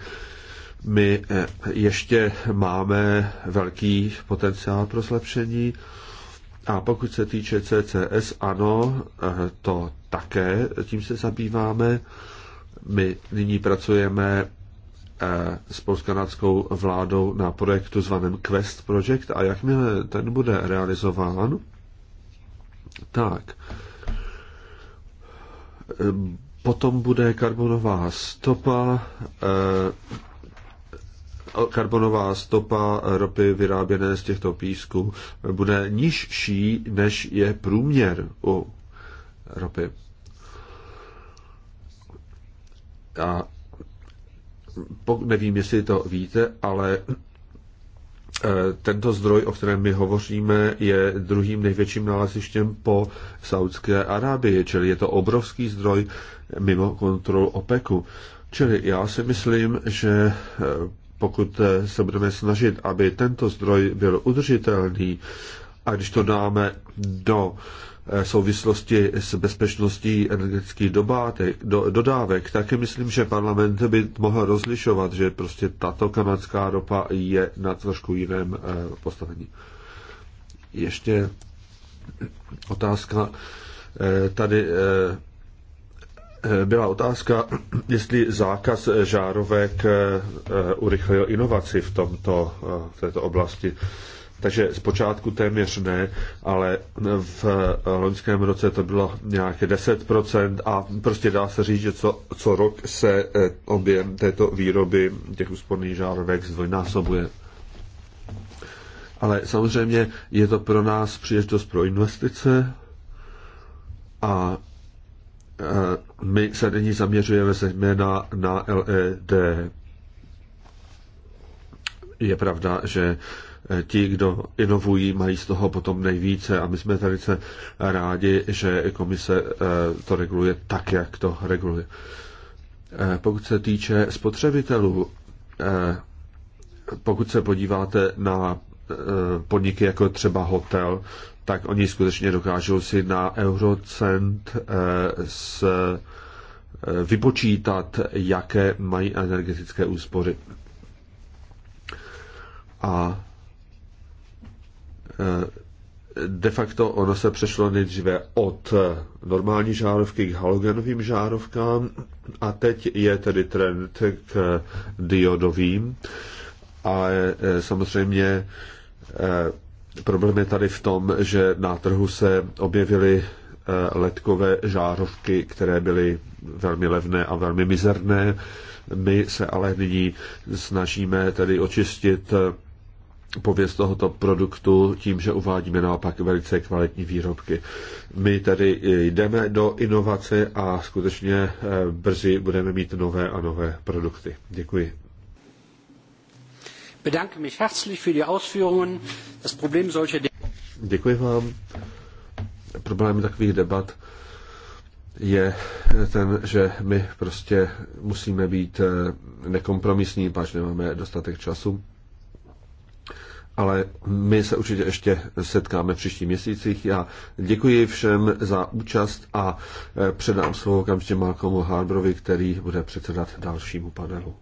my eh, ještě máme velký potenciál pro zlepšení a pokud se týče CCS, ano, eh, to také, tím se zabýváme. My nyní pracujeme eh, s polskanadskou vládou na projektu zvaném Quest Project a jakmile ten bude realizován, tak eh, potom bude karbonová stopa karbonová stopa ropy vyráběné z těchto písků bude nižší, než je průměr u ropy. A nevím, jestli to víte, ale eh, tento zdroj, o kterém my hovoříme, je druhým největším nalezištěm po Saudské Arábii, čili je to obrovský zdroj mimo kontrolu OPECu. Čili já si myslím, že eh, pokud eh, se budeme snažit, aby tento zdroj byl udržitelný, a když to dáme do eh, souvislosti s bezpečností energetických dobátek, do, dodávek, tak myslím, že parlament by mohl rozlišovat, že prostě tato kanadská ropa je na trošku jiném eh, postavení. Ještě otázka. Tady byla otázka, jestli zákaz žárovek eh, eh, urychlil inovaci v, tomto, eh, v této oblasti. Takže zpočátku téměř ne, ale v loňském roce to bylo nějaké 10% a prostě dá se říct, že co, co rok se objem této výroby těch úsporných žárovek zdvojnásobuje. Ale samozřejmě je to pro nás příležitost pro investice a Eh, my se nyní zaměřujeme zejména na LED. Je pravda, že eh, ti, kdo inovují, mají z toho potom nejvíce a my jsme tady se rádi, že komise eh, to reguluje tak, jak to reguluje. Pokud se týče spotřebitelů, pokud se podíváte na podniky jako třeba hotel, tak oni skutečně dokážou si na eurocent eh, s eh, vypočítat, jaké mají energetické úspory. A eh, de facto ono se přešlo nejdříve od normální žárovky k halogenovým žárovkám a teď je tedy trend k diodovým. A samozřejmě Problém je tady v tom, že na trhu se objevily eh, letkové žárovky, které byly velmi levné a velmi mizerné. My se ale nyní snažíme tedy očistit eh, pověst tohoto produktu tím, že uvádíme naopak velice kvalitní výrobky. My tedy jdeme do inovace a skutečně eh, brzy budeme mít nové a nové produkty. Děkuji bedanke mich herzlich für die Ausführungen. Das Problem solcher Děkuji vám. Problém takových debat je ten, že my prostě musíme být eh, nekompromisní, páč nemáme dostatek času. Ale my se určitě ještě setkáme v příštích měsících. Já děkuji všem za účast a eh, předám slovo okamžitě Malcolmu Harbrovi, který bude předsedat dalšímu panelu.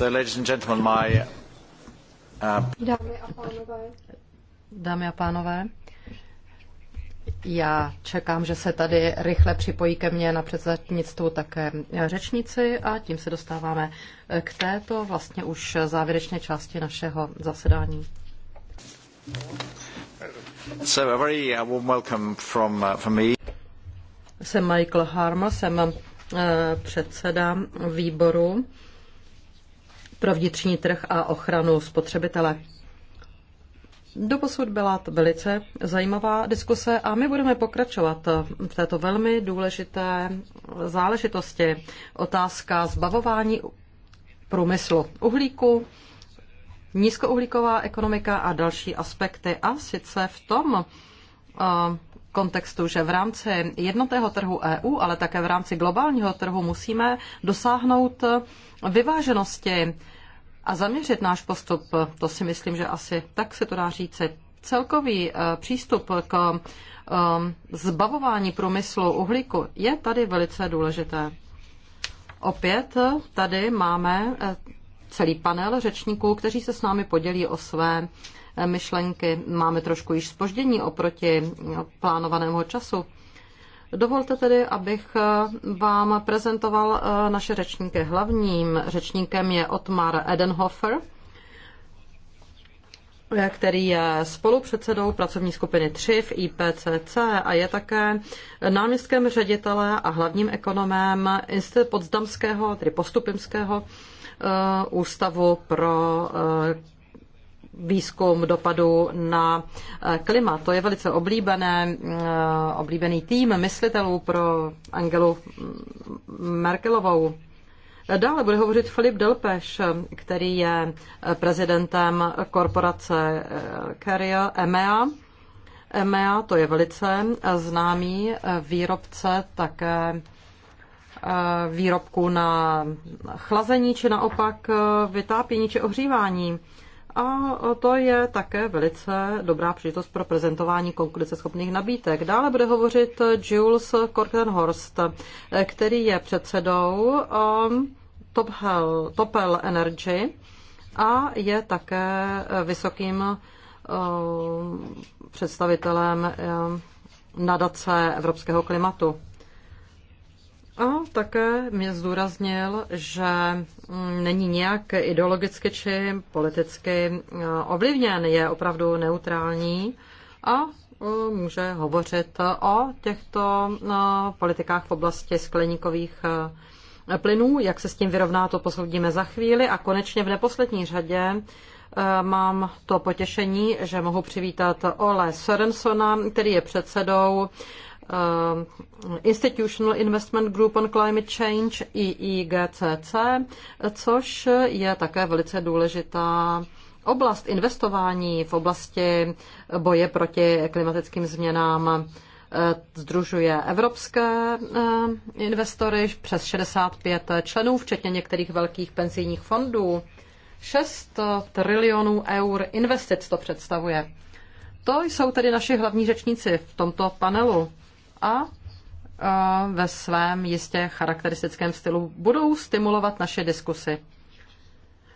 Uh, Dámy a pánové. Já čekám, že se tady rychle připojí ke mně na předsednictvu také řečníci a tím se dostáváme k této vlastně už závěrečné části našeho zasedání. So a very uh, warm welcome from, uh, from me. Jsem Michael Harmer, jsem předseda výboru pro vnitřní trh a ochranu spotřebitele. Doposud byla to velice zajímavá diskuse a my budeme pokračovat v této velmi důležité záležitosti. Otázka zbavování průmyslu uhlíku, nízkouhlíková ekonomika a další aspekty. A sice v tom, kontextu, že v rámci jednotného trhu EU, ale také v rámci globálního trhu musíme dosáhnout vyváženosti a zaměřit náš postup. To si myslím, že asi tak se to dá říci. Celkový eh, přístup k eh, zbavování průmyslu uhlíku je tady velice důležité. Opět tady máme eh, celý panel řečníků, kteří se s námi podělí o své Eh, myšlenky. Máme trošku již spoždění oproti eh, plánovanému času. Dovolte tedy, abych eh, vám prezentoval naše řečníky. Hlavním řečníkem je Otmar Edenhofer, který je spolupředsedou pracovní skupiny 3 v IPCC a je také náměstkem ředitele a hlavním ekonomem podsdamského, tedy postupimského ústavu pro výzkum dopadu na eh, klima. To je velice oblíbené, eh, oblíbený tým myslitelů pro Angelu Merkelovou. Dále bude hovořit Filip Delpeš, který je eh, prezidentem korporace Carrier EMEA. EMEA to je velice známý výrobce také výrobků na chlazení či naopak vytápění či ohřívání. A to je také velice dobrá příležitost pro prezentování konkurenceschopných nabídek. Dále bude hovořit Jules Korkenhorst, který je předsedou um, Topel, Topel Energy a je také vysokým um, představitelem um, nadace evropského klimatu. A také mě zdůraznil, že mm, není nějak ideologicky či politicky eh, ovlivněn, je opravdu neutrální a eh, může hovořit o těchto eh, politikách v oblasti skleníkových plynů, jak se s tím vyrovná, to posoudíme za chvíli. A konečně v neposlední řadě mám to potěšení, že mohu přivítat Ole Sorensona, který je předsedou Um, Institutional Investment Group on Climate Change, IIGCC, e e což je také velice důležitá oblast investování v oblasti boje proti klimatickým změnám uh, združuje evropské uh, investory, přes 65 členů, včetně některých velkých penzijních fondů. 6 trilionů eur investic to představuje. To jsou tedy naši hlavní řečníci v tomto panelu a ve svém jistě charakteristickém stylu budou stimulovat naše diskusy.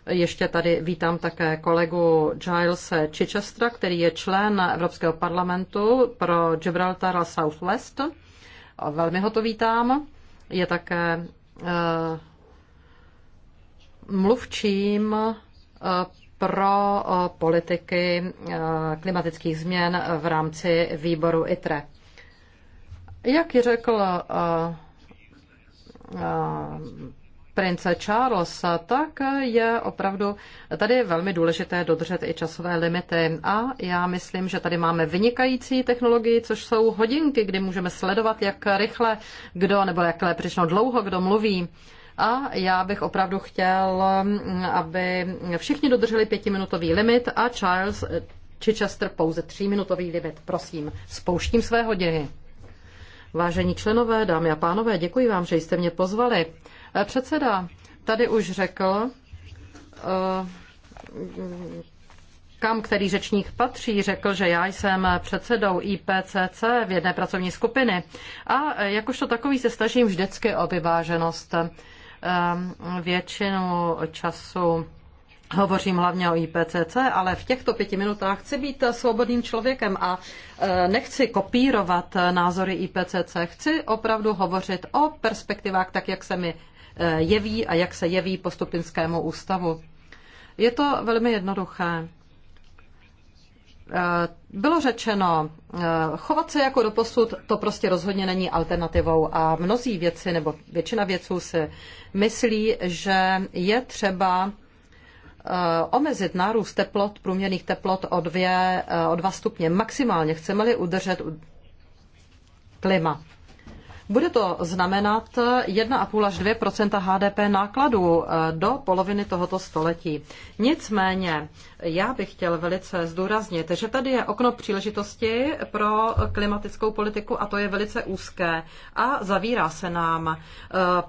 Ještě tady vítám také kolegu Giles Chichestra, který je člen Evropského parlamentu pro Gibraltar a Southwest. Velmi ho to vítám. Je také e, mluvčím e, pro e, politiky klimatických změn v rámci výboru ITRE. Jak řekl a, a, eh, eh, prince Charles, tak je opravdu tady velmi důležité dodržet i časové limity. A já myslím, že tady máme vynikající technologii, což jsou hodinky, kdy můžeme sledovat, jak rychle kdo, nebo jak přišlo dlouho kdo mluví. A já bych opravdu chtěl, mm, aby všichni dodrželi pětiminutový limit a Charles Chichester pouze tříminutový limit. Prosím, spouštím své hodiny. Vážení členové, dámy a pánové, děkuji vám, že jste mě pozvali. Eh, předseda tady už řekl, eh, kam který řečník patří, řekl, že já jsem předsedou IPCC v jedné pracovní skupiny a eh, jakožto takový se snažím vždycky o vyváženost většinu času Hovořím hlavně o IPCC, ale v těchto pěti minutách chci být svobodným člověkem a e, nechci kopírovat názory IPCC. Chci opravdu hovořit o perspektivách tak, jak se mi e, jeví a jak se jeví postupinskému ústavu. Je to velmi jednoduché. E, bylo řečeno, chovat se jako doposud, to prostě rozhodně není alternativou a mnozí věci, nebo většina věců si myslí, že je třeba Eh, omezit nárůst teplot, průměrných teplot o, dvě, eh, o dva stupně. Maximálně chceme-li udržet klima. Bude to znamenat 1,5 až 2 HDP nákladů do poloviny tohoto století. Nicméně já bych chtěl velice zdůraznit, že tady je okno příležitosti pro klimatickou politiku a to je velice úzké a zavírá se nám eh,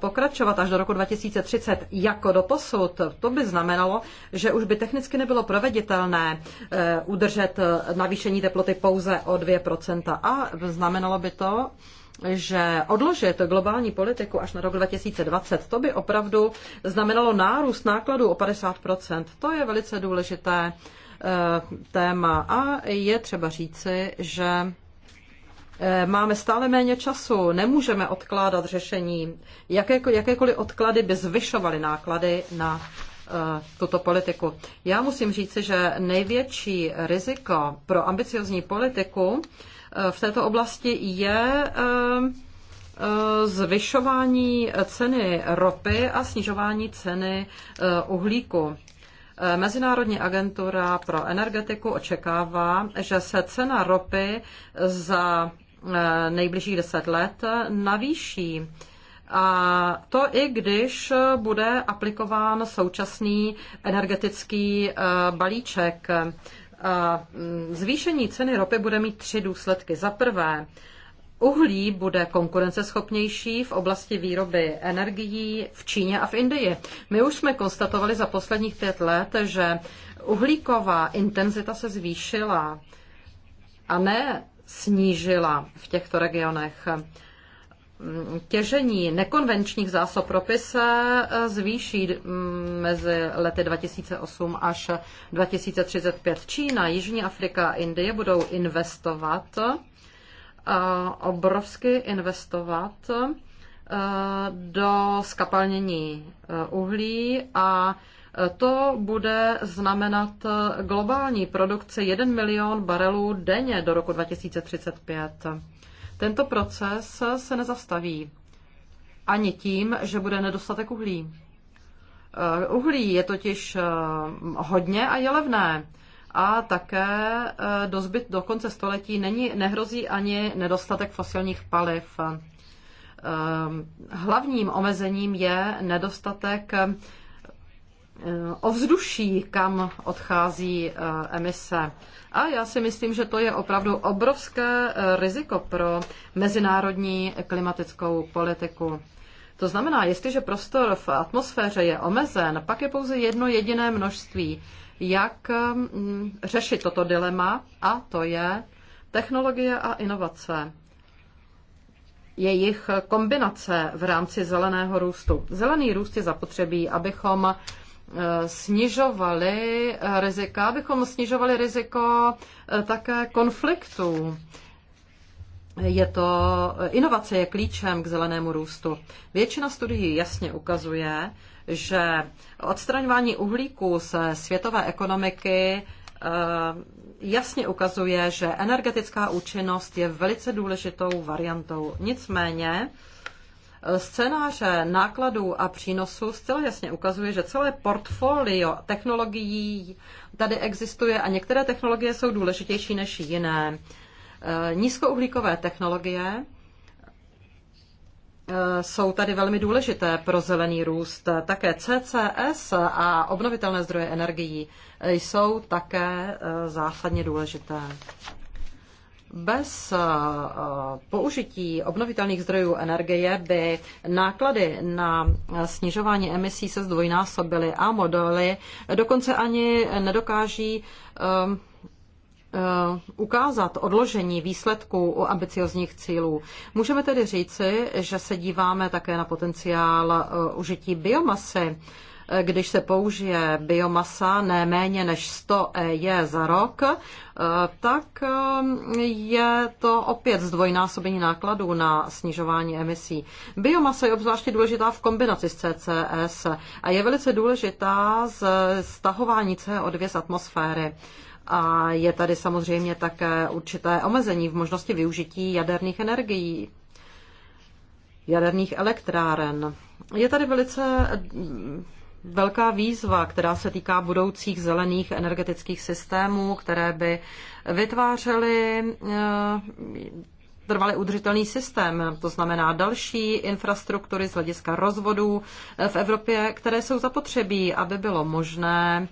pokračovat až do roku 2030 jako do posud. To by znamenalo, že už by technicky nebylo proveditelné eh, udržet eh, navýšení teploty pouze o 2 a znamenalo by to, že odložit globální politiku až na rok 2020, to by opravdu znamenalo nárůst nákladů o 50%. To je velice důležité eh, téma a je třeba říci, že eh, Máme stále méně času, nemůžeme odkládat řešení. jakékoliv odklady by zvyšovaly náklady na eh, tuto politiku. Já musím říci, že největší riziko pro ambiciozní politiku v této oblasti je eh, eh, zvyšování ceny ropy a snižování ceny eh, uhlíku. Mezinárodní agentura pro energetiku očekává, že se cena ropy za nejbližších deset let navýší. A to i když bude aplikován současný energetický balíček. Mm, zvýšení ceny ropy bude mít tři důsledky. Za prvé, Uhlí bude konkurenceschopnější v oblasti výroby energií v Číně a v Indii. My už jsme konstatovali za posledních pět let, že uhlíková intenzita se zvýšila a ne snížila v těchto regionech těžení nekonvenčních zásob ropy se eh, zvýší mm, mezi lety 2008 až 2035. Čína, Jižní Afrika a Indie budou investovat, eh, obrovsky investovat eh, do skapalnění uhlí a to bude znamenat globální produkci 1 milion barelů denně do roku 2035. Tento proces se nezastaví ani tím, že bude nedostatek uhlí. Eh, uhlí je totiž eh, hodně a je levné. A také eh, do, zbyt, do konce století není, nehrozí ani nedostatek fosilních paliv. Hlavním omezením je nedostatek Eh, ovzduší, kam odchází eh, emise. A já si myslím, že to je opravdu obrovské eh, riziko pro mezinárodní klimatickou politiku. To znamená, jestliže prostor v atmosféře je omezen, pak je pouze jedno jediné množství, jak mm, řešit toto dilema, a to je technologie a inovace. Jejich kombinace v rámci zeleného růstu. Zelený růst je zapotřebí, abychom Eh, snižovali rizika, abychom snižovali riziko eh, také konfliktů. Je to, eh, inovace je klíčem k zelenému růstu. Většina studií jasně ukazuje, že odstraňování uhlíku ze světové ekonomiky jasně ukazuje, že energetická účinnost je velice důležitou variantou. Nicméně, scénáře nákladů a přínosů zcela jasně ukazuje, že celé portfolio technologií tady existuje a některé technologie jsou důležitější než jiné. E, nízkouhlíkové technologie e, jsou tady velmi důležité pro zelený růst. Také CCS a obnovitelné zdroje energií e, jsou také zásadně důležité. Bez eh, použití obnovitelných zdrojů energie by náklady na eh, snižování emisí se zdvojnásobily a modely dokonce ani nedokáží eh, ukázat odložení výsledků u ambiciozních cílů. Můžeme tedy říci, že se díváme také na potenciál užití biomasy když se použije biomasa ne méně než 100 EJ za rok, eh, tak eh, je to opět zdvojnásobení nákladů na snižování emisí. Biomasa je obzvláště důležitá v kombinaci s CCS a je velice důležitá z stahování CO2 z atmosféry. A je tady samozřejmě také určité omezení v možnosti využití jaderných energií, jaderných elektráren. Je tady velice velká výzva, která se týká budoucích zelených energetických systémů, které by vytvářely eh, trvalý udržitelný systém, to znamená další infrastruktury z hlediska rozvodů eh, v Evropě, které jsou zapotřebí, aby bylo možné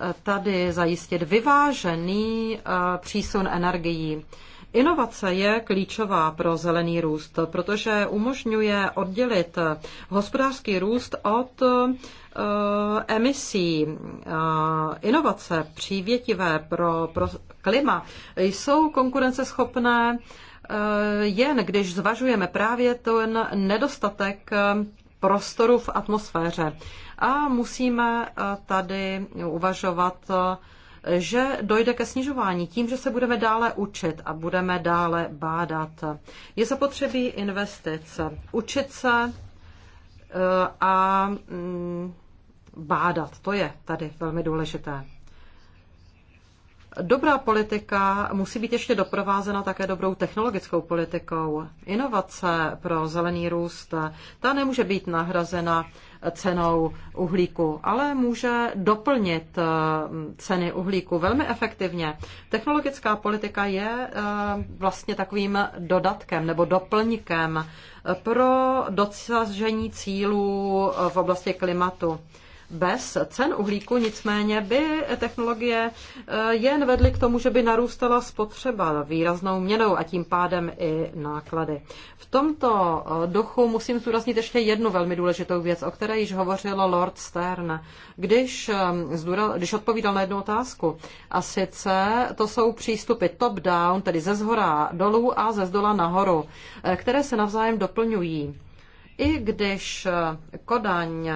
eh, tady zajistit vyvážený přísun energií. Inovace je klíčová pro zelený růst, protože umožňuje oddělit hospodářský růst od eh, emisí. Eh, inovace přívětivé pro, pro klima jsou konkurenceschopné eh, jen když zvažujeme právě ten nedostatek prostoru v atmosféře. A musíme tady uvažovat že dojde ke snižování tím, že se budeme dále učit a budeme dále bádat. Je zapotřebí investic, učit se eh, a mm, bádat. To je tady velmi důležité. Dobrá politika musí být ještě doprovázena také dobrou technologickou politikou. Inovace pro zelený růst, ta nemůže být nahrazena cenou uhlíku, ale může doplnit eh, ceny uhlíku velmi efektivně. Technologická politika je eh, vlastně takovým dodatkem nebo doplňkem pro dosažení cílů v oblasti klimatu bez cen uhlíku, nicméně by technologie eh, jen vedly k tomu, že by narůstala spotřeba výraznou měnou a tím pádem i náklady. V tomto eh, duchu musím zdůraznit ještě jednu velmi důležitou věc, o které již hovořil Lord Stern, když, eh, když odpovídal na jednu otázku. A sice to jsou přístupy top-down, tedy ze zhora dolů a ze zdola nahoru, které se navzájem doplňují. I když Kodaň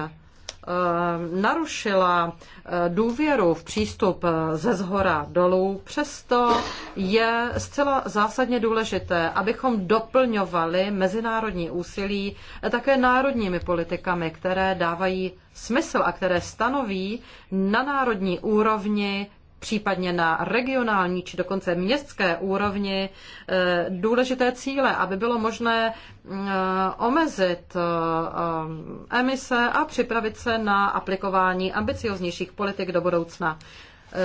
Eh, narušila eh, důvěru v přístup eh, ze zhora dolů, přesto je zcela zásadně důležité, abychom doplňovali mezinárodní úsilí také národními politikami, které dávají smysl a které stanoví na národní úrovni případně na regionální či dokonce městské úrovni eh, důležité cíle, aby bylo možné eh, omezit eh, emise a připravit se na aplikování ambicioznějších politik do budoucna.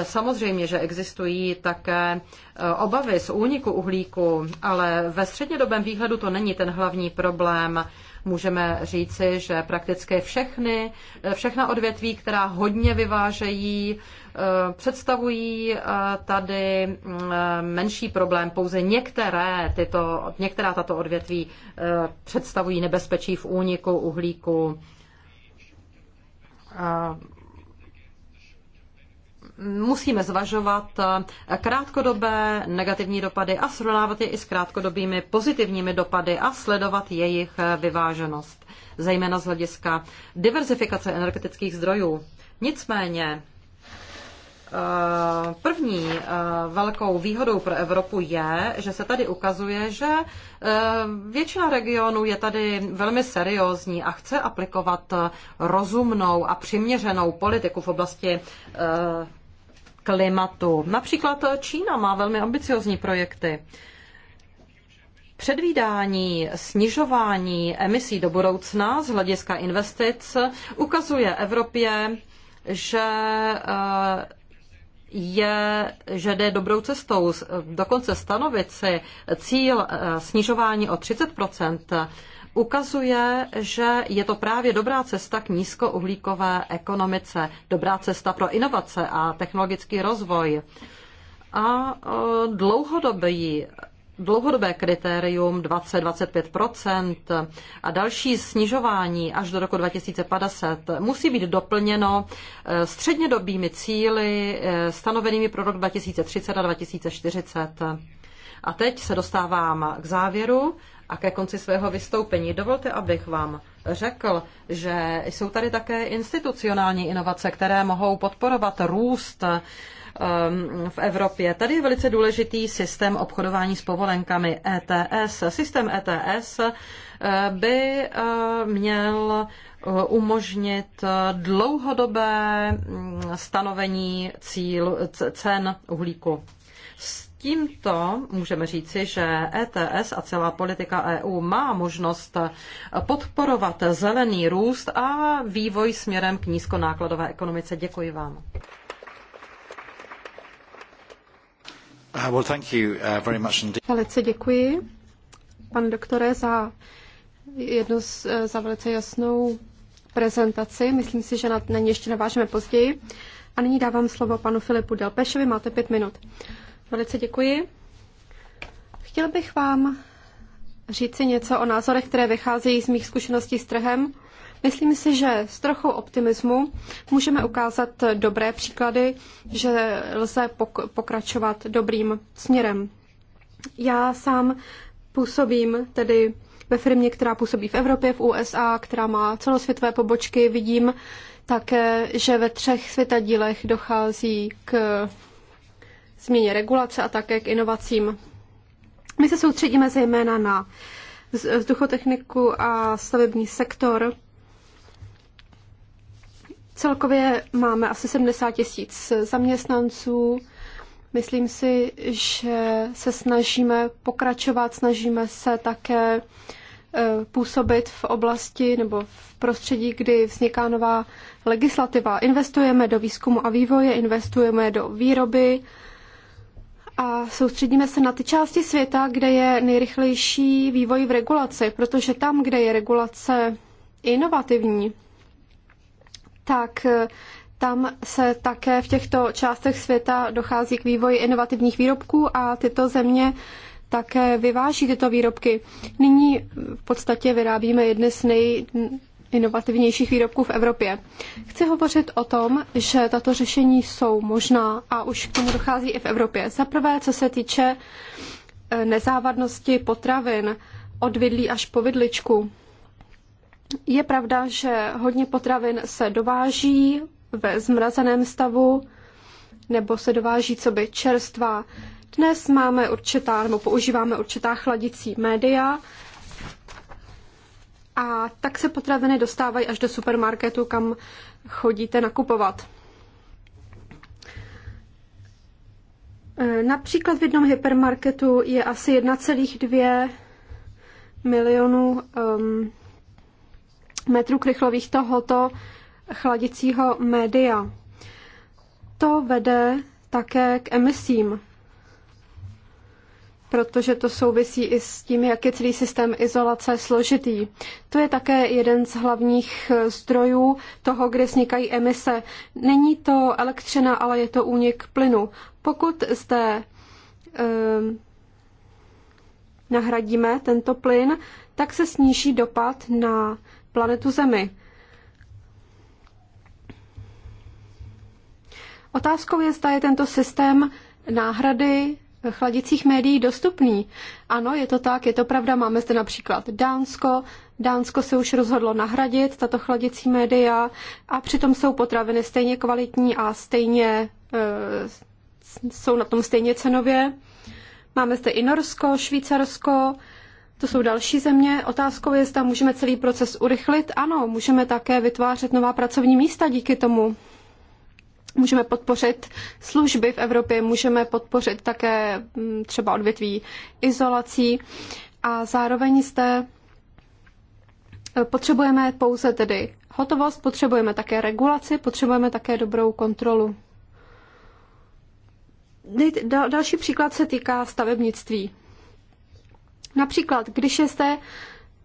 Samozřejmě, že existují také obavy z úniku uhlíku, ale ve střednědobém výhledu to není ten hlavní problém. Můžeme říci, že prakticky všechny, všechna odvětví, která hodně vyvážejí, eh, představují eh, tady eh, menší problém. Pouze některé tyto, některá tato odvětví představují nebezpečí v úniku uhlíku musíme zvažovat eh, krátkodobé negativní dopady a srovnávat je i s krátkodobými pozitivními dopady a sledovat jejich eh, vyváženost, zejména z hlediska diverzifikace energetických zdrojů. Nicméně eh, První velkou výhodou pro Evropu je, že se tady ukazuje, že většina regionů je tady velmi seriózní a chce aplikovat rozumnou a přiměřenou politiku v oblasti klimatu. Například Čína má velmi ambiciozní projekty. Předvídání snižování emisí do budoucna z hlediska investic ukazuje Evropě, že eh, je, že jde dobrou cestou dokonce stanovit si cíl eh, snižování o 30 ukazuje, že je to právě dobrá cesta k nízkouhlíkové ekonomice, dobrá cesta pro inovace a technologický rozvoj. A e, dlouhodobý dlouhodobé kritérium 20-25 a další snižování až do roku 2050 musí být doplněno e, střednědobými cíly e, stanovenými pro rok 2030 a 2040. A teď se dostávám k závěru a ke konci svého vystoupení. Dovolte, abych vám řekl, že jsou tady také institucionální inovace, které mohou podporovat růst ehm, v Evropě. Tady je velice důležitý systém obchodování s povolenkami ETS. Systém ETS eh, by eh, měl eh, umožnit dlouhodobé mm, stanovení cíl, cen uhlíku tímto můžeme říci, že ETS a celá politika EU má možnost podporovat zelený růst a vývoj směrem k nízkonákladové ekonomice. Děkuji vám. Uh, well, thank you uh, very much Velice děkuji, pan doktore, za jednu z, eh, za velice jasnou prezentaci. Myslím si, že na, na ní ještě navážeme později. A nyní dávám slovo panu Filipu Delpešovi. Máte pět minut. Velice děkuji. Chtěl bych vám říci něco o názorech, které vycházejí z mých zkušeností s trhem. Myslím si, že s trochou optimismu můžeme ukázat dobré příklady, že lze pokračovat dobrým směrem. Já sám působím tedy ve firmě, která působí v Evropě, v USA, která má celosvětové pobočky, vidím také, že ve třech světadílech dochází k změně regulace a také k inovacím. My se soustředíme zejména na vzduchotechniku a stavební sektor. Celkově máme asi 70 tisíc zaměstnanců. Myslím si, že se snažíme pokračovat, snažíme se také e, působit v oblasti nebo v prostředí, kdy vzniká nová legislativa. Investujeme do výzkumu a vývoje, investujeme do výroby, a soustředíme se na ty části světa, kde je nejrychlejší vývoj v regulaci, protože tam, kde je regulace inovativní, tak eh, tam se také v těchto částech světa dochází k vývoji inovativních výrobků a tyto země také vyváží tyto výrobky. Nyní v podstatě vyrábíme jedny z nej, inovativnějších výrobků v Evropě. Chci hovořit o tom, že tato řešení jsou možná a už k tomu dochází i v Evropě. Za prvé, co se týče eh, nezávadnosti potravin od vidlí až po vidličku. Je pravda, že hodně potravin se dováží ve zmrazeném stavu nebo se dováží co by čerstvá. Dnes máme určitá, nebo používáme určitá chladicí média, a tak se potraviny dostávají až do supermarketu, kam chodíte nakupovat. E, například v jednom hypermarketu je asi 1,2 milionu um, metrů krychlových tohoto chladicího média. To vede také k emisím protože to souvisí i s tím, jak je celý systém izolace složitý. To je také jeden z hlavních eh, zdrojů toho, kde vznikají emise. Není to elektřina, ale je to únik plynu. Pokud zde um, nahradíme tento plyn, tak se sníží dopad na planetu Zemi. Otázkou je, zda je tento systém náhrady chladicích médií dostupný. Ano, je to tak, je to pravda. Máme zde například Dánsko. Dánsko se už rozhodlo nahradit tato chladicí média a přitom jsou potraviny stejně kvalitní a stejně e, jsou na tom stejně cenově. Máme zde i Norsko, Švýcarsko, to jsou další země. Otázkou je, zda můžeme celý proces urychlit. Ano, můžeme také vytvářet nová pracovní místa díky tomu. Můžeme podpořit služby v Evropě, můžeme podpořit také mm, třeba odvětví izolací a zároveň jste e, potřebujeme pouze tedy hotovost, potřebujeme také regulaci, potřebujeme také dobrou kontrolu. Další příklad se týká stavebnictví. Například, když jste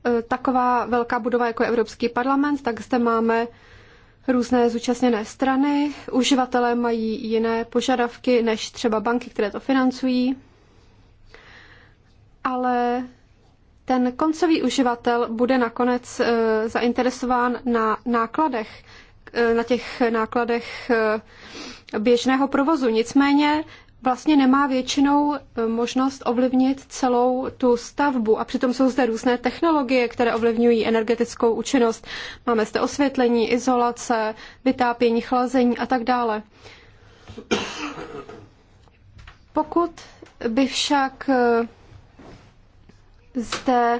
e, taková velká budova jako je Evropský parlament, tak zde máme různé zúčastněné strany. Uživatelé mají jiné požadavky než třeba banky, které to financují. Ale ten koncový uživatel bude nakonec eh, zainteresován na nákladech, eh, na těch nákladech eh, běžného provozu. Nicméně vlastně nemá většinou e, možnost ovlivnit celou tu stavbu. A přitom jsou zde různé technologie, které ovlivňují energetickou účinnost. Máme zde osvětlení, izolace, vytápění, chlazení a tak dále. Pokud by však e, zde,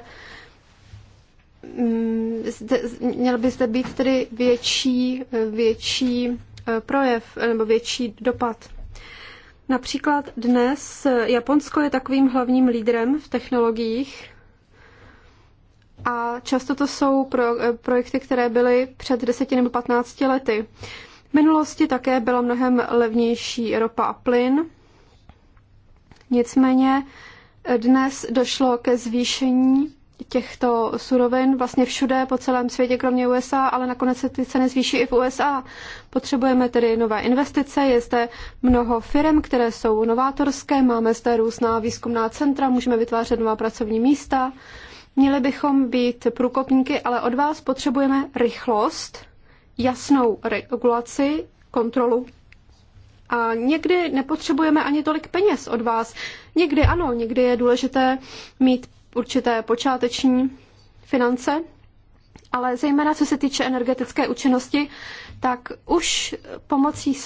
mm, zde měl by zde být tedy větší, e, větší projev nebo větší dopad. Například dnes Japonsko je takovým hlavním lídrem v technologiích a často to jsou pro, eh, projekty, které byly před 10 nebo 15 lety. V minulosti také byla mnohem levnější ropa a plyn. Nicméně dnes došlo ke zvýšení těchto surovin vlastně všude po celém světě, kromě USA, ale nakonec se ty ceny zvýší i v USA. Potřebujeme tedy nové investice, je zde mnoho firm, které jsou novátorské, máme zde různá výzkumná centra, můžeme vytvářet nová pracovní místa. Měli bychom být průkopníky, ale od vás potřebujeme rychlost, jasnou regulaci, kontrolu. A někdy nepotřebujeme ani tolik peněz od vás. Někdy ano, někdy je důležité mít určité počáteční finance, ale zejména co se týče energetické účinnosti, tak už pomocí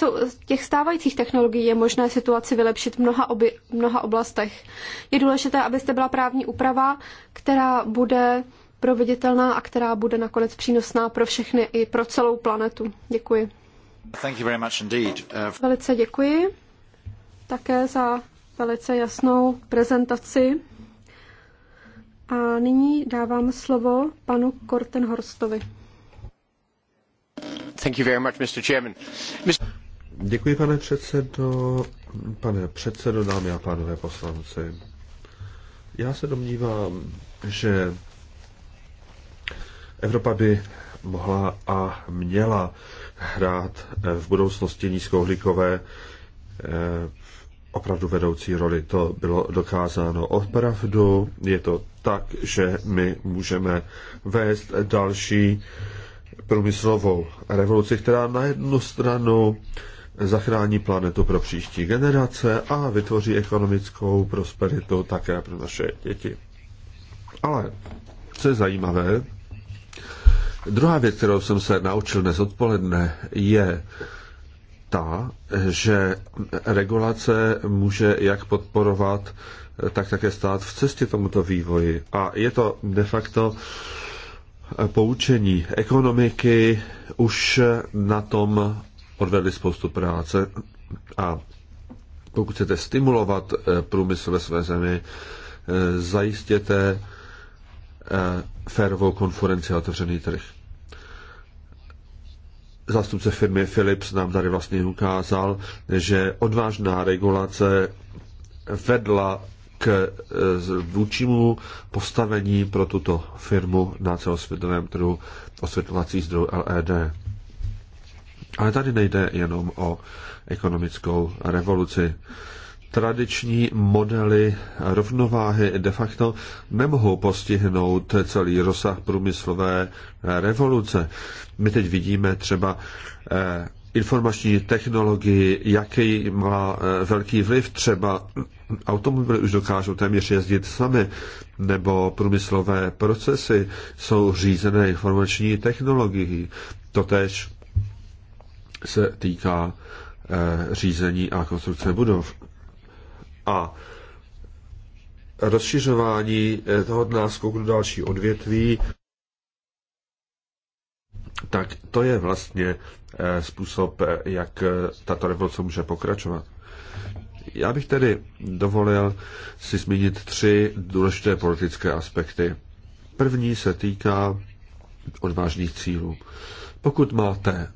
těch stávajících technologií je možné situaci vylepšit v mnoha, oby, mnoha oblastech. Je důležité, abyste byla právní úprava, která bude proveditelná a která bude nakonec přínosná pro všechny i pro celou planetu. Děkuji. Thank you very much indeed. Uh, velice děkuji také za velice jasnou prezentaci. A nyní dávám slovo panu Kortenhorstovi. Thank you very much, Mr. Chairman. Mr. Děkuji, pane předsedo, pane předsedo, dámy a pánové poslanci. Já se domnívám, že Evropa by mohla a měla hrát v budoucnosti nízkouhlíkové eh, opravdu vedoucí roli. To bylo dokázáno opravdu, je to tak, že my můžeme vést další průmyslovou revoluci, která na jednu stranu zachrání planetu pro příští generace a vytvoří ekonomickou prosperitu také pro naše děti. Ale co je zajímavé, druhá věc, kterou jsem se naučil dnes odpoledne, je ta, že regulace může jak podporovat tak také stát v cestě tomuto vývoji. A je to de facto poučení ekonomiky, už na tom odvedli spoustu práce a pokud chcete stimulovat eh, průmysl ve své zemi, eh, zajistěte eh, férovou konferenci a otevřený trh. Zástupce firmy Philips nám tady vlastně ukázal, že odvážná regulace vedla k e, vůčímu postavení pro tuto firmu na celosvětovém trhu osvětlovacích zdrojů LED. Ale tady nejde jenom o ekonomickou revoluci. Tradiční modely rovnováhy de facto nemohou postihnout celý rozsah průmyslové revoluce. My teď vidíme třeba e, informační technologii, jaký má e, velký vliv. Třeba automobily už dokážou téměř jezdit sami, nebo průmyslové procesy jsou řízené informační technologií. Totež se týká e, řízení a konstrukce budov. A rozšiřování e, toho náskoku do další odvětví, tak to je vlastně Eh, způsob, eh, jak eh, tato revoluce může pokračovat. Já bych tedy dovolil si zmínit tři důležité politické aspekty. První se týká odvážných cílů. Pokud máte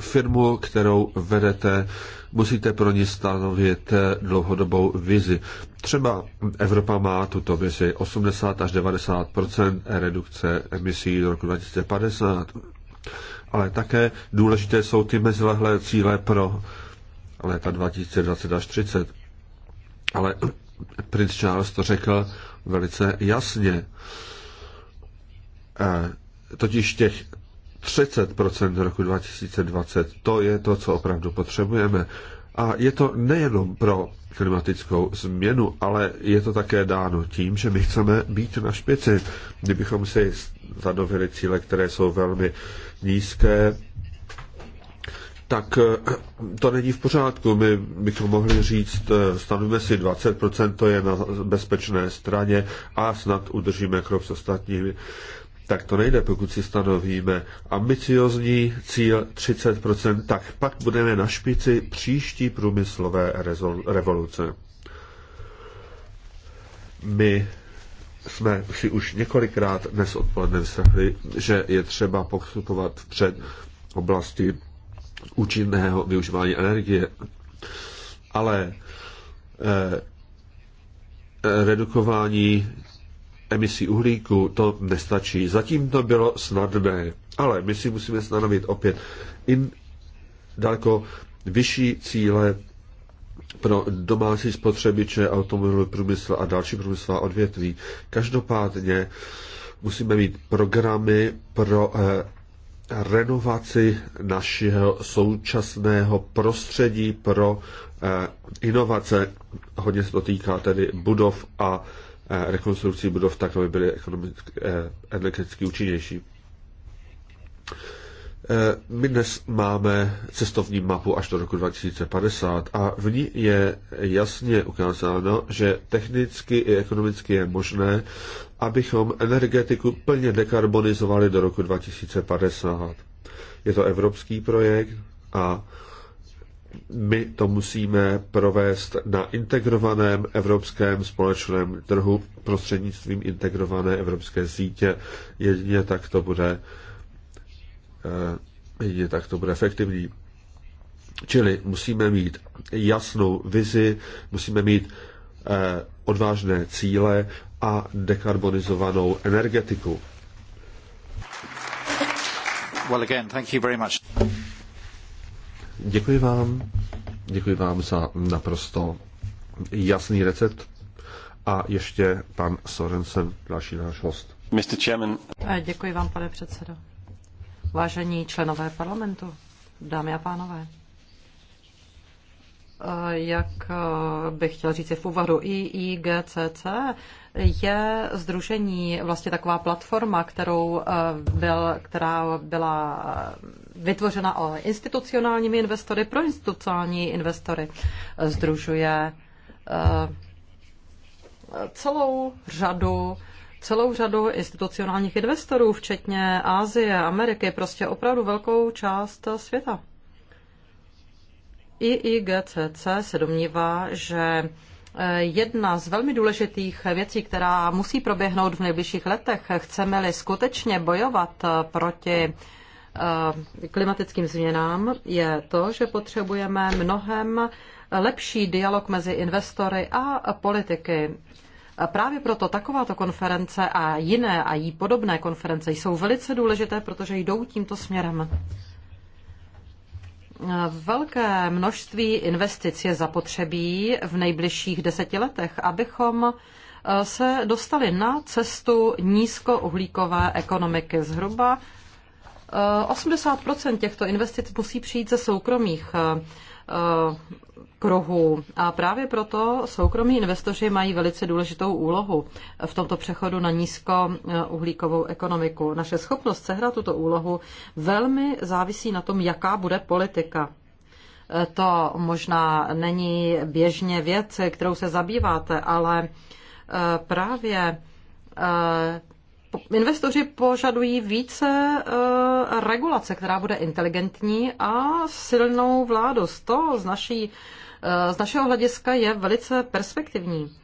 firmu, kterou vedete, musíte pro ní stanovit dlouhodobou vizi. Třeba Evropa má tuto vizi 80 až 90 redukce emisí do roku 2050 ale také důležité jsou ty mezilehlé cíle pro léta 2020 až 30. Ale princ Charles to řekl velice jasně. E, totiž těch 30% roku 2020, to je to, co opravdu potřebujeme. A je to nejenom pro klimatickou změnu, ale je to také dáno tím, že my chceme být na špici. Kdybychom si zadovili cíle, které jsou velmi nízké, tak eh, to není v pořádku. My bychom mohli říct, eh, stanovíme si 20%, to je na bezpečné straně a snad udržíme krok s ostatními. Tak to nejde, pokud si stanovíme ambiciozní cíl 30%, tak pak budeme na špici příští průmyslové revoluce. My jsme si už několikrát dnes odpoledne vyslechli, že je třeba postupovat před oblasti účinného využívání energie. Ale eh, eh, redukování emisí uhlíku to nestačí. Zatím to bylo snadné, ale my si musíme stanovit opět in, daleko vyšší cíle pro domácí spotřebiče, automobilový průmysl a další průmyslová odvětví. Každopádně musíme mít programy pro eh, renovaci našeho současného prostředí pro eh, inovace. Hodně se to týká tedy budov a eh, rekonstrukcí budov tak, aby byly energeticky účinnější. Eh, my dnes máme cestovní mapu až do roku 2050 a v ní je jasně ukázáno, že technicky i ekonomicky je možné, abychom energetiku plně dekarbonizovali do roku 2050. Je to evropský projekt a my to musíme provést na integrovaném evropském společném trhu prostřednictvím integrované evropské sítě. Jedině tak to bude Eh, jedině tak to bude efektivní. Čili musíme mít jasnou vizi, musíme mít eh, odvážné cíle a dekarbonizovanou energetiku. Well, again, thank you very much. Děkuji vám. Děkuji vám za naprosto jasný recept. A ještě pan Sorensen, další náš host. Mr. Chairman. Děkuji vám, pane předsedo. Vážení členové parlamentu, dámy a pánové, eh, jak eh, bych chtěl říct, je v úvodu IIGCC, je združení, vlastně taková platforma, kterou eh, byl, která byla vytvořena o institucionálními investory pro institucionální investory. Združuje celou řadu celou řadu institucionálních investorů, včetně Asie, Ameriky, prostě opravdu velkou část světa. IIGCC se domnívá, že eh, Jedna z velmi důležitých věcí, která musí proběhnout v nejbližších letech, chceme-li skutečně bojovat eh, proti eh, klimatickým změnám, je to, že potřebujeme mnohem lepší dialog mezi investory a politiky. Právě proto takováto konference a jiné a jí podobné konference jsou velice důležité, protože jdou tímto směrem. Velké množství investic je zapotřebí v nejbližších deseti letech, abychom eh, se dostali na cestu nízkouhlíkové ekonomiky. Zhruba 80 eh, těchto investic musí přijít ze soukromých eh, kruhů. A právě proto soukromí investoři mají velice důležitou úlohu v tomto přechodu na nízkouhlíkovou ekonomiku. Naše schopnost sehrát tuto úlohu velmi závisí na tom, jaká bude politika. To možná není běžně věc, kterou se zabýváte, ale e, právě e, Investoři požadují více e, regulace, která bude inteligentní a silnou vládu. To z naší Eh, z našeho hlediska je velice perspektivní.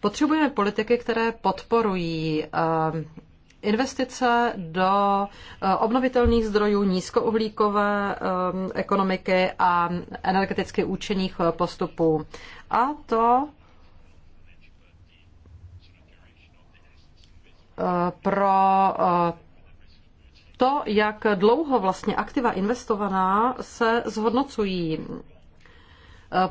Potřebujeme politiky, které podporují eh, investice do eh, obnovitelných zdrojů, nízkouhlíkové ekonomiky a energeticky účinných postupů. A to pro to, jak dlouho vlastně aktiva investovaná se zhodnocují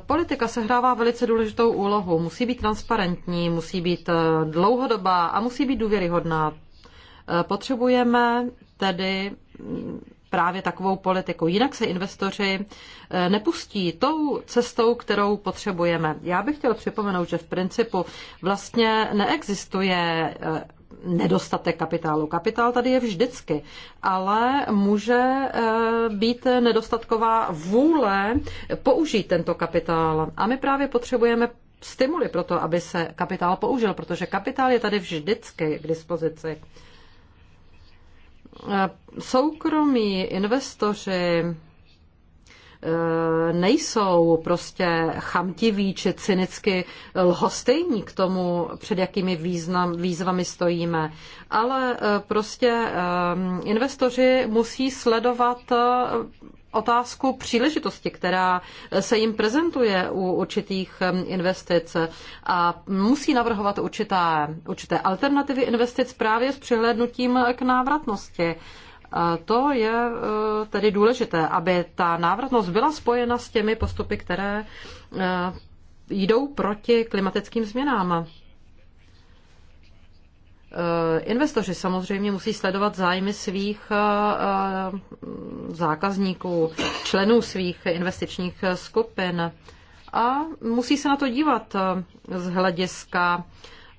Politika sehrává velice důležitou úlohu. Musí být transparentní, musí být eh, dlouhodobá a musí být důvěryhodná. Eh, potřebujeme tedy mm, právě takovou politiku. Jinak se investoři eh, nepustí tou cestou, kterou potřebujeme. Já bych chtěl připomenout, že v principu vlastně neexistuje nedostatek kapitálu. Kapitál tady je vždycky, ale může eh, být nedostatková vůle použít tento kapitál. A my právě potřebujeme stimuly pro to, aby se kapitál použil, protože kapitál je tady vždycky k dispozici. Eh, soukromí investoři Eh, nejsou prostě chamtiví či cynicky lhostejní k tomu, před jakými význam, výzvami stojíme, ale eh, prostě eh, investoři musí sledovat otázku příležitosti, která se jim prezentuje u určitých investic a musí navrhovat určité, určité alternativy investic právě s přihlédnutím k návratnosti. To je e, tedy důležité, aby ta návratnost byla spojena s těmi postupy, které e, jdou proti klimatickým změnám. E, investoři samozřejmě musí sledovat zájmy svých zákazníků, členů svých investičních skupin a musí se na to dívat z hlediska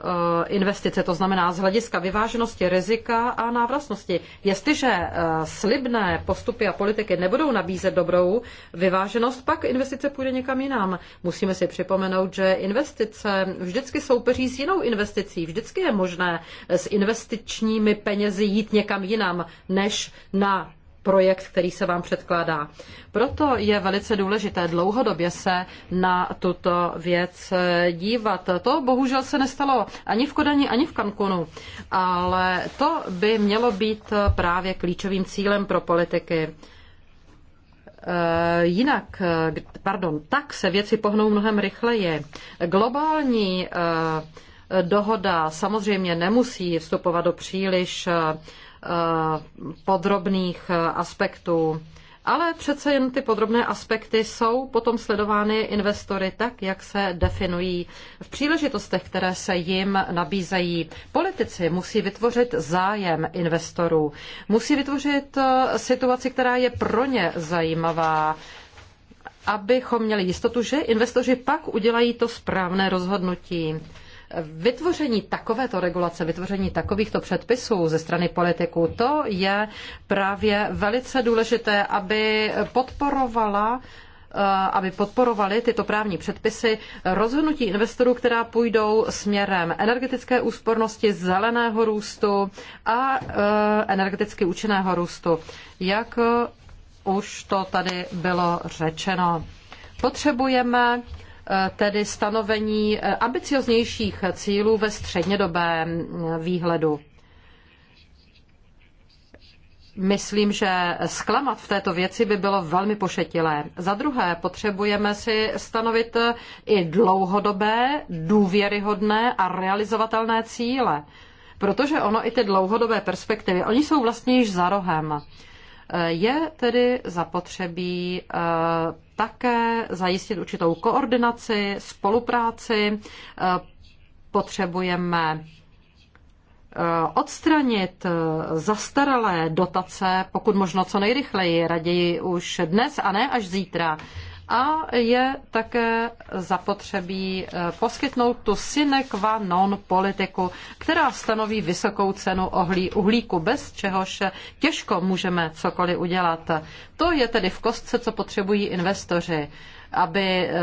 Eh, investice, to znamená z hlediska vyváženosti rizika a návratnosti. Jestliže eh, slibné postupy a politiky nebudou nabízet dobrou vyváženost, pak investice půjde někam jinam. Musíme si připomenout, že investice vždycky soupeří s jinou investicí. Vždycky je možné s investičními penězi jít někam jinam, než na projekt, který se vám předkládá. Proto je velice důležité dlouhodobě se na tuto věc eh, dívat. To bohužel se nestalo ani v Kodani, ani v Cancunu, ale to by mělo být právě klíčovým cílem pro politiky. Eh, jinak, eh, pardon, tak se věci pohnou mnohem rychleji. Globální dohoda samozřejmě nemusí vstupovat do příliš Eh, podrobných eh, aspektů. Ale přece jen ty podrobné aspekty jsou potom sledovány investory tak, jak se definují v příležitostech, které se jim nabízejí. Politici musí vytvořit zájem investorů, musí vytvořit eh, situaci, která je pro ně zajímavá, abychom měli jistotu, že investoři pak udělají to správné rozhodnutí vytvoření takovéto regulace, vytvoření takovýchto předpisů ze strany politiků, to je právě velice důležité, aby podporovala eh, aby podporovaly tyto právní předpisy rozhodnutí investorů, která půjdou směrem energetické úspornosti, zeleného růstu a eh, energeticky účinného růstu. Jak eh, už to tady bylo řečeno, potřebujeme Eh, tedy stanovení eh, ambicioznějších cílů ve střednědobém mm, výhledu. Myslím, že zklamat v této věci by bylo velmi pošetilé. Za druhé, potřebujeme si stanovit eh, i dlouhodobé, důvěryhodné a realizovatelné cíle. Protože ono i ty dlouhodobé perspektivy, oni jsou vlastně již za rohem. Je tedy zapotřebí eh, také zajistit určitou koordinaci, spolupráci. Eh, potřebujeme eh, odstranit zastaralé dotace, pokud možno co nejrychleji, raději už dnes a ne až zítra a je také zapotřebí eh, poskytnout tu sine qua non politiku, která stanoví vysokou cenu ohlí, uhlíku, bez čehož těžko můžeme cokoliv udělat. To je tedy v kostce, co potřebují investoři, aby eh,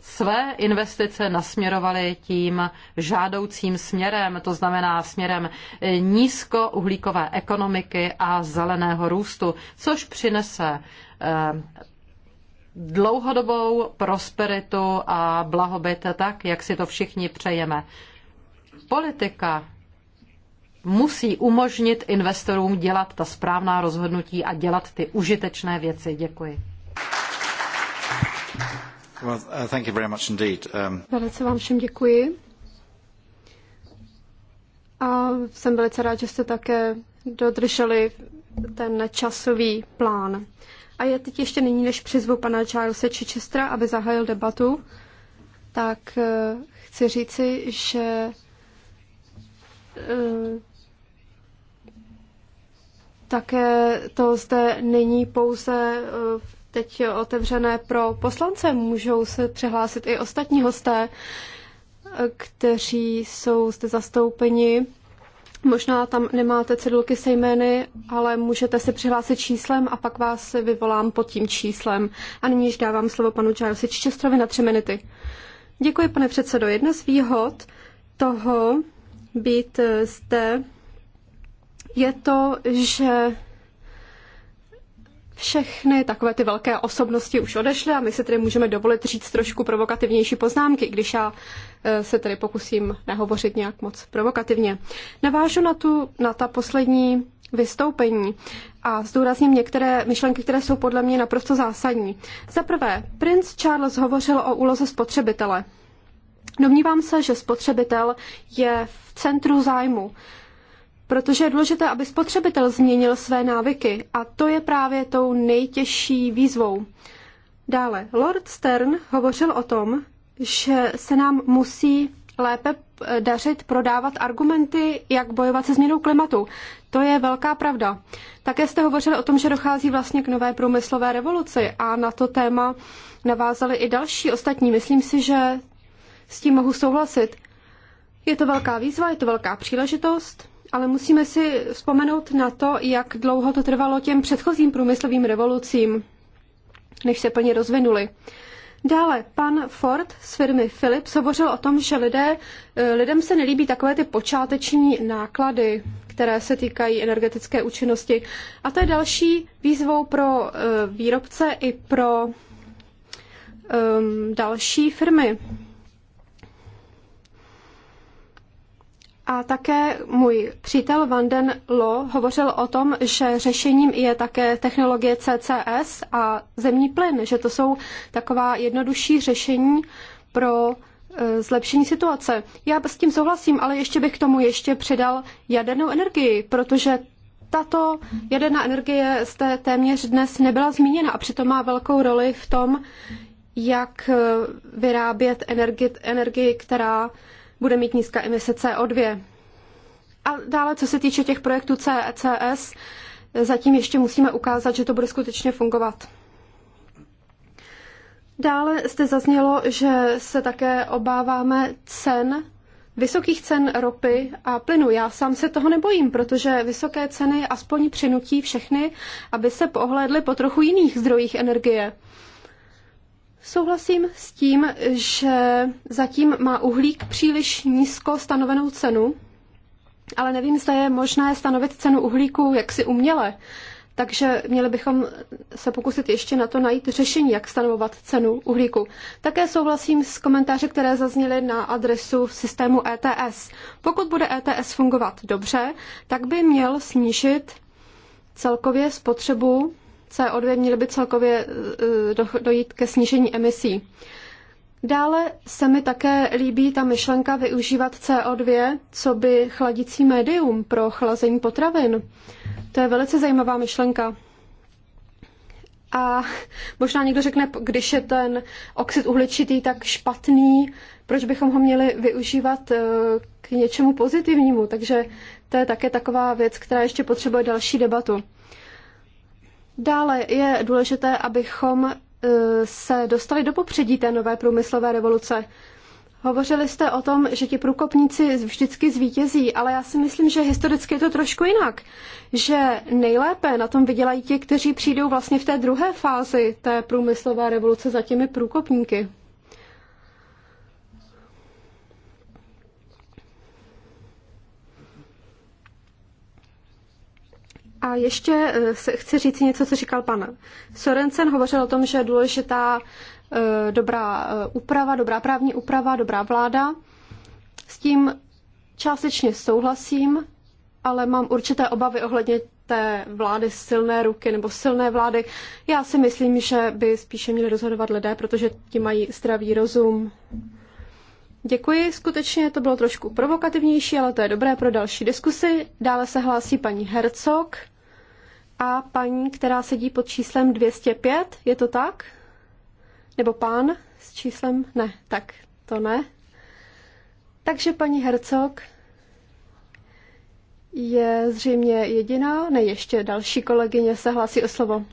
své investice nasměrovaly tím žádoucím směrem, to znamená směrem eh, nízkouhlíkové ekonomiky a zeleného růstu, což přinese dlouhodobou prosperitu a blahobyt tak, jak si to všichni přejeme. Politika musí umožnit investorům dělat ta správná rozhodnutí a dělat ty užitečné věci. Děkuji. Well, uh, thank you very much indeed. Um... Velice vám všem děkuji. A jsem velice rád, že jste také dodrželi ten časový plán. A já teď ještě nyní, než přizvu pana Charlesa Chichestra, aby zahájil debatu, tak eh, chci říci, že eh, také to zde není pouze eh, teď otevřené pro poslance, můžou se přihlásit i ostatní hosté, kteří jsou zde zastoupeni Možná tam nemáte cedulky se jmény, ale můžete se přihlásit číslem a pak vás vyvolám pod tím číslem. A nyní již dávám slovo panu Charlesi Čestrovi na tři minuty. Děkuji, pane předsedo. Jedna z výhod toho být zde je to, že všechny takové ty velké osobnosti už odešly a my se tedy můžeme dovolit říct trošku provokativnější poznámky. Když já Eh, se tedy pokusím nehovořit nějak moc provokativně. Navážu na, tu, na ta poslední vystoupení a zdůrazním některé myšlenky, které jsou podle mě naprosto zásadní. Za prvé, princ Charles hovořil o úloze spotřebitele. Domnívám se, že spotřebitel je v centru zájmu, protože je důležité, aby spotřebitel změnil své návyky a to je právě tou nejtěžší výzvou. Dále, Lord Stern hovořil o tom, že se nám musí lépe dařit prodávat argumenty, jak bojovat se změnou klimatu. To je velká pravda. Také jste hovořili o tom, že dochází vlastně k nové průmyslové revoluci a na to téma navázali i další ostatní. Myslím si, že s tím mohu souhlasit. Je to velká výzva, je to velká příležitost, ale musíme si vzpomenout na to, jak dlouho to trvalo těm předchozím průmyslovým revolucím, než se plně rozvinuli. Dále pan Ford z firmy Philips hovořil o tom, že lidé, eh, lidem se nelíbí takové ty počáteční náklady, které se týkají energetické účinnosti. A to je další výzvou pro eh, výrobce i pro um, další firmy. A také můj přítel Vanden Lo hovořil o tom, že řešením je také technologie CCS a zemní plyn, že to jsou taková jednodušší řešení pro e, zlepšení situace. Já s tím souhlasím, ale ještě bych k tomu ještě přidal jadernou energii, protože tato jaderná energie zde téměř dnes nebyla zmíněna a přitom má velkou roli v tom, jak e, vyrábět energii, která bude mít nízká emise CO2. A dále, co se týče těch projektů CECS, zatím ještě musíme ukázat, že to bude skutečně fungovat. Dále jste zaznělo, že se také obáváme cen, vysokých cen ropy a plynu. Já sám se toho nebojím, protože vysoké ceny aspoň přinutí všechny, aby se pohlédli po trochu jiných zdrojích energie. Souhlasím s tím, že zatím má uhlík příliš nízko stanovenou cenu, ale nevím, zda je možné stanovit cenu uhlíku jaksi uměle. Takže měli bychom se pokusit ještě na to najít řešení, jak stanovovat cenu uhlíku. Také souhlasím s komentáři, které zazněly na adresu systému ETS. Pokud bude ETS fungovat dobře, tak by měl snížit celkově spotřebu CO2, měly by celkově eh, dojít ke snížení emisí. Dále se mi také líbí ta myšlenka využívat CO2 co by chladicí médium pro chlazení potravin. To je velice zajímavá myšlenka. A možná někdo řekne, když je ten oxid uhličitý tak špatný, proč bychom ho měli využívat eh, k něčemu pozitivnímu. Takže to je také taková věc, která ještě potřebuje další debatu. Dále je důležité, abychom e, se dostali do popředí té nové průmyslové revoluce. Hovořili jste o tom, že ti průkopníci vždycky zvítězí, ale já si myslím, že historicky je to trošku jinak. Že nejlépe na tom vydělají ti, kteří přijdou vlastně v té druhé fázi té průmyslové revoluce za těmi průkopníky. A ještě eh, chci říct něco, co říkal pan Sorensen. Hovořil o tom, že je důležitá eh, dobrá eh, úprava, dobrá právní úprava, dobrá vláda. S tím částečně souhlasím, ale mám určité obavy ohledně té vlády silné ruky nebo silné vlády. Já si myslím, že by spíše měli rozhodovat lidé, protože ti mají zdravý rozum. Děkuji, skutečně to bylo trošku provokativnější, ale to je dobré pro další diskusy. Dále se hlásí paní Hercog. A paní, která sedí pod číslem 205, je to tak? Nebo pán s číslem? Ne, tak to ne. Takže paní Hercog je zřejmě jediná, ne ještě další kolegyně se hlásí o slovo.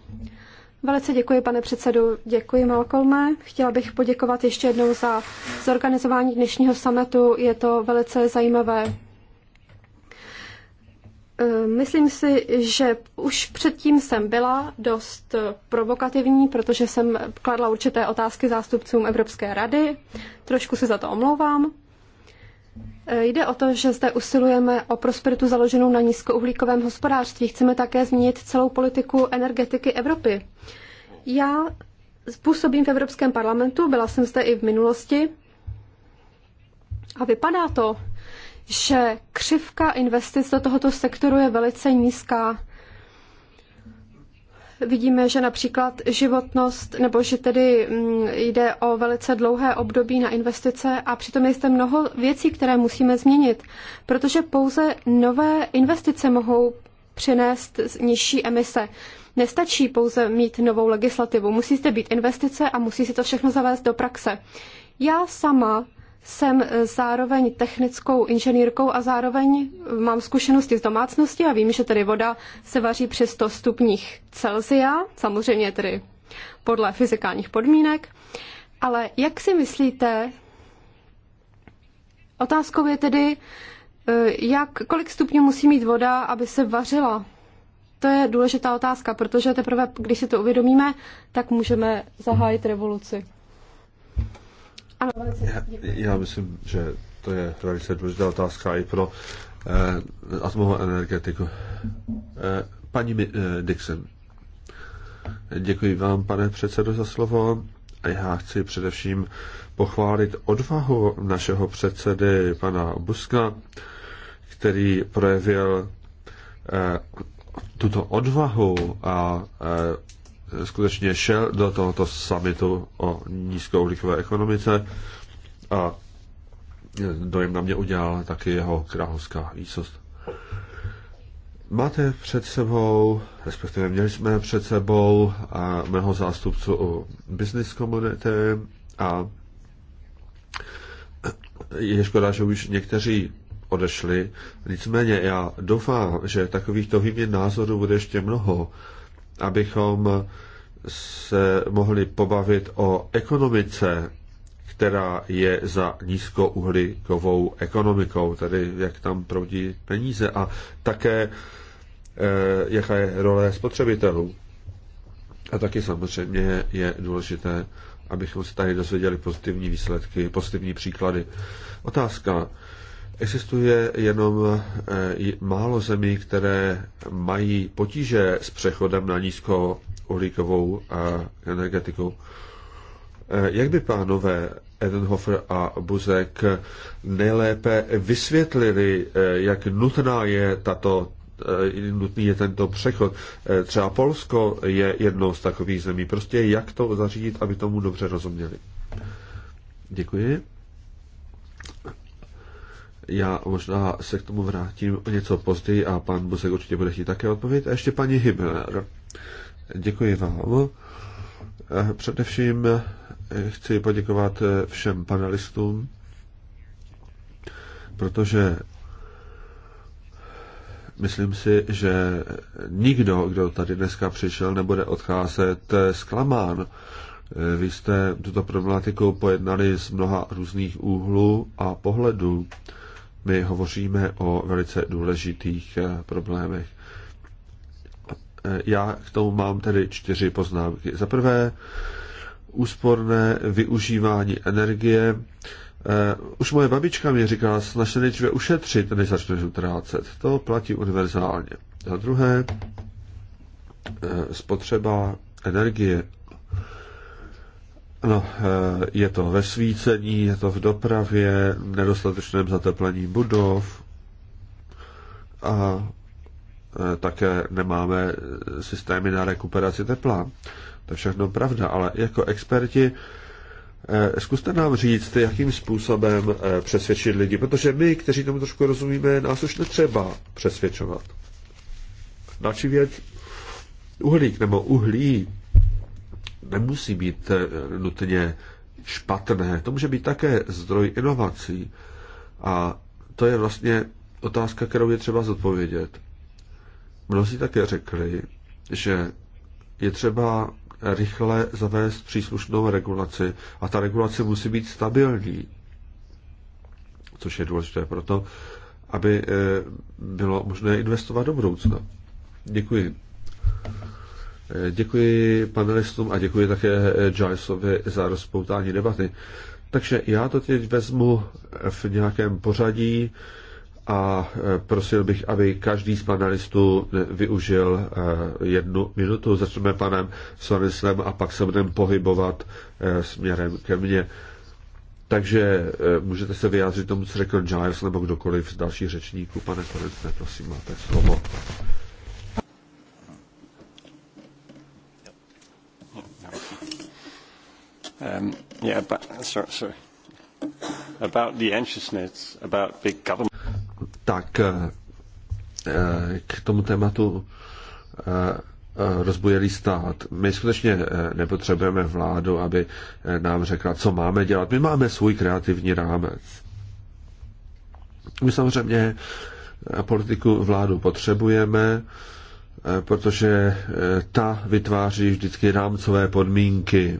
Velice děkuji, pane předsedu. Děkuji, Malcolme. Chtěla bych poděkovat ještě jednou za zorganizování dnešního sametu. Je to velice zajímavé Eh, myslím si, že už předtím jsem byla dost provokativní, protože jsem kladla určité otázky zástupcům Evropské rady. Trošku se za to omlouvám. Eh, jde o to, že zde usilujeme o prosperitu založenou na nízkouhlíkovém hospodářství. Chceme také změnit celou politiku energetiky Evropy. Já působím v Evropském parlamentu, byla jsem zde i v minulosti. A vypadá to, že křivka investic do tohoto sektoru je velice nízká. Vidíme, že například životnost, nebo že tedy mm, jde o velice dlouhé období na investice a přitom je zde mnoho věcí, které musíme změnit, protože pouze nové investice mohou přinést nižší emise. Nestačí pouze mít novou legislativu, musí zde být investice a musí se to všechno zavést do praxe. Já sama jsem eh, zároveň technickou inženýrkou a zároveň eh, mám zkušenosti z domácnosti a vím, že tedy voda se vaří při 100 stupních Celsia, samozřejmě tedy podle fyzikálních podmínek. Ale jak si myslíte, otázkou je tedy, eh, jak, kolik stupňů musí mít voda, aby se vařila? To je důležitá otázka, protože teprve, když si to uvědomíme, tak můžeme zahájit revoluci. Ano, velice Já myslím, že to je velice důležitá otázka i pro eh, atomovou energetiku. Eh, paní eh, Dixon, děkuji vám, pane předsedo, za slovo. A já chci především pochválit odvahu našeho předsedy, pana Buska, který projevil eh, tuto odvahu a eh, skutečně šel do tohoto summitu o nízkouhlíkové ekonomice a dojem na mě udělala taky jeho královská výsost. Máte před sebou, respektive měli jsme před sebou a mého zástupcu u Business Community a je škoda, že už někteří odešli. Nicméně já doufám, že takovýchto výměn názorů bude ještě mnoho abychom se mohli pobavit o ekonomice, která je za nízkouhlíkovou ekonomikou, tedy jak tam proudí peníze a také eh, jaká je role spotřebitelů. A taky samozřejmě je důležité, abychom se tady dozvěděli pozitivní výsledky, pozitivní příklady. Otázka, Existuje jenom eh, málo zemí, které mají potíže s přechodem na nízkouhlíkovou eh, energetiku. Eh, jak by pánové Edenhofer a Buzek nejlépe vysvětlili, jak nutná je tato nutný je tento přechod. Třeba Polsko je jednou z takových zemí. Prostě jak to zařídit, aby tomu dobře rozuměli. Děkuji. Já možná se k tomu vrátím o něco později a pan Busek určitě bude chtít také odpovědět. A ještě paní Himmler. Děkuji vám. Především chci poděkovat všem panelistům, protože myslím si, že nikdo, kdo tady dneska přišel, nebude odcházet zklamán. Vy jste tuto problematiku pojednali z mnoha různých úhlů a pohledů my hovoříme o velice důležitých eh, problémech. Eh, já k tomu mám tedy čtyři poznámky. Za prvé, úsporné využívání energie. Eh, už moje babička mi říkala, snažte nejdříve ušetřit, než začneš utrácet. To platí univerzálně. Za druhé, spotřeba energie No, eh, je to ve svícení, je to v dopravě, v nedostatečném zateplení budov a eh, také nemáme systémy na rekuperaci tepla. To je všechno pravda, ale jako experti eh, zkuste nám říct, jakým způsobem přesvědčit lidi, protože my, kteří tomu trošku rozumíme, nás už netřeba přesvědčovat. Další věc, uhlík nebo uhlí nemusí být eh, nutně špatné. To může být také zdroj inovací. A to je vlastně otázka, kterou je třeba zodpovědět. Mnozí také řekli, že je třeba rychle zavést příslušnou regulaci a ta regulace musí být stabilní, což je důležité proto, aby eh, bylo možné investovat do budoucna. Děkuji. Děkuji panelistům a děkuji také eh, Jaisovi za rozpoutání debaty. Takže já to teď vezmu v nějakém pořadí a eh, prosil bych, aby každý z panelistů eh, využil jednu minutu. Začneme panem Soneslem a pak se budeme pohybovat směrem ke mně. Takže můžete se vyjádřit tomu, co řekl Giles nebo kdokoliv z dalších řečníků. Pane Sonesle, prosím, máte slovo. Um, sorry, sorry. Tak eh, eh, k tomu tématu eh, rozbujelý stát. My skutečně nepotřebujeme vládu, aby nám řekla, co máme dělat. My máme svůj kreativní rámec. My samozřejmě politiku vládu potřebujeme, protože ta vytváří vždycky rámcové podmínky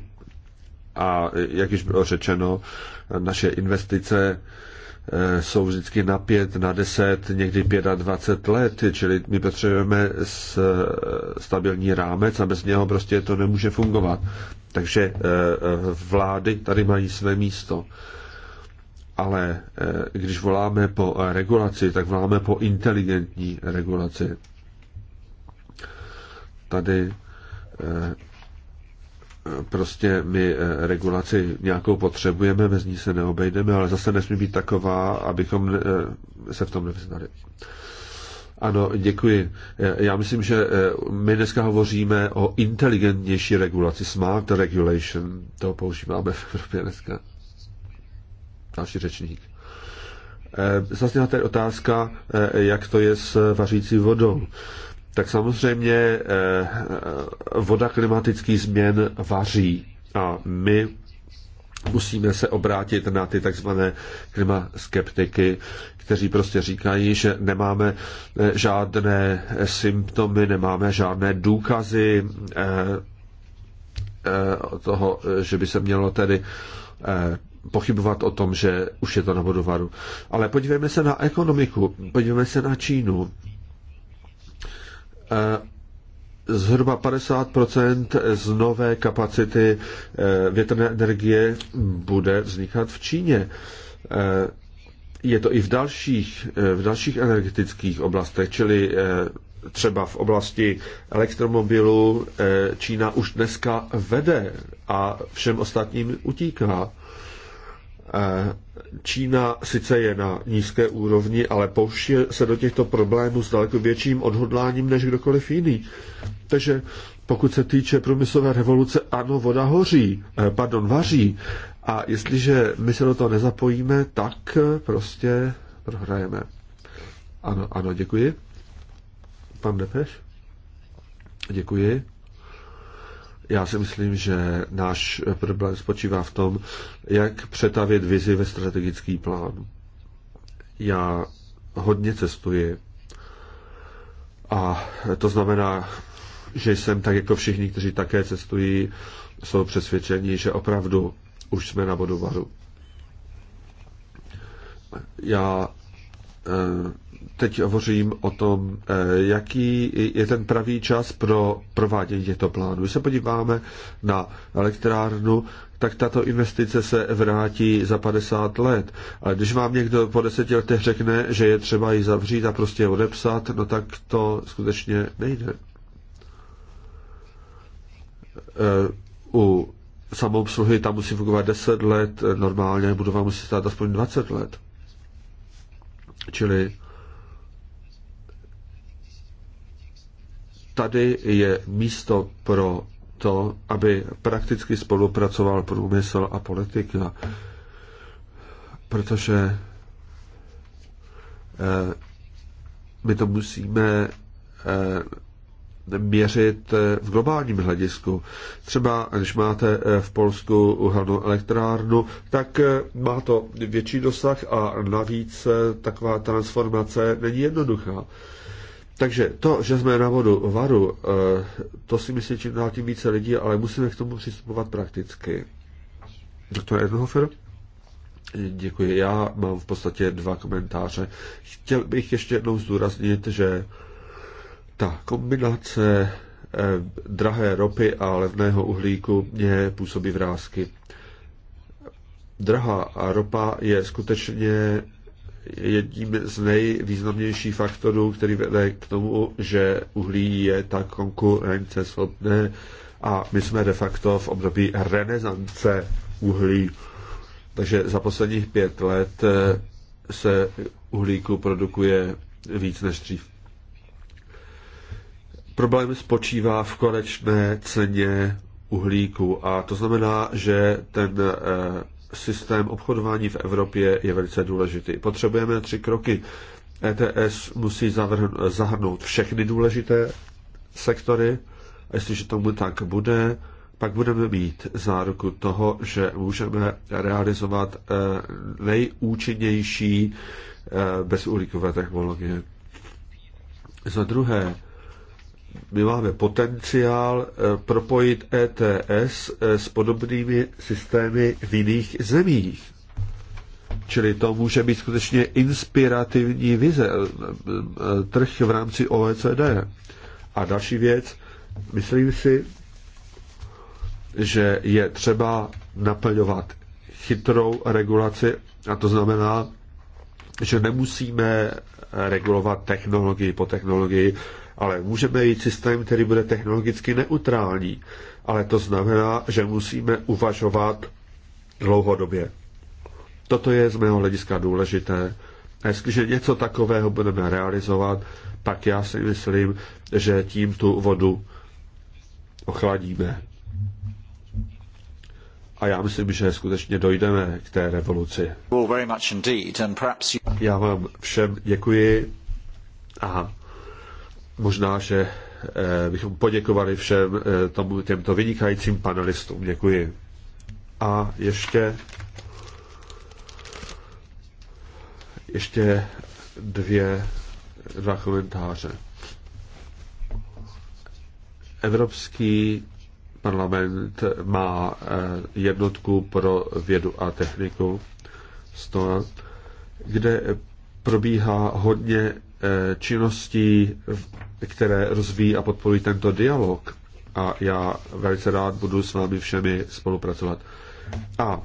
a jak již bylo řečeno, naše investice eh, jsou vždycky na pět, na deset, někdy pět a dvacet let, čili my potřebujeme eh, stabilní rámec a bez něho prostě to nemůže fungovat. Takže eh, vlády tady mají své místo. Ale když voláme po regulaci, tak voláme po inteligentní regulaci. Tady prostě my eh, regulaci nějakou potřebujeme, bez ní se neobejdeme, ale zase nesmí být taková, abychom eh, se v tom nevyznali. Ano, děkuji. Eh, já myslím, že my dneska hovoříme o inteligentnější regulaci, smart regulation, to používáme v Evropě dneska. Další řečník. Zazněla tady otázka, jak to je s vařící vodou tak samozřejmě eh, voda klimatických změn vaří a my musíme se obrátit na ty takzvané klimaskeptiky, kteří prostě říkají, že nemáme eh, žádné symptomy, nemáme žádné důkazy eh, toho, že by se mělo tedy pochybovat o tom, že už je to na vodovaru. Ale podívejme se na ekonomiku, podívejme se na Čínu zhruba 50 z nové kapacity eh, větrné energie bude vznikat v Číně. Eh, je to i v dalších, eh, v dalších energetických oblastech, čili třeba v oblasti elektromobilů Čína už dneska vede a všem ostatním utíká. Čína sice je na nízké úrovni, ale pouští se do těchto problémů s daleko větším odhodláním než kdokoliv jiný. Takže pokud se týče průmyslové revoluce, ano, voda hoří, eh, pardon, vaří. A jestliže my se do toho nezapojíme, tak eh, prostě prohrajeme. Ano, ano, děkuji. Pan Depeš? Děkuji. Já si myslím, že náš problém spočívá v tom, jak přetavit vizi ve strategický plán. Já hodně cestuji a to znamená, že jsem tak jako všichni, kteří také cestují, jsou přesvědčeni, že opravdu už jsme na bodu varu. Já eh, teď hovořím o tom, eh, jaký je ten pravý čas pro provádění těchto plánů. Když se podíváme na elektrárnu, tak tato investice se vrátí za 50 let. Ale když vám někdo po deseti letech řekne, že je třeba ji zavřít a prostě odepsat, no tak to skutečně nejde. Eh, u samoobsluhy tam musí fungovat 10 let, normálně budova musí stát aspoň 20 let. Čili tady je místo pro to, aby prakticky spolupracoval průmysl a politika, protože eh, my to musíme eh, měřit eh, v globálním hledisku. Třeba když máte v Polsku uhelnou elektrárnu, tak má to větší dosah a navíc taková transformace není jednoduchá. Takže to, že jsme na vodu varu, eh, to si myslím, že dál tím více lidí, ale musíme k tomu přistupovat prakticky. Doktor Edenhofer? Děkuji. Já mám v podstatě dva komentáře. Chtěl bych ještě jednou zdůraznit, že ta kombinace eh, drahé ropy a levného uhlíku mě působí vrázky. Drahá ropa je skutečně jedním z nejvýznamnějších faktorů, který vede k tomu, že uhlí je tak konkurenceschopné a my jsme de facto v období renesance uhlí. Takže za posledních pět let eh, se uhlíku produkuje víc než dřív. Problém spočívá v konečné ceně uhlíku a to znamená, že ten eh, systém obchodování v Evropě je velice důležitý. Potřebujeme tři kroky. ETS musí zahrnout všechny důležité sektory a jestliže tomu tak bude, pak budeme mít záruku toho, že můžeme realizovat e, nejúčinnější e, bezúlíkové technologie. Za druhé, my máme potenciál eh, propojit ETS eh, s podobnými systémy v jiných zemích. Čili to může být skutečně inspirativní vize, eh, trh v rámci OECD. A další věc, myslím si, že je třeba naplňovat chytrou regulaci, a to znamená, že nemusíme regulovat technologii po technologii, ale můžeme jít systém, který bude technologicky neutrální, ale to znamená, že musíme uvažovat dlouhodobě. Toto je z mého hlediska důležité. A jestliže něco takového budeme realizovat, pak já si myslím, že tím tu vodu ochladíme. A já myslím, že skutečně dojdeme k té revoluci. Já vám všem děkuji a Možná, že eh, bychom poděkovali všem eh, tomu, těmto vynikajícím panelistům. Děkuji. A ještě ještě dvě, dva komentáře. Evropský parlament má eh, jednotku pro vědu a techniku, kde probíhá hodně Eh, činností, které rozvíjí a podporují tento dialog. A já velice rád budu s vámi všemi spolupracovat. A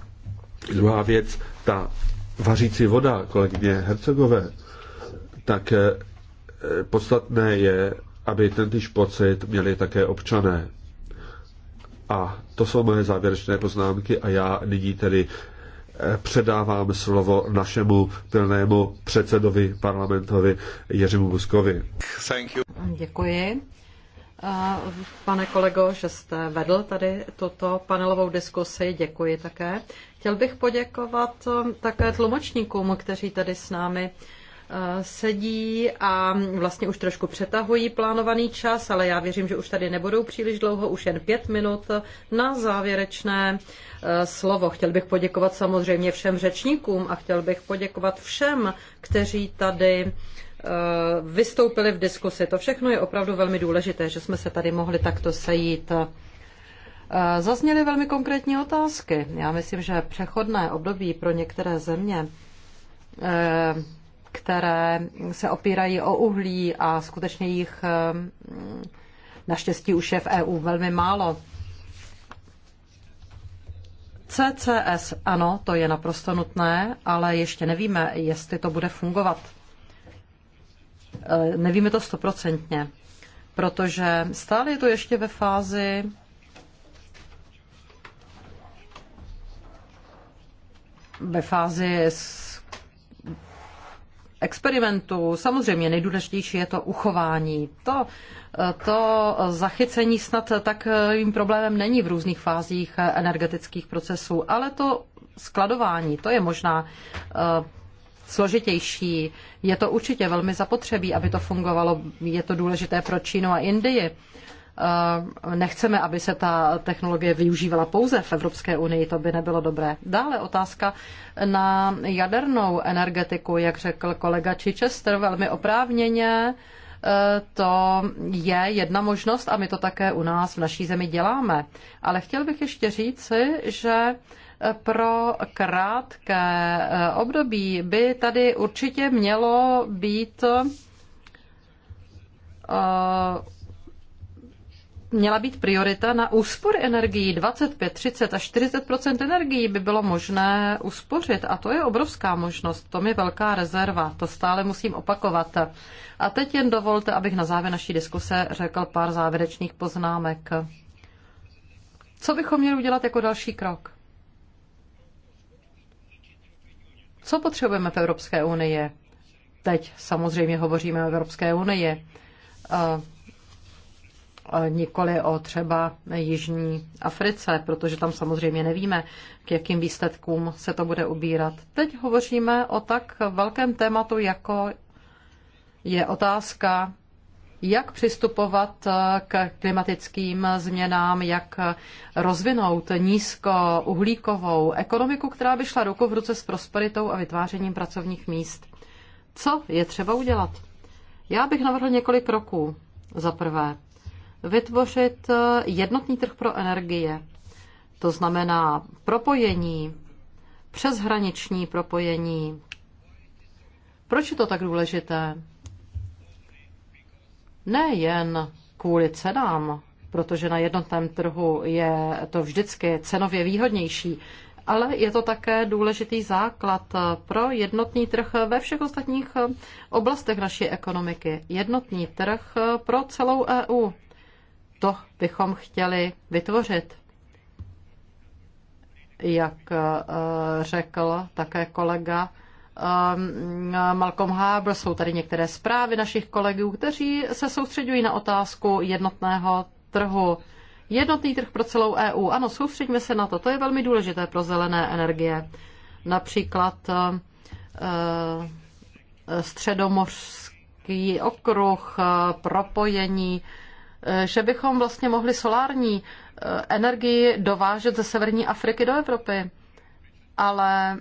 druhá věc, ta vařící voda kolegyně Hercegové, tak eh, podstatné je, aby tentýž pocit měli také občané. A to jsou moje závěrečné poznámky a já nyní tedy předávám slovo našemu plnému předsedovi parlamentovi Jiřímu Buskovi. Děkuji. Pane kolego, že jste vedl tady tuto panelovou diskusi, děkuji také. Chtěl bych poděkovat také tlumočníkům, kteří tady s námi Eh, sedí a vlastně už trošku přetahují plánovaný čas, ale já věřím, že už tady nebudou příliš dlouho, už jen pět minut na závěrečné eh, slovo. Chtěl bych poděkovat samozřejmě všem řečníkům a chtěl bych poděkovat všem, kteří tady eh, vystoupili v diskusi. To všechno je opravdu velmi důležité, že jsme se tady mohli takto sejít. Zazněly velmi konkrétní otázky. Já myslím, že přechodné období pro některé země které se opírají o uhlí a skutečně jich ehm, naštěstí už je v EU velmi málo. CCS, ano, to je naprosto nutné, ale ještě nevíme, jestli to bude fungovat. Ehm, nevíme to stoprocentně, protože stále je to ještě ve fázi ve fázi experimentů. Samozřejmě nejdůležitější je to uchování. To, to zachycení snad takovým problémem není v různých fázích energetických procesů, ale to skladování, to je možná eh, složitější. Je to určitě velmi zapotřebí, aby to fungovalo. Je to důležité pro Čínu a Indii. Eh, nechceme, aby se ta technologie využívala pouze v Evropské unii, to by nebylo dobré. Dále otázka na jadernou energetiku, jak řekl kolega Chichester, velmi oprávněně eh, to je jedna možnost a my to také u nás v naší zemi děláme. Ale chtěl bych ještě říci, že eh, pro krátké období by tady určitě mělo být měla být priorita na úspory energií. 25, 30 až 40 energií by bylo možné uspořit a to je obrovská možnost. To je velká rezerva, to stále musím opakovat. A teď jen dovolte, abych na závěr naší diskuse řekl pár závěrečných poznámek. Co bychom měli udělat jako další krok? Co potřebujeme v Evropské unii? Teď samozřejmě hovoříme o Evropské unii nikoli o třeba Jižní Africe, protože tam samozřejmě nevíme, k jakým výsledkům se to bude ubírat. Teď hovoříme o tak velkém tématu, jako je otázka, jak přistupovat k klimatickým změnám, jak rozvinout nízkouhlíkovou ekonomiku, která by šla ruku v ruce s prosperitou a vytvářením pracovních míst. Co je třeba udělat? Já bych navrhl několik kroků. Za prvé, vytvořit eh, jednotný trh pro energie. To znamená propojení, přeshraniční propojení. Proč je to tak důležité? Nejen kvůli cenám, protože na jednotném trhu je to vždycky cenově výhodnější, ale je to také důležitý základ pro jednotný trh ve všech ostatních oblastech naší ekonomiky. Jednotný trh pro celou EU to bychom chtěli vytvořit. Jak eh, řekl také kolega eh, Malcolm Harbour, jsou tady některé zprávy našich kolegů, kteří se soustředují na otázku jednotného trhu. Jednotný trh pro celou EU. Ano, soustředíme se na to. To je velmi důležité pro zelené energie. Například eh, středomořský okruh, propojení Eh, že bychom vlastně mohli solární eh, energii dovážet ze severní Afriky do Evropy, ale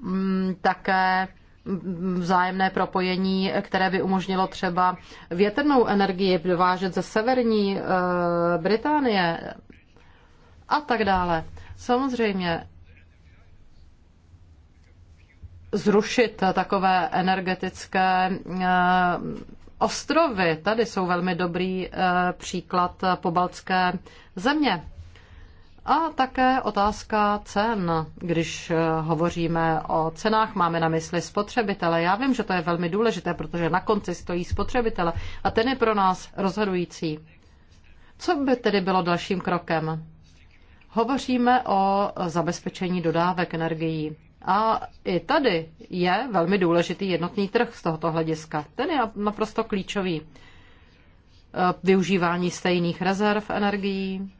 mm, také mm, vzájemné propojení, které by umožnilo třeba větrnou energii dovážet ze severní eh, Británie a tak dále. Samozřejmě zrušit takové energetické ostrovy, tady jsou velmi dobrý eh, příklad pobaltské země. A také otázka cen. Když eh, hovoříme o cenách, máme na mysli spotřebitele. Já vím, že to je velmi důležité, protože na konci stojí spotřebitele a ten je pro nás rozhodující. Co by tedy bylo dalším krokem? Hovoříme o zabezpečení dodávek energií. A i tady je velmi důležitý jednotný trh z tohoto hlediska. Ten je naprosto klíčový. E, využívání stejných rezerv energií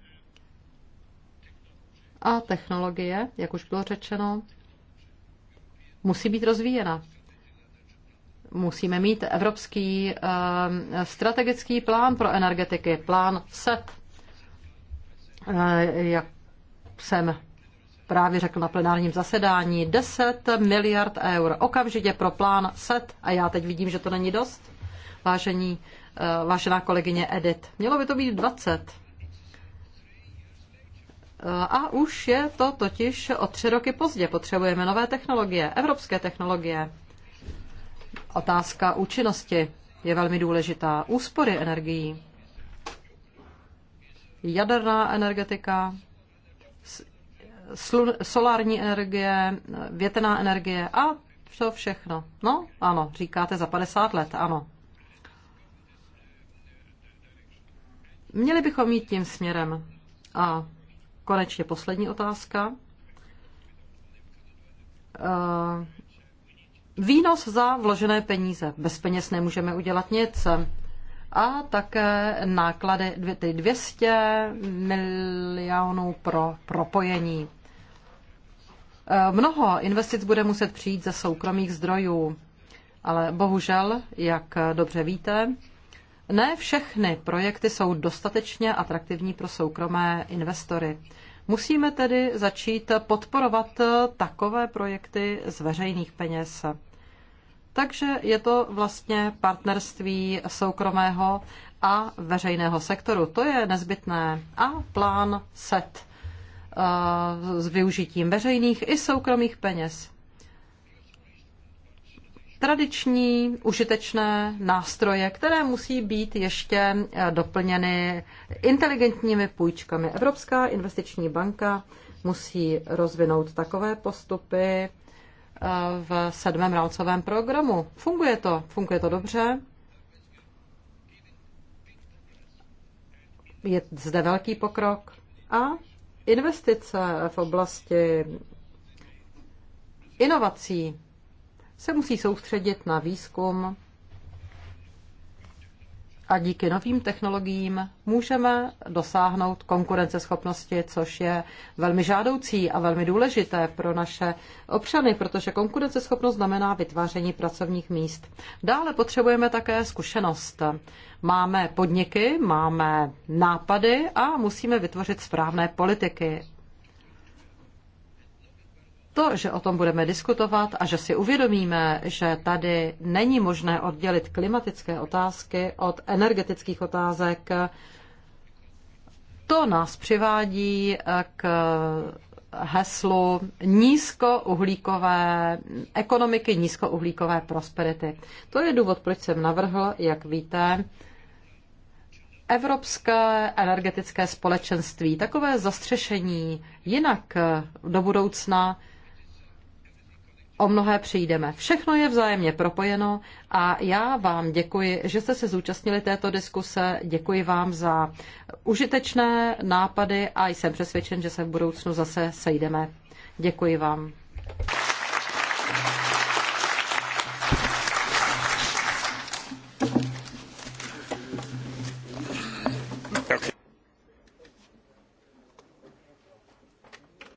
a technologie, jak už bylo řečeno, musí být rozvíjena. Musíme mít evropský e, strategický plán pro energetiky, plán SET. Jak jsem právě řekl na plenárním zasedání, 10 miliard eur okamžitě pro plán SET a já teď vidím, že to není dost. Vážení, eh, vážená kolegyně Edit, mělo by to být 20. Eh, a už je to totiž o tři roky pozdě. Potřebujeme nové technologie, evropské technologie. Otázka účinnosti je velmi důležitá. Úspory energií, jaderná energetika, solární energie, větrná energie a to všechno. No, ano, říkáte za 50 let, ano. Měli bychom jít tím směrem. A konečně poslední otázka. Eh, výnos za vložené peníze. Bez peněz nemůžeme udělat nic. A také náklady 200 milionů pro propojení. Eh, mnoho investic bude muset přijít ze soukromých zdrojů, ale bohužel, jak eh, dobře víte, ne všechny projekty jsou dostatečně atraktivní pro soukromé investory. Musíme tedy začít podporovat eh, takové projekty z veřejných peněz. Takže je to vlastně partnerství soukromého a veřejného sektoru. To je nezbytné. A plán SET s využitím veřejných i soukromých peněz. Tradiční užitečné nástroje, které musí být ještě e, doplněny inteligentními půjčkami. Evropská investiční banka musí rozvinout takové postupy e, v sedmém rámcovém programu. Funguje to, funguje to dobře. Je zde velký pokrok a Investice v oblasti inovací se musí soustředit na výzkum a díky novým technologiím můžeme dosáhnout konkurenceschopnosti, což je velmi žádoucí a velmi důležité pro naše občany, protože konkurenceschopnost znamená vytváření pracovních míst. Dále potřebujeme také zkušenost. Máme podniky, máme nápady a musíme vytvořit správné politiky to, že o tom budeme diskutovat a že si uvědomíme, že tady není možné oddělit klimatické otázky od energetických otázek, to nás přivádí k heslu nízkouhlíkové ekonomiky, nízkouhlíkové prosperity. To je důvod, proč jsem navrhl, jak víte, Evropské energetické společenství, takové zastřešení, jinak do budoucna o mnohé přijdeme. Všechno je vzájemně propojeno a já vám děkuji, že jste se zúčastnili této diskuse. Děkuji vám za užitečné nápady a jsem přesvědčen, že se v budoucnu zase sejdeme. Děkuji vám.